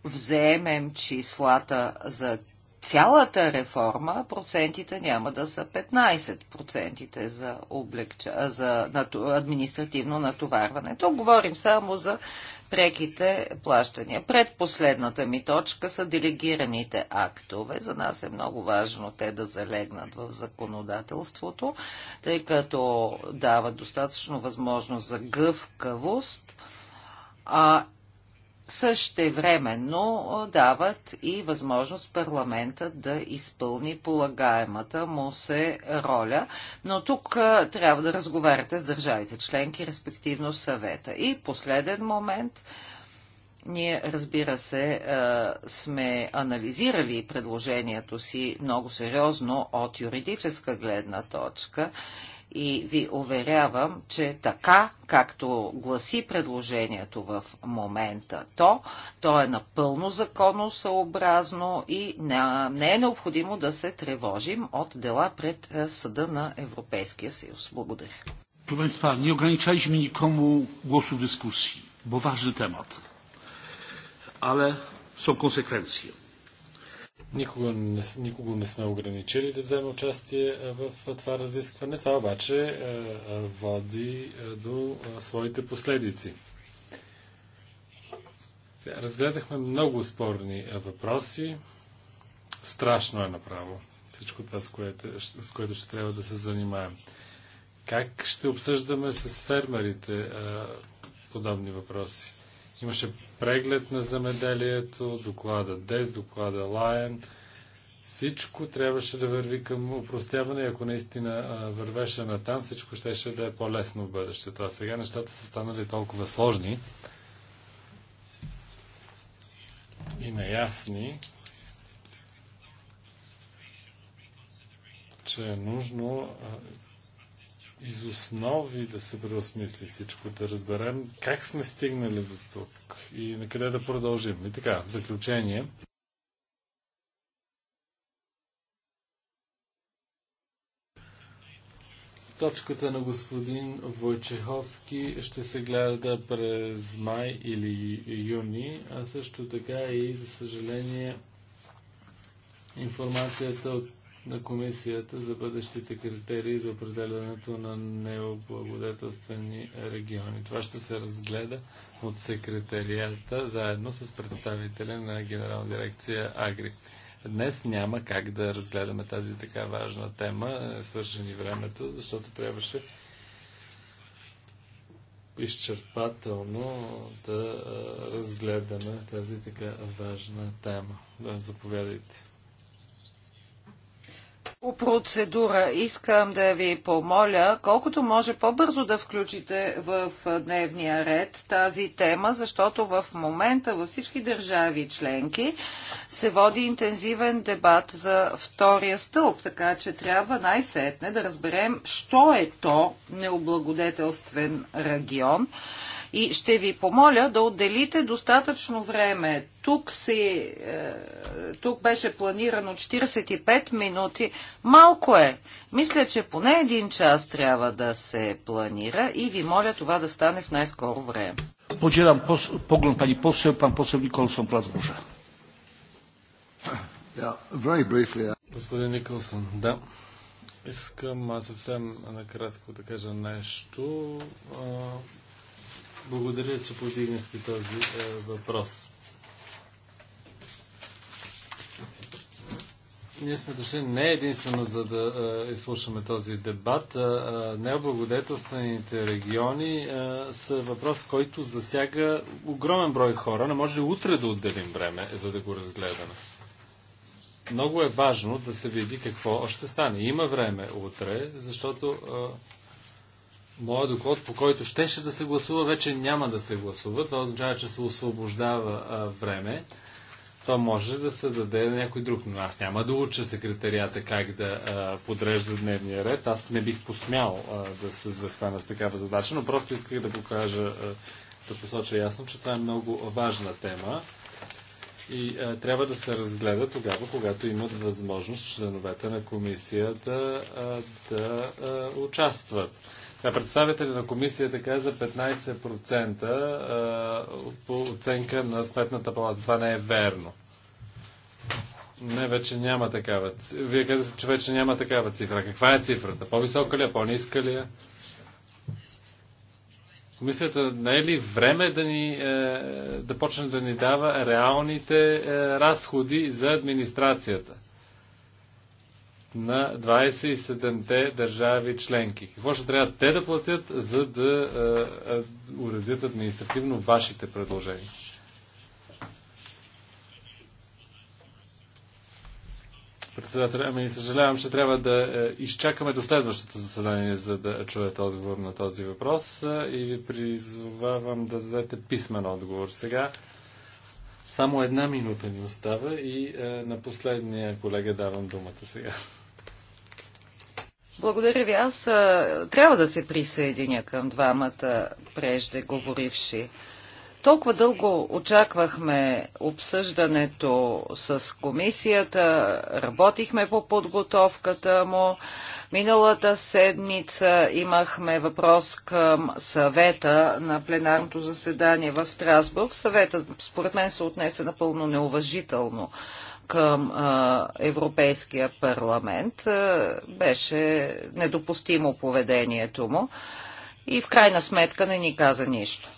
Speaker 1: вземем числата за цялата реформа процентите няма да са 15 процентите за, облегча, за нату, административно натоварване. То говорим само за преките плащания. Предпоследната ми точка са делегираните актове. За нас е много важно те да залегнат в законодателството, тъй като дават достатъчно възможност за гъвкавост а същевременно дават и възможност парламента да изпълни полагаемата му се роля. Но тук трябва да разговаряте с държавите членки, респективно съвета. И последен момент. Ние, разбира се, сме анализирали предложението си много сериозно от юридическа гледна точка и ви уверявам, че така, както гласи предложението в момента то, то е напълно законосъобразно и не е необходимо да се тревожим от дела пред е, Съда на Европейския съюз. Благодаря.
Speaker 3: Proszę Państwa, nie ograniczaliśmy nikomu głosu w dyskusji, bo ważny temat, ale są konsekwencje. Никога не, никого не сме ограничили да вземе участие е, в това разискване. Това обаче е, е, води до своите последици. Разгледахме много спорни въпроси. Страшно е направо всичко това, с което, с което ще трябва да се занимаем. Как ще обсъждаме с фермерите подобни въпроси? Имаше преглед на замеделието, доклада ДЕС, доклада ЛАЕН. Всичко трябваше да върви към упростяване и ако наистина вървеше на там, всичко щеше да е по-лесно в бъдещето. А сега нещата са станали толкова сложни и неясни, че е нужно из основи да се преосмисли всичко, да разберем как сме стигнали до тук и на къде да продължим. И така, в заключение. Точката на господин Войчеховски ще се гледа през май или юни, а също така и, за съжаление, информацията от на Комисията за бъдещите критерии за определянето на необлагодетелствени региони. Това ще се разгледа от секретарията заедно с представителя на Генерална дирекция Агри. Днес няма как да разгледаме тази така важна тема, свършени времето, защото трябваше изчерпателно да разгледаме тази така важна тема. Да, заповядайте.
Speaker 1: По процедура искам да ви помоля, колкото може по-бързо да включите в дневния ред тази тема, защото в момента във всички държави членки се води интензивен дебат за втория стълб, така че трябва най-сетне да разберем, що е то необлагодетелствен регион и ще ви помоля да отделите достатъчно време. Тук, си, е, тук беше планирано 45 минути. Малко е. Мисля, че поне един час трябва да се планира и ви моля това да стане в най-скоро време.
Speaker 3: Podzielam поглед, пани посел, пан посел Николсон, плац Божа. Uh, Господин Николсон, да. Искам съвсем накратко да кажа нещо. Благодаря, че повдигнахте този е, въпрос. Ние сме дошли не единствено за да е, изслушаме този дебат. Е, необлагодетелствените региони е, са въпрос, който засяга огромен брой хора. Не може ли утре да отделим време, е, за да го разгледаме? Много е важно да се види какво още стане. Има време утре, защото е, Моя доклад, по който щеше да се гласува, вече няма да се гласува. Това означава, че се освобождава а, време. То може да се даде на някой друг, но аз няма да уча секретарията как да а, подрежда дневния ред. Аз не бих посмял а, да се захвана с такава задача, но просто исках да покажа, а, да посоча ясно, че това е много важна тема и а, трябва да се разгледа тогава, когато имат възможност членовете на комисията а, да а, участват. Представителя на комисията каза 15% по оценка на сметната палата. Това не е верно. Не, вече няма такава. Вие казвате, че вече няма такава цифра. Каква е цифрата? По-висока ли е? По-ниска ли е? Комисията не е ли време да, ни, е, да почне да ни дава реалните е, разходи за администрацията? на 27-те държави членки. Какво ще трябва те да платят, за да а, е, а, е, уредят административно вашите предложения? Председател, ами съжалявам, ще трябва да е, изчакаме до следващото заседание, за да чуете отговор на този въпрос и ви призовавам да дадете писмен отговор. Сега само една минута ни остава и е, на последния колега давам думата сега.
Speaker 1: Благодаря ви. Аз а, трябва да се присъединя към двамата преждеговоривши. Толкова дълго очаквахме обсъждането с комисията, работихме по подготовката му. Миналата седмица имахме въпрос към съвета на пленарното заседание в Страсбург. Съветът, според мен, се отнесе напълно неуважително към а, Европейския парламент. А, беше недопустимо поведението му и в крайна сметка не ни каза нищо.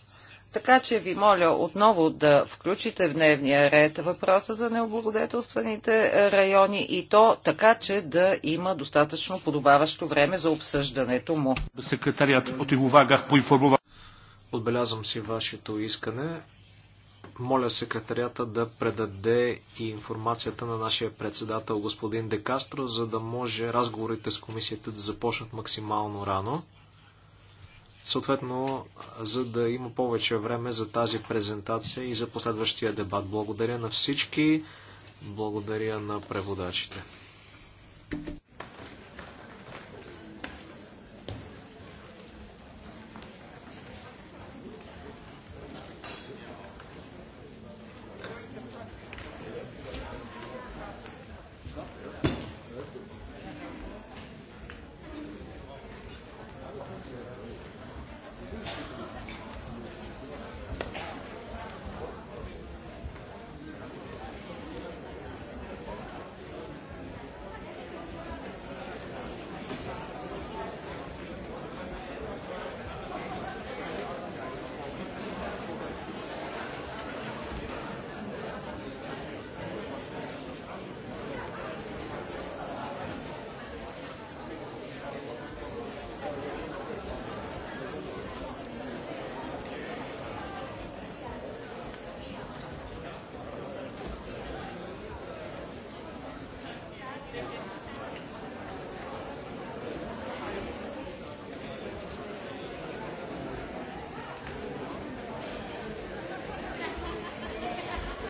Speaker 1: Така че ви моля отново да включите в дневния ред въпроса за необлагодетелстваните райони и то така, че да има достатъчно подобаващо време за обсъждането му.
Speaker 2: Секретарият от Иговагах поинформува. Отбелязвам си вашето искане. Моля секретарията да предаде и информацията на нашия председател господин Декастро, за да може разговорите с комисията да започнат максимално рано. Съответно, за да има повече време за тази презентация и за последващия дебат. Благодаря на всички. Благодаря на преводачите.